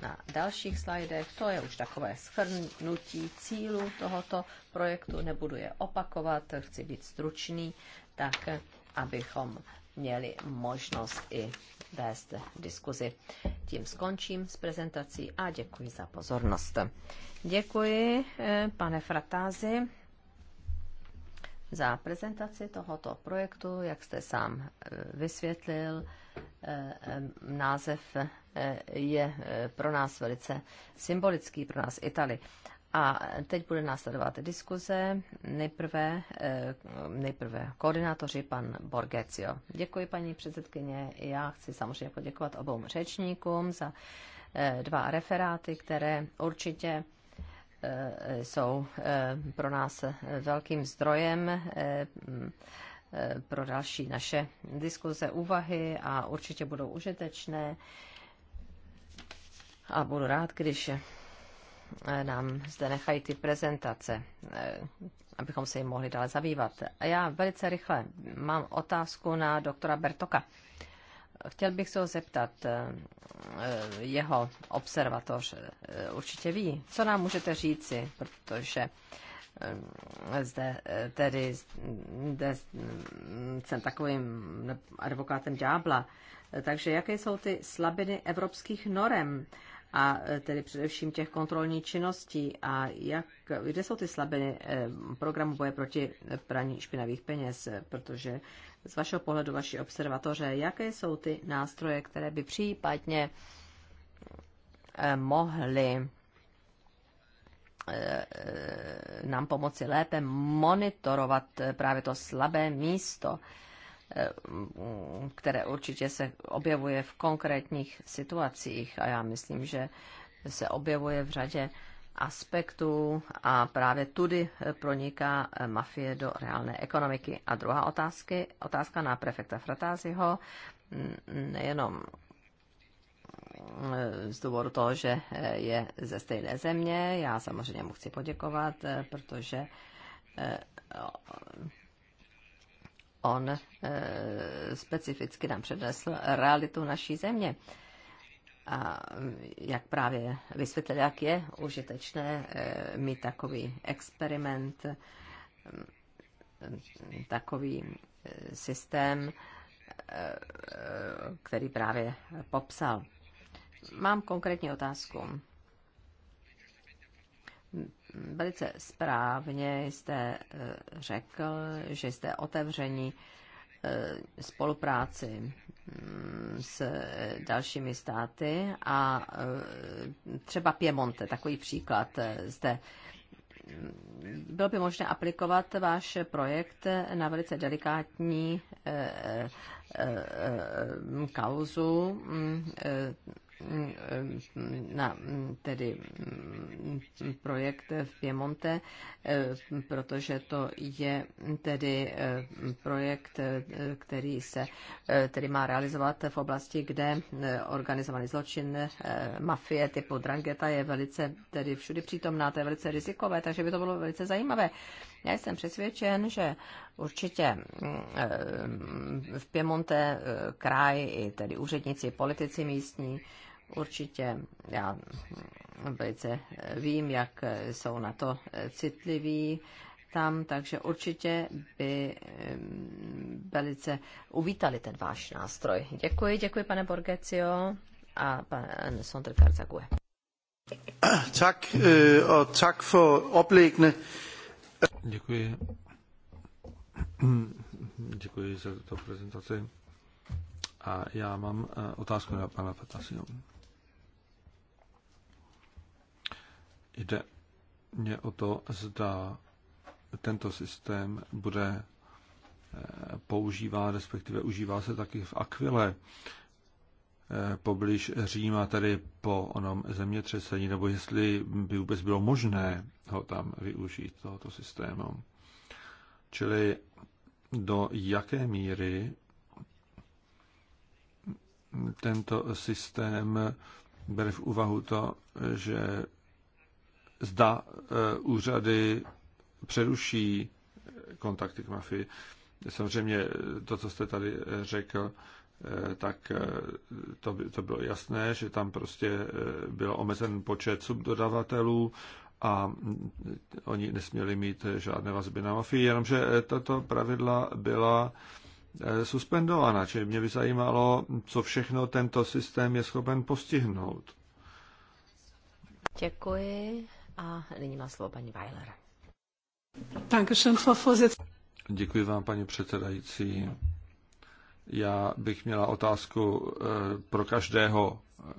Na dalších slajdech to je už takové schrnutí cílu tohoto projektu, nebudu je opakovat, chci být stručný, tak abychom měli možnost i vést diskuzi. Tím skončím s prezentací a děkuji za pozornost. Děkuji, eh, pane Fratázi, za prezentaci tohoto projektu, jak jste sám eh, vysvětlil. Eh, název je pro nás velice symbolický, pro nás Italy. A teď bude následovat diskuze. Nejprve, eh, nejprve koordinátoři pan Borgecio. Děkuji, paní předsedkyně. Já chci samozřejmě poděkovat obou řečníkům za eh, dva referáty, které určitě eh, jsou pro nás velkým zdrojem pro další naše diskuze, úvahy a určitě budou užitečné. A budu rád, když Eh, nám zde nechají ty prezentace, eh, abychom se jim mohli dále zabývat. A já velice rychle mám otázku na doktora Bertoka. Chtěl bych se ho zeptat, eh, jeho observatoř určitě ví, co nám můžete říci, protože zde tedy zde hm, jsem takovým advokátem ďábla. Takže jaké jsou ty slabiny evropských norem? a e, tedy především těch kontrolních činností a jak, kde jsou ty slabiny e, programu boje proti praní špinavých peněz, protože z vašeho pohledu, vaší observatoře, jaké jsou ty nástroje, které by případně e, mohly nám pomoci lépe monitorovat právě to slabé místo Eh, které určitě se objevuje v konkrétních situacích a já myslím, že se objevuje v řadě aspektů a právě tudy proniká eh, mafie do reálné ekonomiky. A druhá otázky, otázka na prefekta Fratáziho, mm, nejenom eh, z důvodu toho, že je ze stejné země. Já samozřejmě mu chci poděkovat, protože on eh, specificky nám přednesl realitu naší země. A mm, jak právě vysvětlil, jak je užitečné eh, mít takový experiment, mm, takový eh, systém, který právě popsal. Mám konkrétní otázku velice správně jste eh, řekl, že jste otevření eh, spolupráci mm, s dalšími státy a eh, třeba Piemonte, takový příklad zde. Bylo by možné aplikovat váš projekt na velice delikátní kauzu mm, na tedy projekt v Piemonte, protože to je tedy projekt, který se tedy má realizovat v oblasti, kde organizovaný zločin, mafie typu Drangeta je velice tedy všude přítomná, to je velice rizikové, takže by to bylo velice zajímavé. Já jsem přesvědčen, že určitě eh, v Piemonte eh, kraj i tedy úředníci, politici místní, určitě já velice vím, jak jsou na to citliví tam, takže určitě by velice uvítali ten váš nástroj. Děkuji, děkuji pane Borgecio a pan Sondr Zague. Tak, a eh, tak for oplæggene. Děkuji. Děkuji za tuto prezentaci. A já mám eh, otázku na pana Patasiu. Jde mě o to, zda tento systém bude eh, používá, respektive užívá se taky v Aquile eh, poblíž Říma, tedy po onom zemětřesení, nebo jestli by vůbec bylo možné ho tam využít, tohoto systému. Čili do jaké míry tento systém bere v úvahu to, že zda e, úřady přeruší kontakty k mafii. Samozřejmě e, to, co jste tady e, řekl, tak to, by, to bylo jasné, že tam prostě byl omezen počet subdodavatelů a oni nesměli mít žádné vazby na mafii, jenomže tato pravidla byla suspendována, čili mě by zajímalo, co všechno tento systém je schopen postihnout. Děkuji. A nyní má slovo paní Weiler. Děkuji vám, paní předsedající. Já bych měla otázku eh, pro každého eh,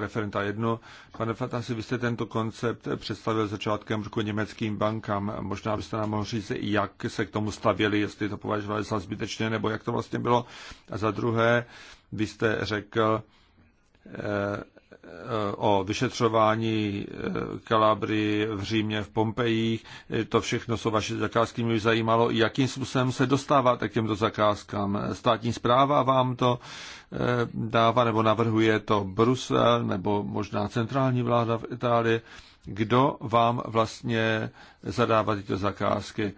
referenta jedno. Pane Fatasi, vy jste tento koncept představil začátkem roku německým bankám. Možná byste nám mohl říct, jak se k tomu stavěli, jestli to považovali za zbytečné, nebo jak to vlastně bylo. A za druhé, vy jste řekl, eh, Eh, o vyšetřování eh, Kalabry v Římě, v Pompejích. Eh, to všechno jsou vaše zakázky. Mě zajímalo, jakým způsobem se dostáváte k těmto zakázkám. Státní zpráva vám to dává nebo navrhuje to Brusel nebo možná centrální vláda v Itálii. Kdo vám vlastně zadává tyto zakázky?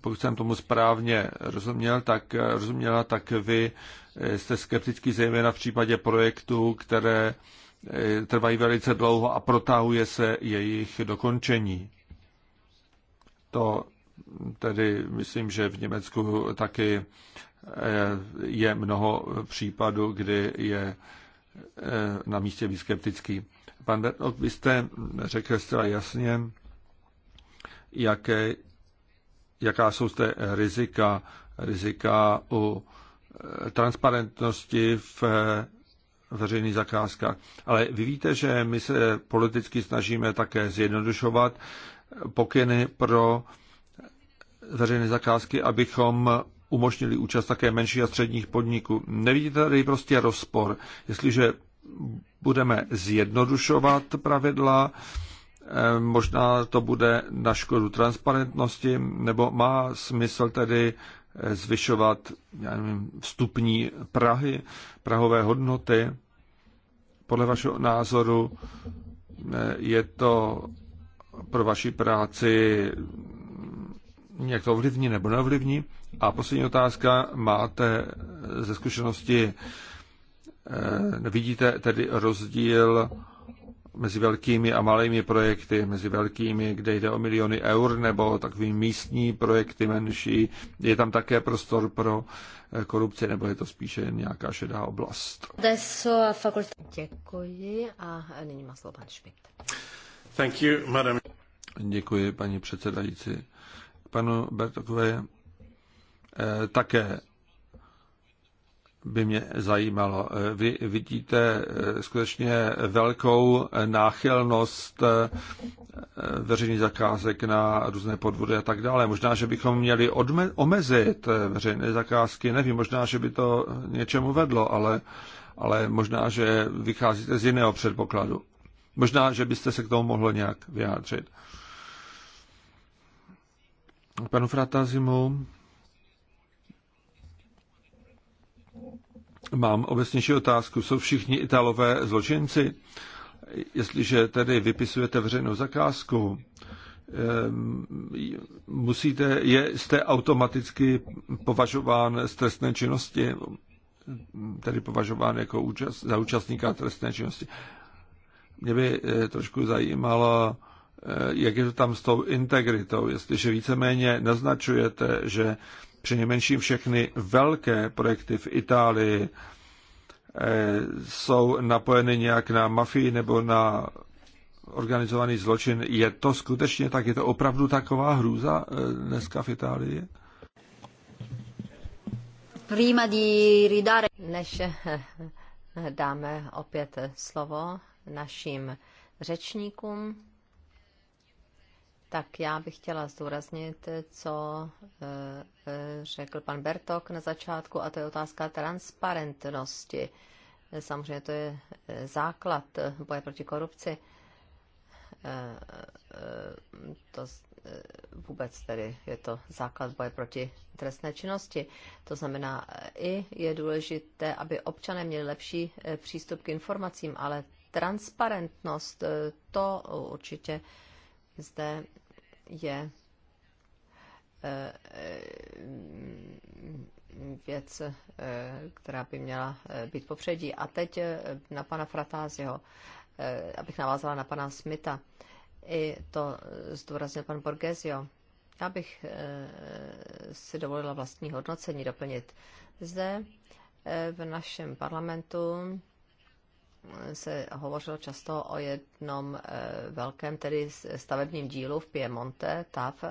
Pokud jsem tomu správně rozuměl, tak rozuměla, tak vy jste skeptický zejména v případě projektů, které Eh, trvají velice dlouho a protahuje se jejich dokončení. To tedy myslím, že v Německu taky eh, je mnoho případů, kdy je eh, na místě být skeptický. Pan Bertov, vy jste řekl zcela jasně, jaké, jaká jsou zde rizika, rizika u transparentnosti v veřejných zakázkách. Ale vy víte, že my se politicky snažíme také zjednodušovat pokyny pro veřejné zakázky, abychom umožnili účast také menších a středních podniků. Nevidíte tady prostě rozpor. Jestliže budeme zjednodušovat pravidla, eh, možná to bude na škodu transparentnosti, nebo má smysl tedy zvyšovat já nevím, vstupní Prahy, prahové hodnoty. Podle vašeho názoru eh, je to pro vaši práci nějak to ovlivní nebo neovlivní? A poslední otázka, máte ze zkušenosti, eh, vidíte tedy rozdíl mezi velkými a malými projekty, mezi velkými, kde jde o miliony eur, nebo takový místní projekty menší. Je tam také prostor pro eh, korupci, nebo je to spíše nějaká šedá oblast? Děkuji a nyní má slovo pan Schmidt. Thank you, madam. Děkuji, paní předsedající. Panu Bertokové eh, také by mě zajímalo. Vy vidíte eh, skutečně velkou náchylnost eh, eh, veřejných zakázek na různé podvody a tak dále. Možná, že bychom měli odme- omezit veřejné zakázky, nevím, možná, že by to něčemu vedlo, ale, ale možná, že vycházíte z jiného předpokladu. Možná, že byste se k tomu mohlo nějak vyjádřit. Panu Fratazimu, mám obecnější otázku. Jsou všichni Italové zločinci? Jestliže tedy vypisujete veřejnou zakázku, ehm, musíte, je, jste automaticky považován z trestné činnosti, tedy považován jako účast, za účastníka trestné činnosti. Mě by eh, trošku zajímalo, Eh, jak je to tam s tou integritou, jestliže víceméně naznačujete, že při nejmenším všechny velké projekty v Itálii eh, jsou napojeny nějak na mafii nebo na organizovaný zločin. Je to skutečně tak? Je to opravdu taková hrůza eh, dneska v Itálii? Prima di ridare... Než dáme opět slovo našim řečníkům, tak já bych chtěla zdůraznit, co eh, eh, řekl pan Bertok na začátku, a to je otázka transparentnosti. Samozřejmě to je eh, základ boje proti korupci. To vůbec tedy je to základ boje proti trestné činnosti. To znamená, i je důležité, aby občané měli lepší přístup k informacím, ale transparentnost, to určitě zde je eh, věc, eh, která by měla eh, být popředí. A teď na pana Fratáziho, abych navázala na pana Smita. I to zdůraznil pan Borgesio. Já bych si dovolila vlastní hodnocení doplnit. Zde v našem parlamentu se hovořilo často o jednom eh, velkém tedy stavebním dílu v Piemonte, TAF,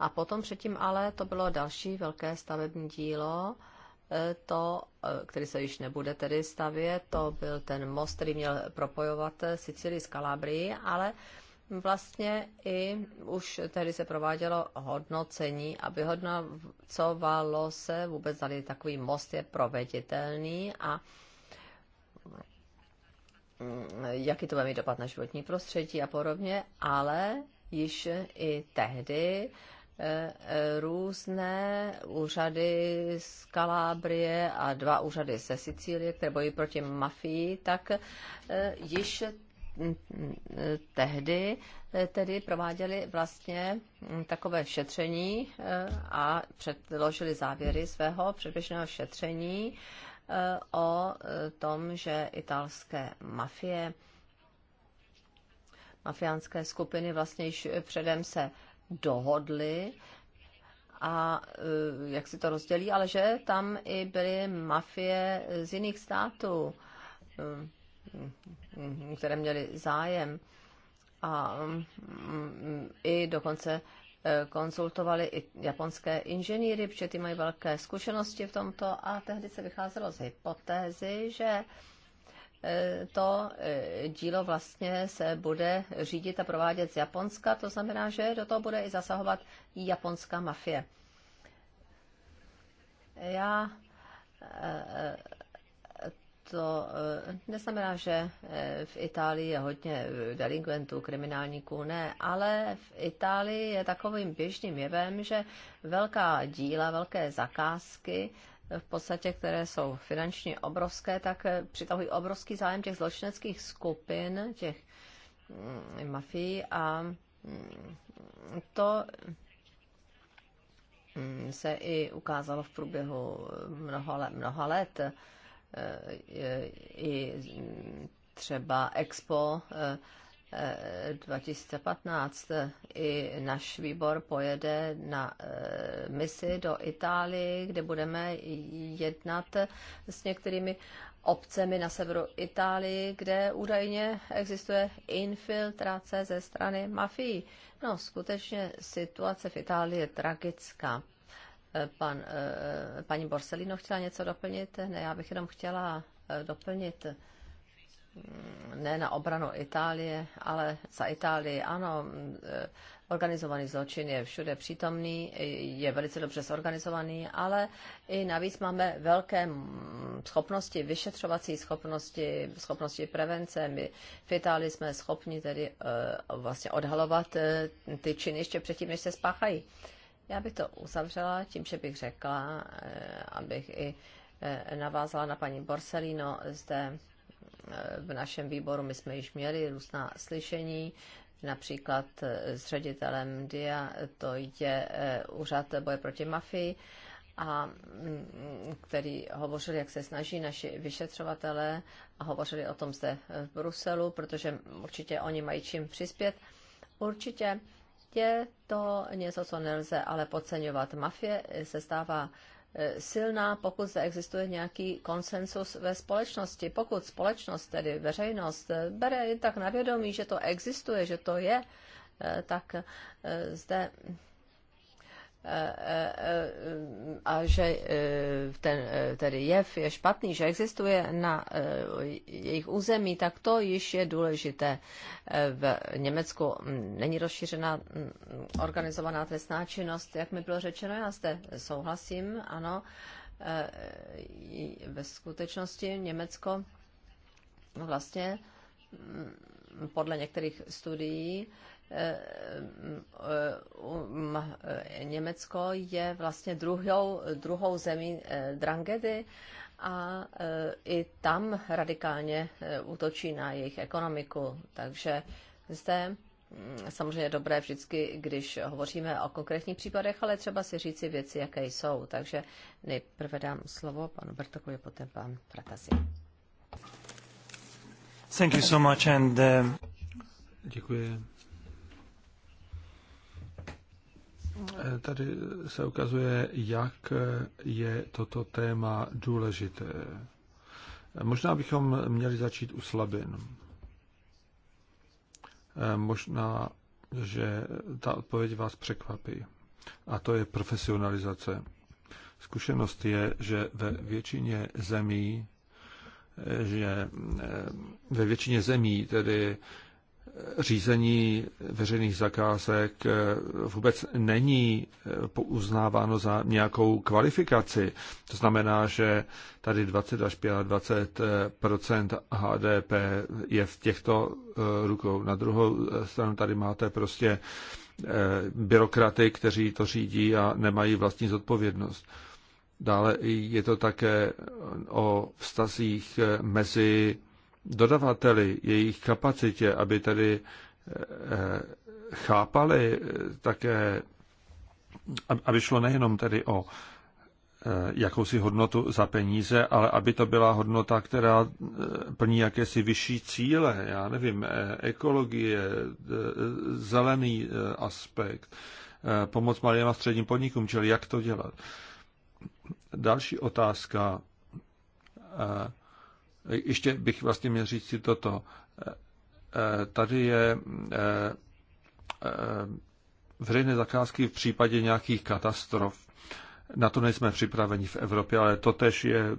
a potom předtím ale to bylo další velké stavební dílo, eh, to, eh, který se již nebude tedy stavět, to byl ten most, který měl propojovat Sicily s Kalabrií, ale vlastně i už tehdy se provádělo hodnocení a vyhodnocovalo se vůbec, zda takový most je proveditelný a Mm, jaký to bude mít dopad na životní prostředí a podobně, ale již i tehdy eh, eh, různé úřady z Kalábrie a dva úřady ze Sicílie, které bojí proti mafii, tak eh, již mm, mm, tehdy tedy prováděli vlastně takové šetření a předložili závěry svého předběžného šetření Eh, o eh, tom, že italské mafie, mafiánské skupiny vlastně již předem se dohodly a eh, jak si to rozdělí, ale že tam i byly mafie z jiných států, které měly zájem a mm, mm, i dokonce konzultovali i japonské inženýry, protože ty mají velké zkušenosti v tomto a tehdy se vycházelo z hypotézy, že e, to e, dílo vlastně se bude řídit a provádět z Japonska, to znamená, že do toho bude i zasahovat japonská mafie. Já e, to eh, neznamená, že eh, v Itálii je hodně eh, delinquentů, kriminálníků, ne, ale v Itálii je takovým běžným jevem, že velká díla, velké zakázky, v podstatě, které jsou finančně obrovské, tak přitahují obrovský zájem těch zločineckých skupin, těch mm, mafií a mm, to mm, se i ukázalo v průběhu mnoha let. Mnoha let Eh, i třeba Expo 2015 eh, eh, i náš výbor pojede na misi do Itálie, kde budeme jednat s některými obcemi na severu Itálii, kde údajně existuje infiltrace ze strany mafií. No, skutečně situace v Itálii je tragická. Eh, pan, eh, paní Borselino chtěla něco doplnit? Ne, já bych jenom chtěla eh, doplnit mm, ne na obranu Itálie, ale za Itálii. Ano, mm, organizovaný zločin je všude přítomný, je velice dobře zorganizovaný, ale i navíc máme velké mm, schopnosti, vyšetřovací schopnosti, schopnosti prevence. My v Itálii jsme schopni tedy vlastně odhalovat ty činy ještě předtím, než se spáchají. Já bych to uzavřela tím, že bych řekla, eh, abych i eh, navázala na paní Borsellino zde eh, v našem výboru. My jsme již měli různá slyšení, například s ředitelem DIA, to je úřad boje proti mafii, a mm, který hovořil, jak se snaží naši vyšetřovatelé a hovořili o tom zde v Bruselu, protože určitě oni mají čím přispět. Určitě je prostě to něco, co nelze ale podceňovat. Mafie eh, se stává eh, silná, pokud zde existuje nějaký konsensus ve společnosti. Pokud společnost, tedy veřejnost, eh, bere tak na vědomí, že to existuje, že to je, tak zde Eh, eh, eh, a že ten tedy jev je špatný, že existuje na jejich území, tak to již je důležité. V Německu hm, není rozšířena hm, organizovaná trestná činnost, jak mi bylo řečeno, já zde souhlasím, ano. Ve skutečnosti Německo vlastně hm, podle některých studií Eh, eh, Německo je vlastně druhou, druhou zemí eh, Drangedy a i tam radikálně útočí na jejich ekonomiku. Takže zde mm, samozřejmě dobré vždycky, když hovoříme o konkrétních případech, ale třeba si říci věci, jaké jsou. Takže nejprve dám slovo panu Bertokovi, potom pan Pratasi. Thank you so much and, uh... Děkuji. Eh, tady se ukazuje, jak eh, je toto téma důležité. Eh, možná bychom měli začít u slabin. Možná, že ta odpověď vás překvapí. A to je profesionalizace. Zkušenost je, že ve většině zemí, že ve většině zemí tedy řízení veřejných zakázek eh, vůbec není eh, uznáváno za nějakou kvalifikaci. To znamená, že tady 20 až 25 eh, HDP je v těchto rukou. Na druhou stranu tady máte prostě byrokraty, kteří to řídí a nemají vlastní zodpovědnost. Dále je to také o vztazích mezi dodavateli, jejich kapacitě, aby tedy eh, chápali eh, také, aby šlo nejenom tedy o eh, jakousi hodnotu za peníze, ale aby to byla hodnota, která plní jakési vyšší cíle, já nevím, ekologie, zelený aspekt, pomoc malým a středním podnikům, čili jak to dělat. Další otázka ještě bych vlastně měl říct si toto. E, e, tady je e, veřejné zakázky v případě nějakých katastrof. Na to nejsme připraveni v Evropě, ale to tež je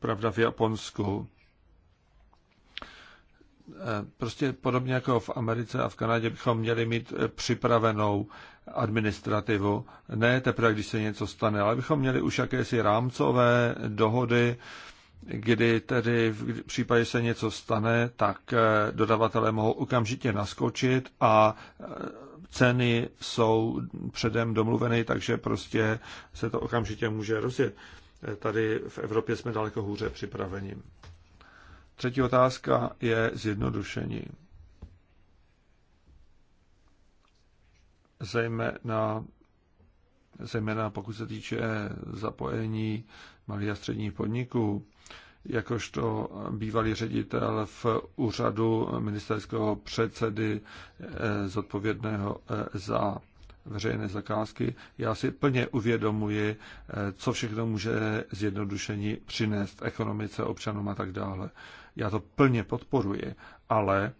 pravda v Japonsku. Prostě podobně jako v Americe a v Kanadě bychom měli mít připravenou administrativu, ne teprve, když se něco stane, ale bychom měli už jakési rámcové dohody, kdy tedy v případě, že se něco stane, tak eh, dodavatelé mohou okamžitě naskočit a eh, ceny jsou předem domluveny, takže prostě se to okamžitě může rozjet. Eh, tady v Evropě jsme daleko hůře připraveni. Třetí otázka je zjednodušení. Zejména zejména pokud se týče zapojení malých a středních podniků. Jakožto bývalý ředitel v úřadu ministerského předsedy eh, zodpovědného eh, za veřejné zakázky, já si plně uvědomuji, eh, co všechno může zjednodušení přinést ekonomice, občanům a tak dále. Já to plně podporuji, ale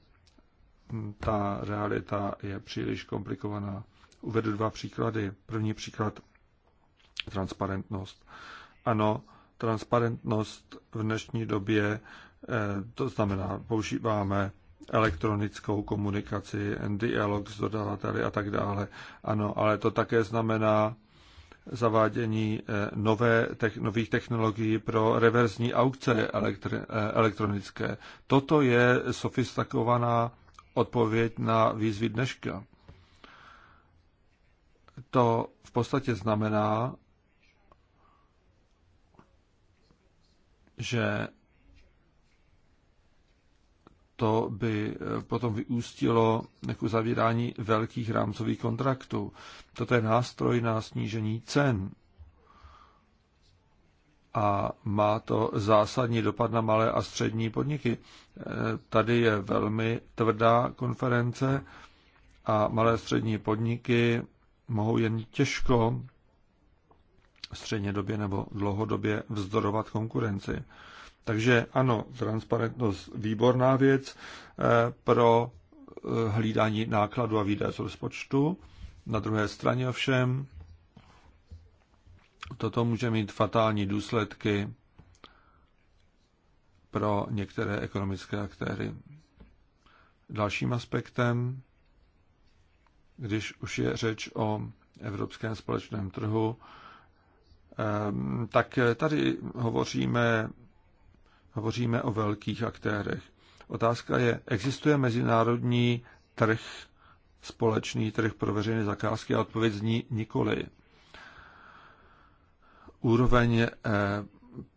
ta realita je příliš komplikovaná. Uvedu dva příklady. První příklad transparentnost. Ano, transparentnost v dnešní době, eh, to znamená, používáme elektronickou komunikaci, dialog s dodavateli a tak dále. Ano, ale to také znamená zavádění eh, nové, tech, nových technologií pro reverzní aukce eh, elektronické. Toto je sofistikovaná odpověď na výzvy dneška to v podstatě znamená, že to by eh, potom vyústilo jako zavírání velkých rámcových kontraktů. Toto je nástroj na snížení cen a má to zásadní dopad na malé a střední podniky. Eh, tady je velmi tvrdá konference a malé a střední podniky mohou jen těžko střednědobě nebo dlouhodobě vzdorovat konkurenci. Takže ano, transparentnost výborná věc eh, pro eh, hlídání nákladu a výdaje z rozpočtu. Na druhé straně ovšem toto může mít fatální důsledky pro některé ekonomické aktéry. Dalším aspektem když už je řeč o evropském společném trhu, eh, tak tady hovoříme, hovoříme o velkých aktérech. Otázka je, existuje mezinárodní trh, společný trh pro veřejné zakázky a odpověď zní nikoli. Úroveň eh,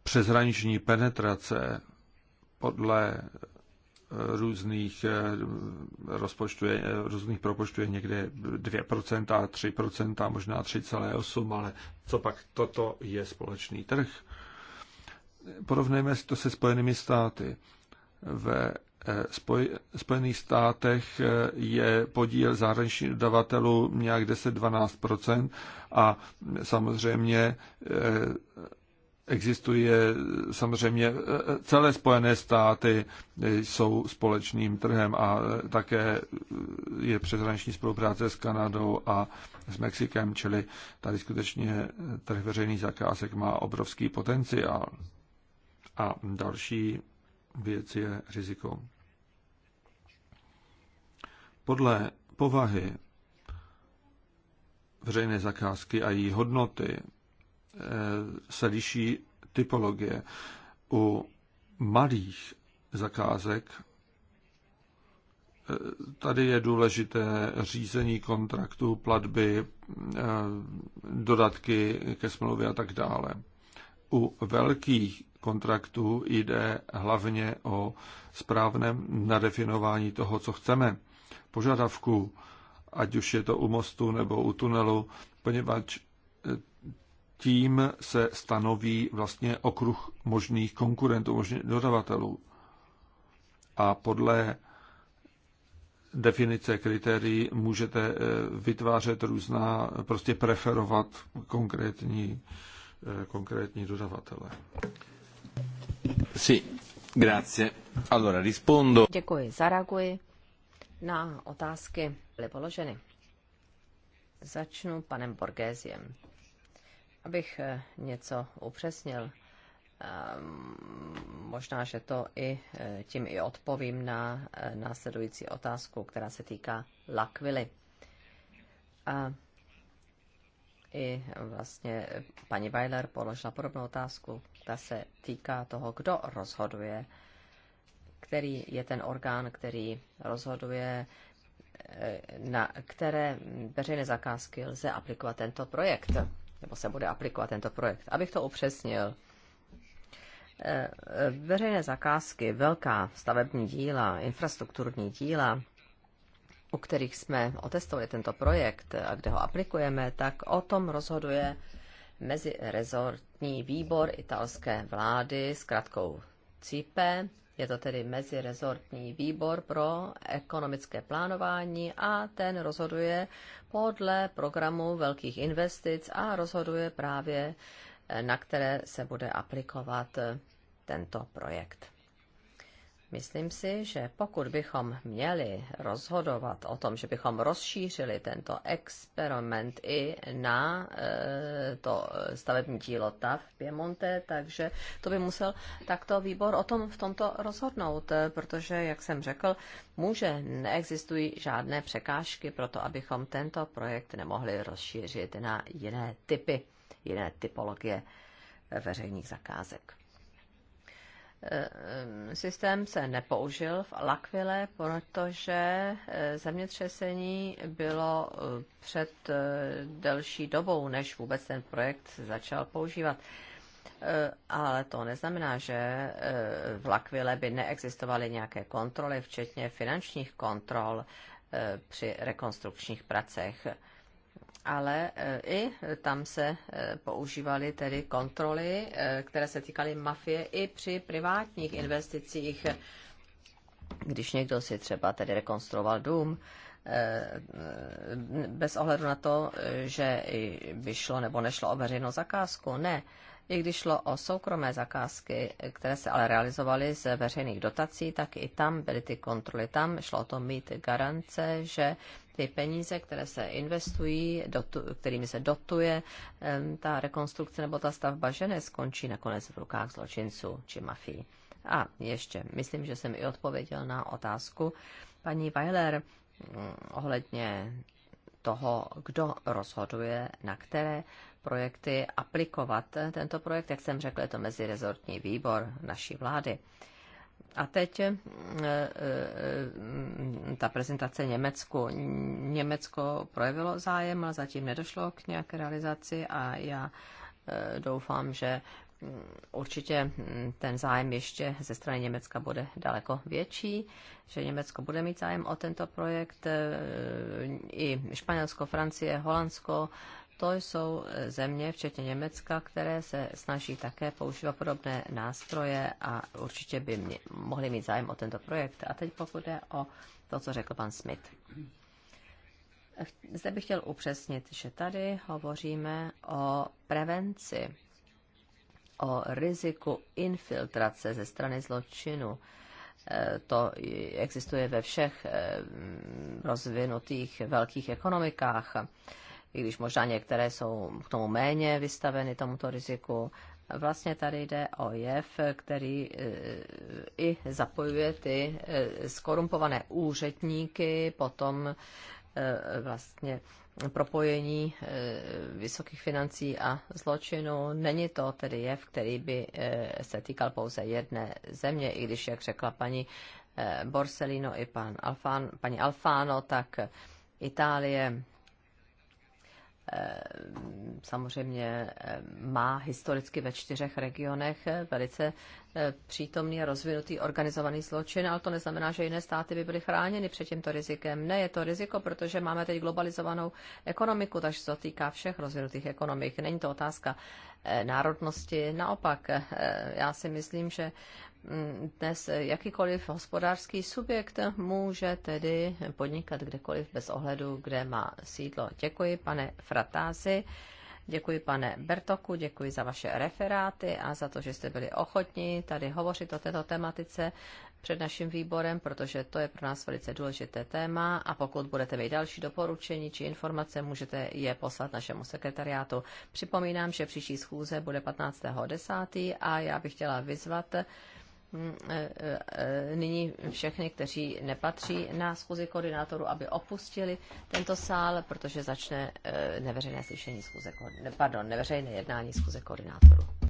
přeshraniční penetrace podle různých eh, rozpočtů, různých propočtů je někde 2%, 3%, možná 3,8%, ale co pak toto je společný trh. Porovnejme si to se Spojenými státy. Ve eh, Spoj, Spojených státech eh, je podíl zahraničních dodavatelů nějak 10-12% a samozřejmě existuje eh, samozřejmě eh, eh, celé Spojené státy jsou společným trhem a také je přeshraniční spolupráce s Kanadou a s Mexikem, čili tady skutečně trh veřejných zakázek má obrovský potenciál. A další věc je riziko. Podle povahy veřejné zakázky a její hodnoty Eh, se liší typologie. U malých zakázek eh, tady je důležité řízení kontraktu, platby, eh, dodatky ke smlouvě a tak dále. U velkých kontraktů jde hlavně o správném nadefinování toho, co chceme, požadavku. ať už je to u mostu nebo u tunelu, poněvadž tím se stanoví vlastně okruh možných konkurentů, možných dodavatelů. A podle definice kritérií můžete eh, vytvářet různá, prostě preferovat konkrétní, eh, konkrétní dodavatele. Sí, grazie. Allora, rispondo. Děkuji, zareaguji na otázky byly položeny. Začnu panem Borgéziem Abych eh, něco upřesnil, ehm, možná, že to i eh, tím i odpovím na eh, následující otázku, která se týká lakvily. A i vlastně paní Weiler položila podobnou otázku, ta se týká toho, kdo rozhoduje, který je ten orgán, který rozhoduje, na které veřejné zakázky lze aplikovat tento projekt nebo se bude aplikovat tento projekt. Abych to upřesnil, eh, eh, veřejné zakázky, velká stavební díla, infrastrukturní díla, u kterých jsme otestovali tento projekt a kde ho aplikujeme, tak o tom rozhoduje mezirezortní výbor italské vlády s kratkou CIPE, je to tedy mezirezortní výbor pro ekonomické plánování a ten rozhoduje podle programu velkých investic a rozhoduje právě, eh, na které se bude aplikovat eh, tento projekt. Myslím si, že pokud bychom měli rozhodovat o tom, že bychom rozšířili tento experiment i na e, to stavební dílo TAF Piemonte, takže to by musel takto výbor o tom v tomto rozhodnout, e, protože, jak jsem řekl, může neexistují žádné překážky pro to, abychom tento projekt nemohli rozšířit na jiné typy, jiné typologie veřejných zakázek. Eh, systém se nepoužil v Lakvile, protože eh, zemětřesení bylo eh, před delší dobou, než vůbec ten projekt začal používat. Ale to neznamená, že v Lakvile by neexistovaly nějaké kontroly, včetně finančních kontrol při rekonstrukčních pracech ale e, i tam se e, používaly tedy kontroly, e, které se týkaly mafie i při privátních investicích. Když někdo si třeba tedy rekonstruoval dům, bez ohledu na to, že by šlo nebo nešlo o veřejnou zakázku, ne. I když šlo o soukromé zakázky, které se ale realizovaly z veřejných dotací, tak i tam byly ty kontroly. Tam šlo o to mít garance, že ty peníze, které se investují, dotu, kterými se dotuje ta rekonstrukce nebo ta stavba, že neskončí nakonec v rukách zločinců či mafii. A ještě, myslím, že jsem i odpověděl na otázku paní Weiler mm, ohledně toho, kdo rozhoduje, na které projekty aplikovat tento projekt. Jak jsem řekl, je to mezirezortní výbor naší vlády. A teď eh, eh, ta prezentace Německu. Německo projevilo zájem, ale zatím nedošlo k nějaké realizaci a já eh, doufám, že mm, určitě mm, ten zájem ještě ze strany Německa bude daleko větší, že Německo bude mít zájem o tento projekt, i Španělsko, Francie, Holandsko, to jsou e, země, včetně Německa, které se snaží také používat podobné nástroje a určitě by mě, mohli mít zájem o tento projekt. A teď pokud je o to, co řekl pan Smith. Zde bych chtěl upřesnit, že tady hovoříme o prevenci, o riziku infiltrace ze strany zločinu. E, to existuje ve všech e, rozvinutých velkých ekonomikách i když možná některé jsou k tomu méně vystaveny tomuto riziku. Vlastně tady jde o jev, který eh, i zapojuje ty eh, skorumpované úředníky, potom eh, vlastně propojení vysokých financí a zločinu. Není to tedy jev, který by se týkal pouze jedné země, i když, jak řekla paní Borsellino i pan Alfán, paní Alfano, tak Itálie Ehm, samozřejmě ehm, má historicky ve čtyřech regionech eh, velice eh, přítomný a rozvinutý organizovaný zločin, ale to neznamená, že jiné státy by byly chráněny před tímto rizikem. Ne, je to riziko, protože máme teď globalizovanou ekonomiku, takže se to týká všech rozvinutých ekonomik. Není to otázka eh, národnosti. Naopak, já si myslím, že dnes jakýkoliv hospodářský subjekt může tedy podnikat kdekoliv bez ohledu, kde má sídlo. Děkuji, pane Fratázi. Děkuji, pane Bertoku, děkuji za vaše referáty a za to, že jste byli ochotní tady hovořit o této tematice před naším výborem, protože to je pro nás velice důležité téma a pokud budete mít další doporučení či informace, můžete je poslat našemu sekretariátu. Připomínám, že příští schůze bude 15.10. a já bych chtěla vyzvat Mm, e, e, e, nyní všechny, kteří nepatří na schůzi koordinátoru, aby opustili tento sál, protože začne neveřejné slyšení schůze, pardon, neveřejné jednání schůze koordinátoru.